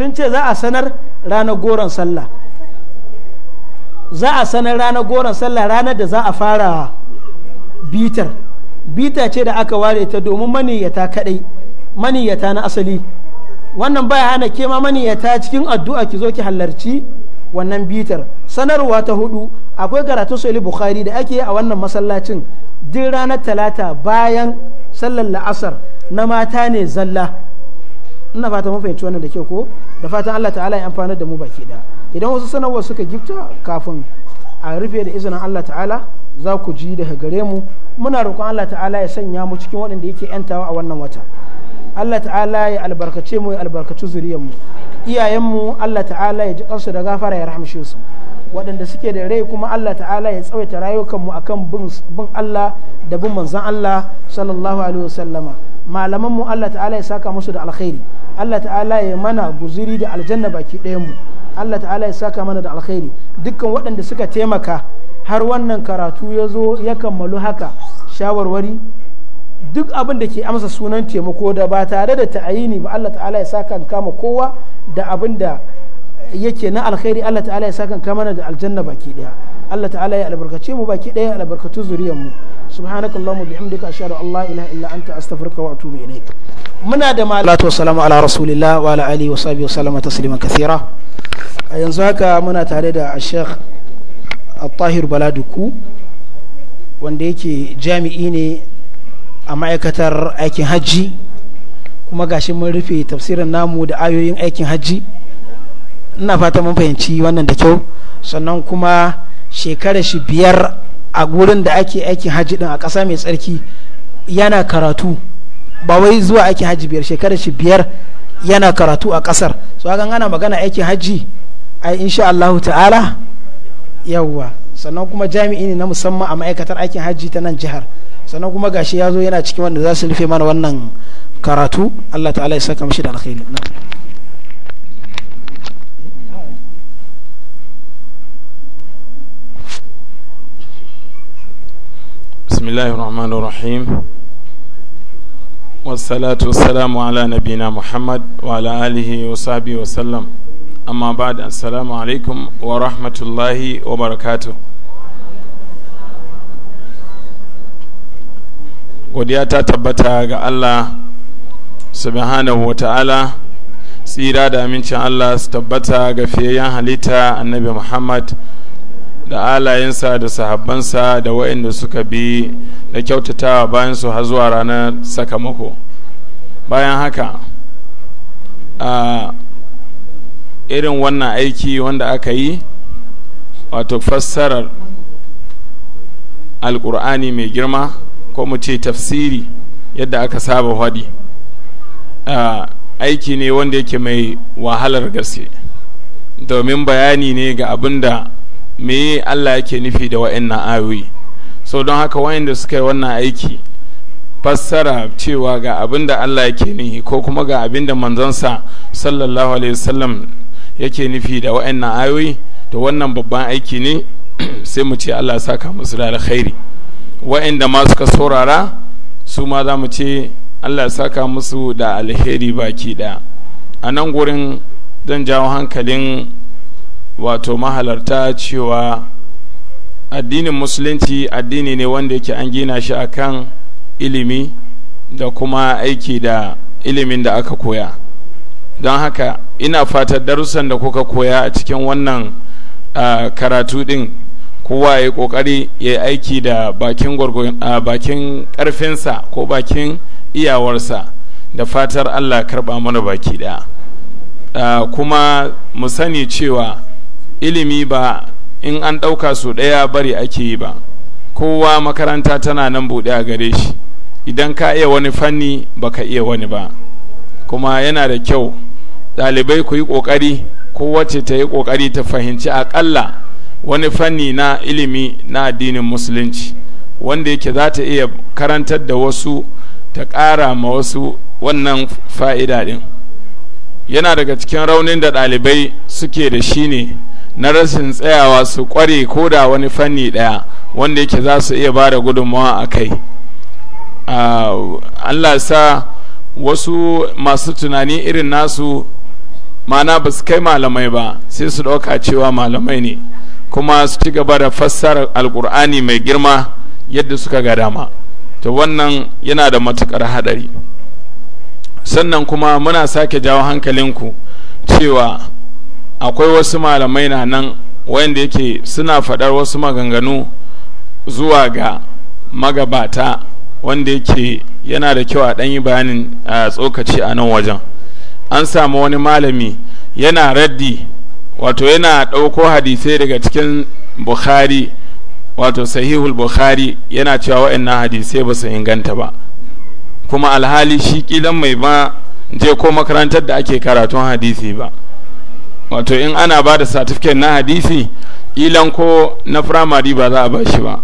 sun ce za a sanar ranar goron sallah za a sanar ranar goron sallah ranar da za a fara bitar bita ce da aka ware ta domin maniyyata kadai maniyyata na asali wannan baya hana kema maniyyata cikin addu'a ki zo ki halarci wannan bitar sanarwa ta hudu akwai karatun soli bukhari da ake yi a wannan masallacin duk ranar talata bayan sallar la'asar na mata ne zalla ina fata mun fahimci wannan da kyau ko da fatan Allah ta'ala ya amfanar da mu baki da idan wasu sanarwar suka gifta kafin a rufe da izinin Allah ta'ala za ku ji daga gare mu muna roƙon Allah ta'ala ya sanya mu cikin waɗanda yake yantawa a wannan wata Allah ta'ala ya albarkace mu ya albarkaci zuriyar mu iyayen Allah ta'ala ya ji kansu da gafara ya rahamshe su waɗanda suke da rai kuma Allah ta'ala ya tsawaita rayukanmu kan bin Allah da bin manzan Allah sallallahu alaihi wasallama malaman mu Allah ta'ala ya saka musu da alkhairi Allah ta'ala ya mana guziri da aljanna baki ɗayan mu Allah ta'ala ya saka mana da alkhairi dukkan waɗanda suka taimaka har wannan karatu ya zo ya kammalu haka shawarwari duk abin da ke amsa sunan taimako da ba tare da ta'ayini ba Allah ta'ala ya saka kama kowa da abin da yake na alkhairi Allah ta'ala ya saka kamana da aljanna baki daya Allah ta'ala ya albarkace mu baki daya albarkatu zuriyar mu subhanakallahumma bihamdika ashhadu an la ilaha illa anta astaghfiruka wa atubu ilaik muna da malatu wassalamu ala rasulillah wa ala alihi wa sahbihi tasliman kathira a yanzu haka muna tare da Sheikh At-Tahir Baladuku wanda yake jami'i ne a ma'aikatar aikin hajji kuma gashi mun rufe tafsirin namu da ayoyin aikin hajji ina fata mun fahimci wannan da kyau sannan kuma shekara shi biyar a gurin da ake aikin hajji din a ƙasa mai tsarki yana karatu ba wai zuwa aikin hajji biyar shekara shi biyar yana karatu a ƙasar so hakan ana magana aikin hajji ai insha Allah ta'ala yawwa sannan kuma jami'i ne na musamman a ma'aikatar aikin hajji ta nan jihar sannan kuma gashi ya zo yana cikin wanda za su rufe mana wannan karatu Allah ta'ala ya saka mashi da alkhairi الله ala الرحيم والصلاة والسلام على نبينا محمد وعلى آله وصحبه وسلم أما بعد alaikum wa rahmatullahi wa وبركاته godiya ta tabbata ga Allah subhanahu wa ta'ala tsira da amincin Allah su tabbata ga fiyayyen halitta annabi Muhammad da alayensa da sahabbansa da waɗanda suka bi da kyautatawa bayan su har zuwa ranar sakamako bayan haka a irin wannan aiki wanda aka yi wato fassarar alkur'ani mai girma ko mu ce tafsiri yadda aka saba hadi aiki ne wanda yake mai wahalar gaske domin bayani ne ga abin da me Allah yake nufi da wa'annan ayoyi so don haka wa'anda suka yi wannan aiki fassara cewa ga abin da Allah yake nufi ko kuma ga abin da manzansa sallallahu alaihi wasallam yake nufi da wa'annan ayoyi to wannan babban aiki ne sai mu ce Allah saka musu da alkhairi wa'anda ma suka saurara su ma za mu ce Allah saka musu da alheri baki daya a nan gurin zan jawo hankalin wato mahalarta cewa addinin musulunci addini ne wanda yake an gina shi akan ilimi da kuma aiki da ilimin da aka koya don haka ina fatar darussan da kuka koya a cikin wannan karatu din kowa ya yi kokari ya yi aiki da bakin karfinsa ko bakin iyawarsa da fatar allah karba mana baki daya kuma mu sani cewa ilimi ba in an ɗauka su ɗaya bari ake yi ba kowa makaranta tana nan buɗe a gare shi idan ka iya wani fanni ba ka iya wani ba kuma yana da kyau ɗalibai ku yi ƙoƙari kowace ta yi ƙoƙari ta fahimci aƙalla wani fanni na ilimi na addinin musulunci wanda yake za ta iya karantar da wasu ta ƙara ma wasu wannan fa'ida ɗin yana daga cikin raunin da ɗalibai suke da shi ne na rashin tsayawa su kware ko da wani fanni daya wanda yake za su iya ba da gudunmawa a kai allah sa wasu masu tunani irin nasu mana ba su kai malamai ba sai su ɗauka cewa malamai ne kuma su ci gaba da fassarar alkur'ani mai girma yadda suka ga dama to wannan yana da matukar hadari sannan kuma muna sake jawo hankalinku cewa akwai wasu malamai na nan wanda yake suna faɗar wasu maganganu zuwa ga magabata wanda yake yana da kyau a ɗanyi bayanin a tsokaci a nan wajen an samu wani malami yana raddi wato yana ɗauko hadisai daga cikin bukhari wato sahihul bukhari yana cewa wa'annan hadisai ba su inganta ba kuma alhali shi kilan mai ba je ko makarantar da ake karatun hadisi ba wato in ana ba da satifiket na hadisi ilan ko na firamari ba za a ba shi ba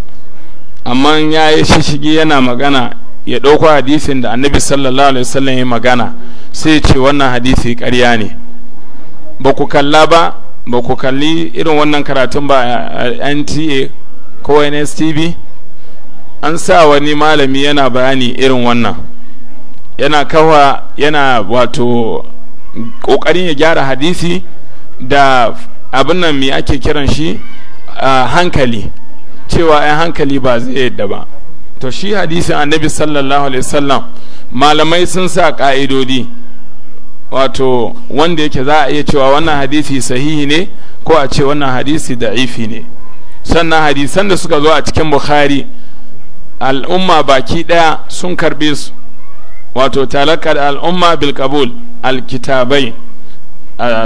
amma ya yi shishigi yana magana ya ɗauko hadisin da annabi sallallahu alaihi wasallam ya magana sai ce wannan hadisi ƙarya ne ba ku kalla ba ba ku kalli irin wannan karatun ba a nta ko nstv an sa wani malami yana bayani irin wannan yana kawa yana wato ƙoƙarin ya gyara hadisi da abin nan mai ake kiran shi hankali cewa ai hankali ba zai yadda ba to shi hadisin annabi sallallahu alaihi wasallam malamai sun sa ka'idodi wato wanda yake za a iya cewa wannan hadisi sahihi ne ko a ce wannan hadisi da'ifi ne sannan hadisan da suka zo a cikin bukhari al'umma baki ɗaya sun karbe su wato talakar al'umma bilkabul alkitabai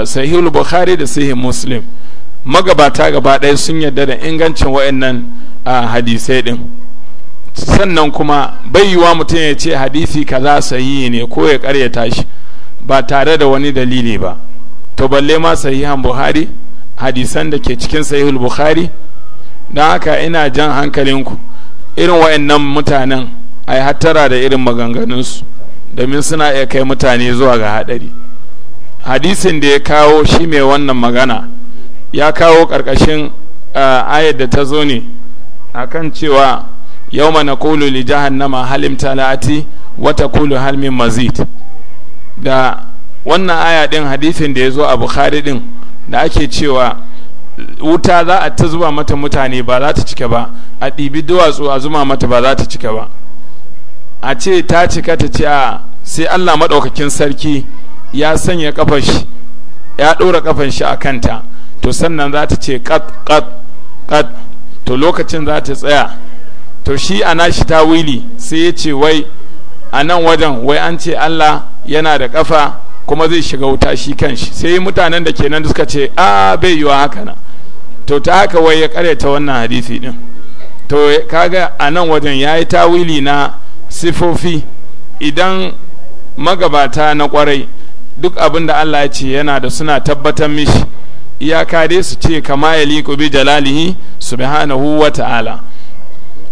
sahihul bukhari da sahih muslim magabata gaba ɗaya sun yarda da ingancin wa'annan hadisai din sannan kuma bai yiwa mutum ya ce hadisi kaza sahihi ne ko ya karyata shi ba tare da wani dalili ba to balle ma sahihan buhari hadisan da ke cikin sahihul bukhari don haka ina jan hankalinku irin wa'annan mutanen a hattara da irin maganganunsu domin suna iya kai mutane zuwa ga haɗari hadisin da ya kawo shi mai wannan magana ya kawo ƙarƙashin ayar da ta zo ne a kan cewa yau mana kulu li jahannama halim talati wata kulu halmin mazid da wannan aya ɗin hadisin da ya zo a bukhari ɗin da ake cewa wuta za a ta zuba mata mutane ba za ta cika ba a ɗibi duwatsu a zuma mata ba za ta cika ba a ce ta cika ta ce a sai allah maɗaukakin sarki ya sanya kafar shi ya ɗora kafar shi a kanta to sannan za ta ce kat kat kat to lokacin za ta tsaya to shi ana shi tawili sai ya ce wai a nan wajen wai an ce Allah yana da kafa kuma zai shiga wuta shi kan shi sai mutanen da kenan suka ce a bai yiwa haka na to ta haka wai ya ta wannan hadisi din to kaga a nan wajen ya yi tawili na sifofi idan magabata na kwarai duk abin da Allah ya ce yana da suna tabbatar mishi iyaka dai su ce kama ya liƙo bi jalalihi subhanahu wa ta'ala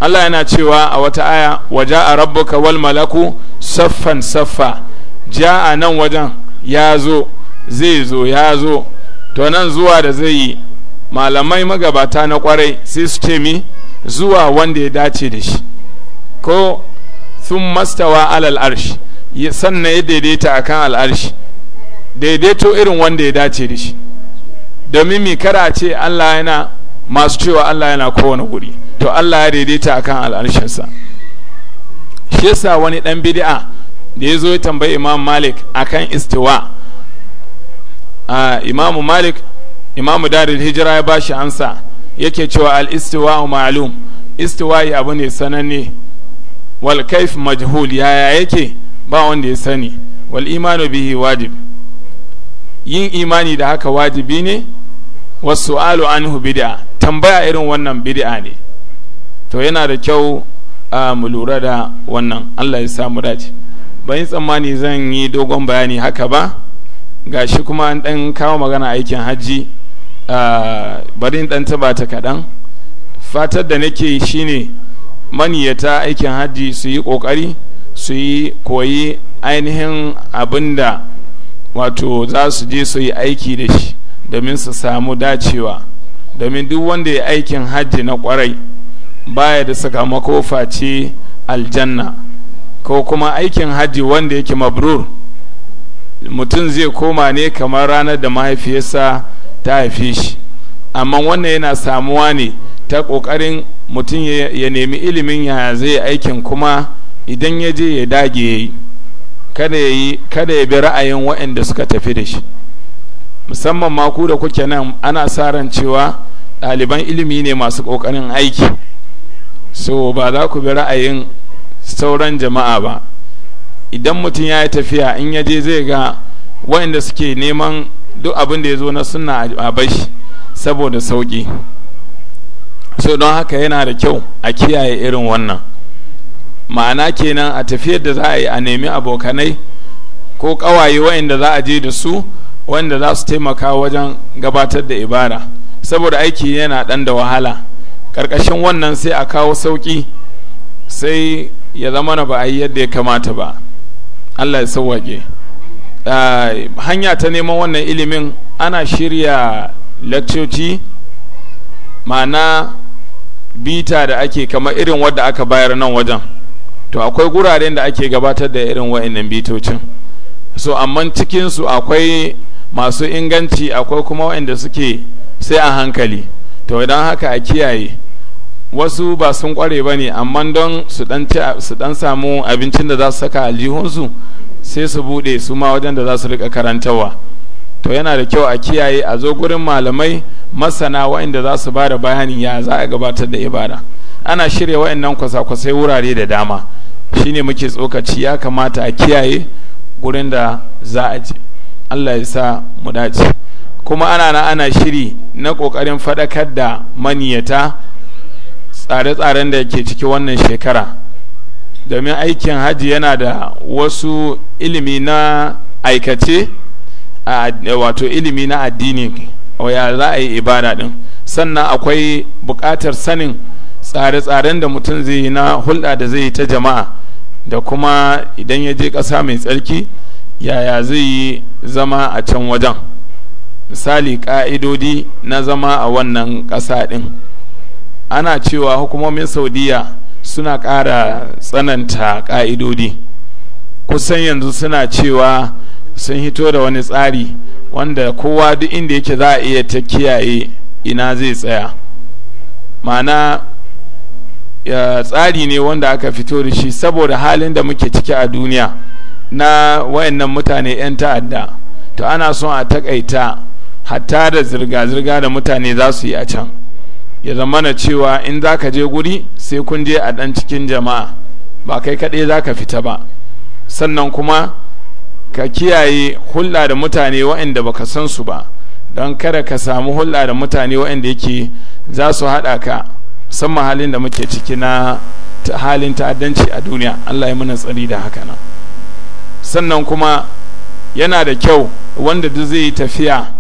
Allah yana cewa a wata aya waje a rabbuka wal malaku saffan saffa ja a nan wajen ya zo zai zo ya zo to nan zuwa da zai yi malamai magabata na kwarai sai su ce mi zuwa wanda ya dace da shi ko sun mastawa alal arshi sannan ya daidaita a kan al'arshi daidaito irin wanda ya dace da shi domin mi kara ce Allah yana masu cewa Allah yana kowane guri to Allah ya daidaita akan al'arshinsa shi yasa wani dan bid'a da ya zo ya tambayi Imam Malik akan istiwa Imam Malik Imam Darul Hijira ya ba bashi ansa yake cewa al-istiwa ma'lum istiwa'i abu ne sananne wal kaif majhul yaya yake ba wanda ya sani wal imanu bihi wajib yin imani da haka wajibi ne wasu alu anhu bid'a tambaya irin wannan bid'a ne to yana da kyau a mu lura da wannan allah ya samu dace yi tsammani zan yi dogon bayani haka ba gashi kuma an dan kawo magana aikin hajji bari dan taba ta kaɗan fatar da nake shine maniyata aikin hajji su yi ƙoƙari su yi koyi ainihin abin da wato za su je su yi aiki da shi domin su samu dacewa domin duk wanda ya aikin hajji na kwarai baya da sakamako face aljanna ko kuma aikin hajji wanda yake mabrur mutum zai koma ne kamar ranar da mahaifiyarsa ta haife shi amma wannan yana samuwa ne ta ƙoƙarin mutum ya nemi ilimin yaya zai aikin kuma idan ya je ya dage ya yi kada ya yi kada ya bi ra'ayin waɗanda suka tafi da shi musamman ma ku da kuke nan ana sa ran cewa ɗaliban ilimi ne masu ƙoƙarin aiki so ba za ku bi ra'ayin sauran jama'a ba idan mutum ya yi tafiya in ya je zai ga waɗanda suke neman duk abin da ya zo na suna a bashi saboda sauƙi so don haka yana da kyau a kiyaye irin wannan ma'ana kenan a tafiyar da za a yi a nemi abokanai ko ƙawaye wa'inda za a je da su wanda za su taimaka wajen gabatar da ibada saboda aiki yana ɗan da wahala ƙarƙashin wannan sai a kawo sauƙi sai ya zama na ba a yi yadda ya kamata ba allah ya sauwaƙe hanya ta neman wannan ilimin ana shirya lakcoci ma'ana bita da ake kamar irin wadda aka bayar nan wajen to akwai guraren da ake gabatar da irin wa'annan bitocin so amma cikinsu akwai masu inganci akwai kuma wa'anda suke sai a hankali to idan haka a kiyaye wasu ba sun kware ba ne amma don su dan samu abincin da za su saka aljihunsu sai su bude su ma wajen da za su rika karantawa to yana da kyau a kiyaye a zo gurin malamai masana wa'anda za su ba da bayani ya za a gabatar da ibada ana shirya waɗannan kwasa-kwasai wurare da dama shine muke tsokaci ya kamata a kiyaye gurin da za a ji allah ya sa mu dace kuma ana na ana shiri na kokarin faɗakar da maniyata tsare-tsaren da ke ciki wannan shekara domin aikin hajji yana da wasu ilimi na aikace wato ilimi na addini ya za a yi ibada din sannan akwai bukatar sanin tsare-tsaren da mutum zai yi na hulɗa da zai yi ta jama'a da kuma idan ya je ƙasa mai tsarki yaya zai yi zama a can wajen misali ƙa'idodi na zama a wannan ƙasa ɗin ana cewa hukumomin saudiya suna ƙara tsananta ƙa'idodi kusan yanzu suna cewa sun hito da wani tsari wanda kowa duk inda yake za a iya ta kiyaye ina zai tsaya ma'ana tsari ne wanda aka fito da shi saboda halin da muke ciki a duniya na wayannan mutane 'yan ta'adda to ana son a takaita hatta da zirga-zirga da mutane za su yi a can ya zama na cewa in za ka je guri sai kun je a ɗan cikin jama'a ba kai kaɗai za ka fita ba sannan kuma ka kiyaye hulɗa da mutane waɗanda ka san su ba don kada ka samu hulɗa da mutane waɗanda yake za su haɗa ka musamman halin da muke ciki na halin ta'addanci a duniya allah ya muna tsari da haka nan sannan kuma yana da kyau wanda duk zai yi tafiya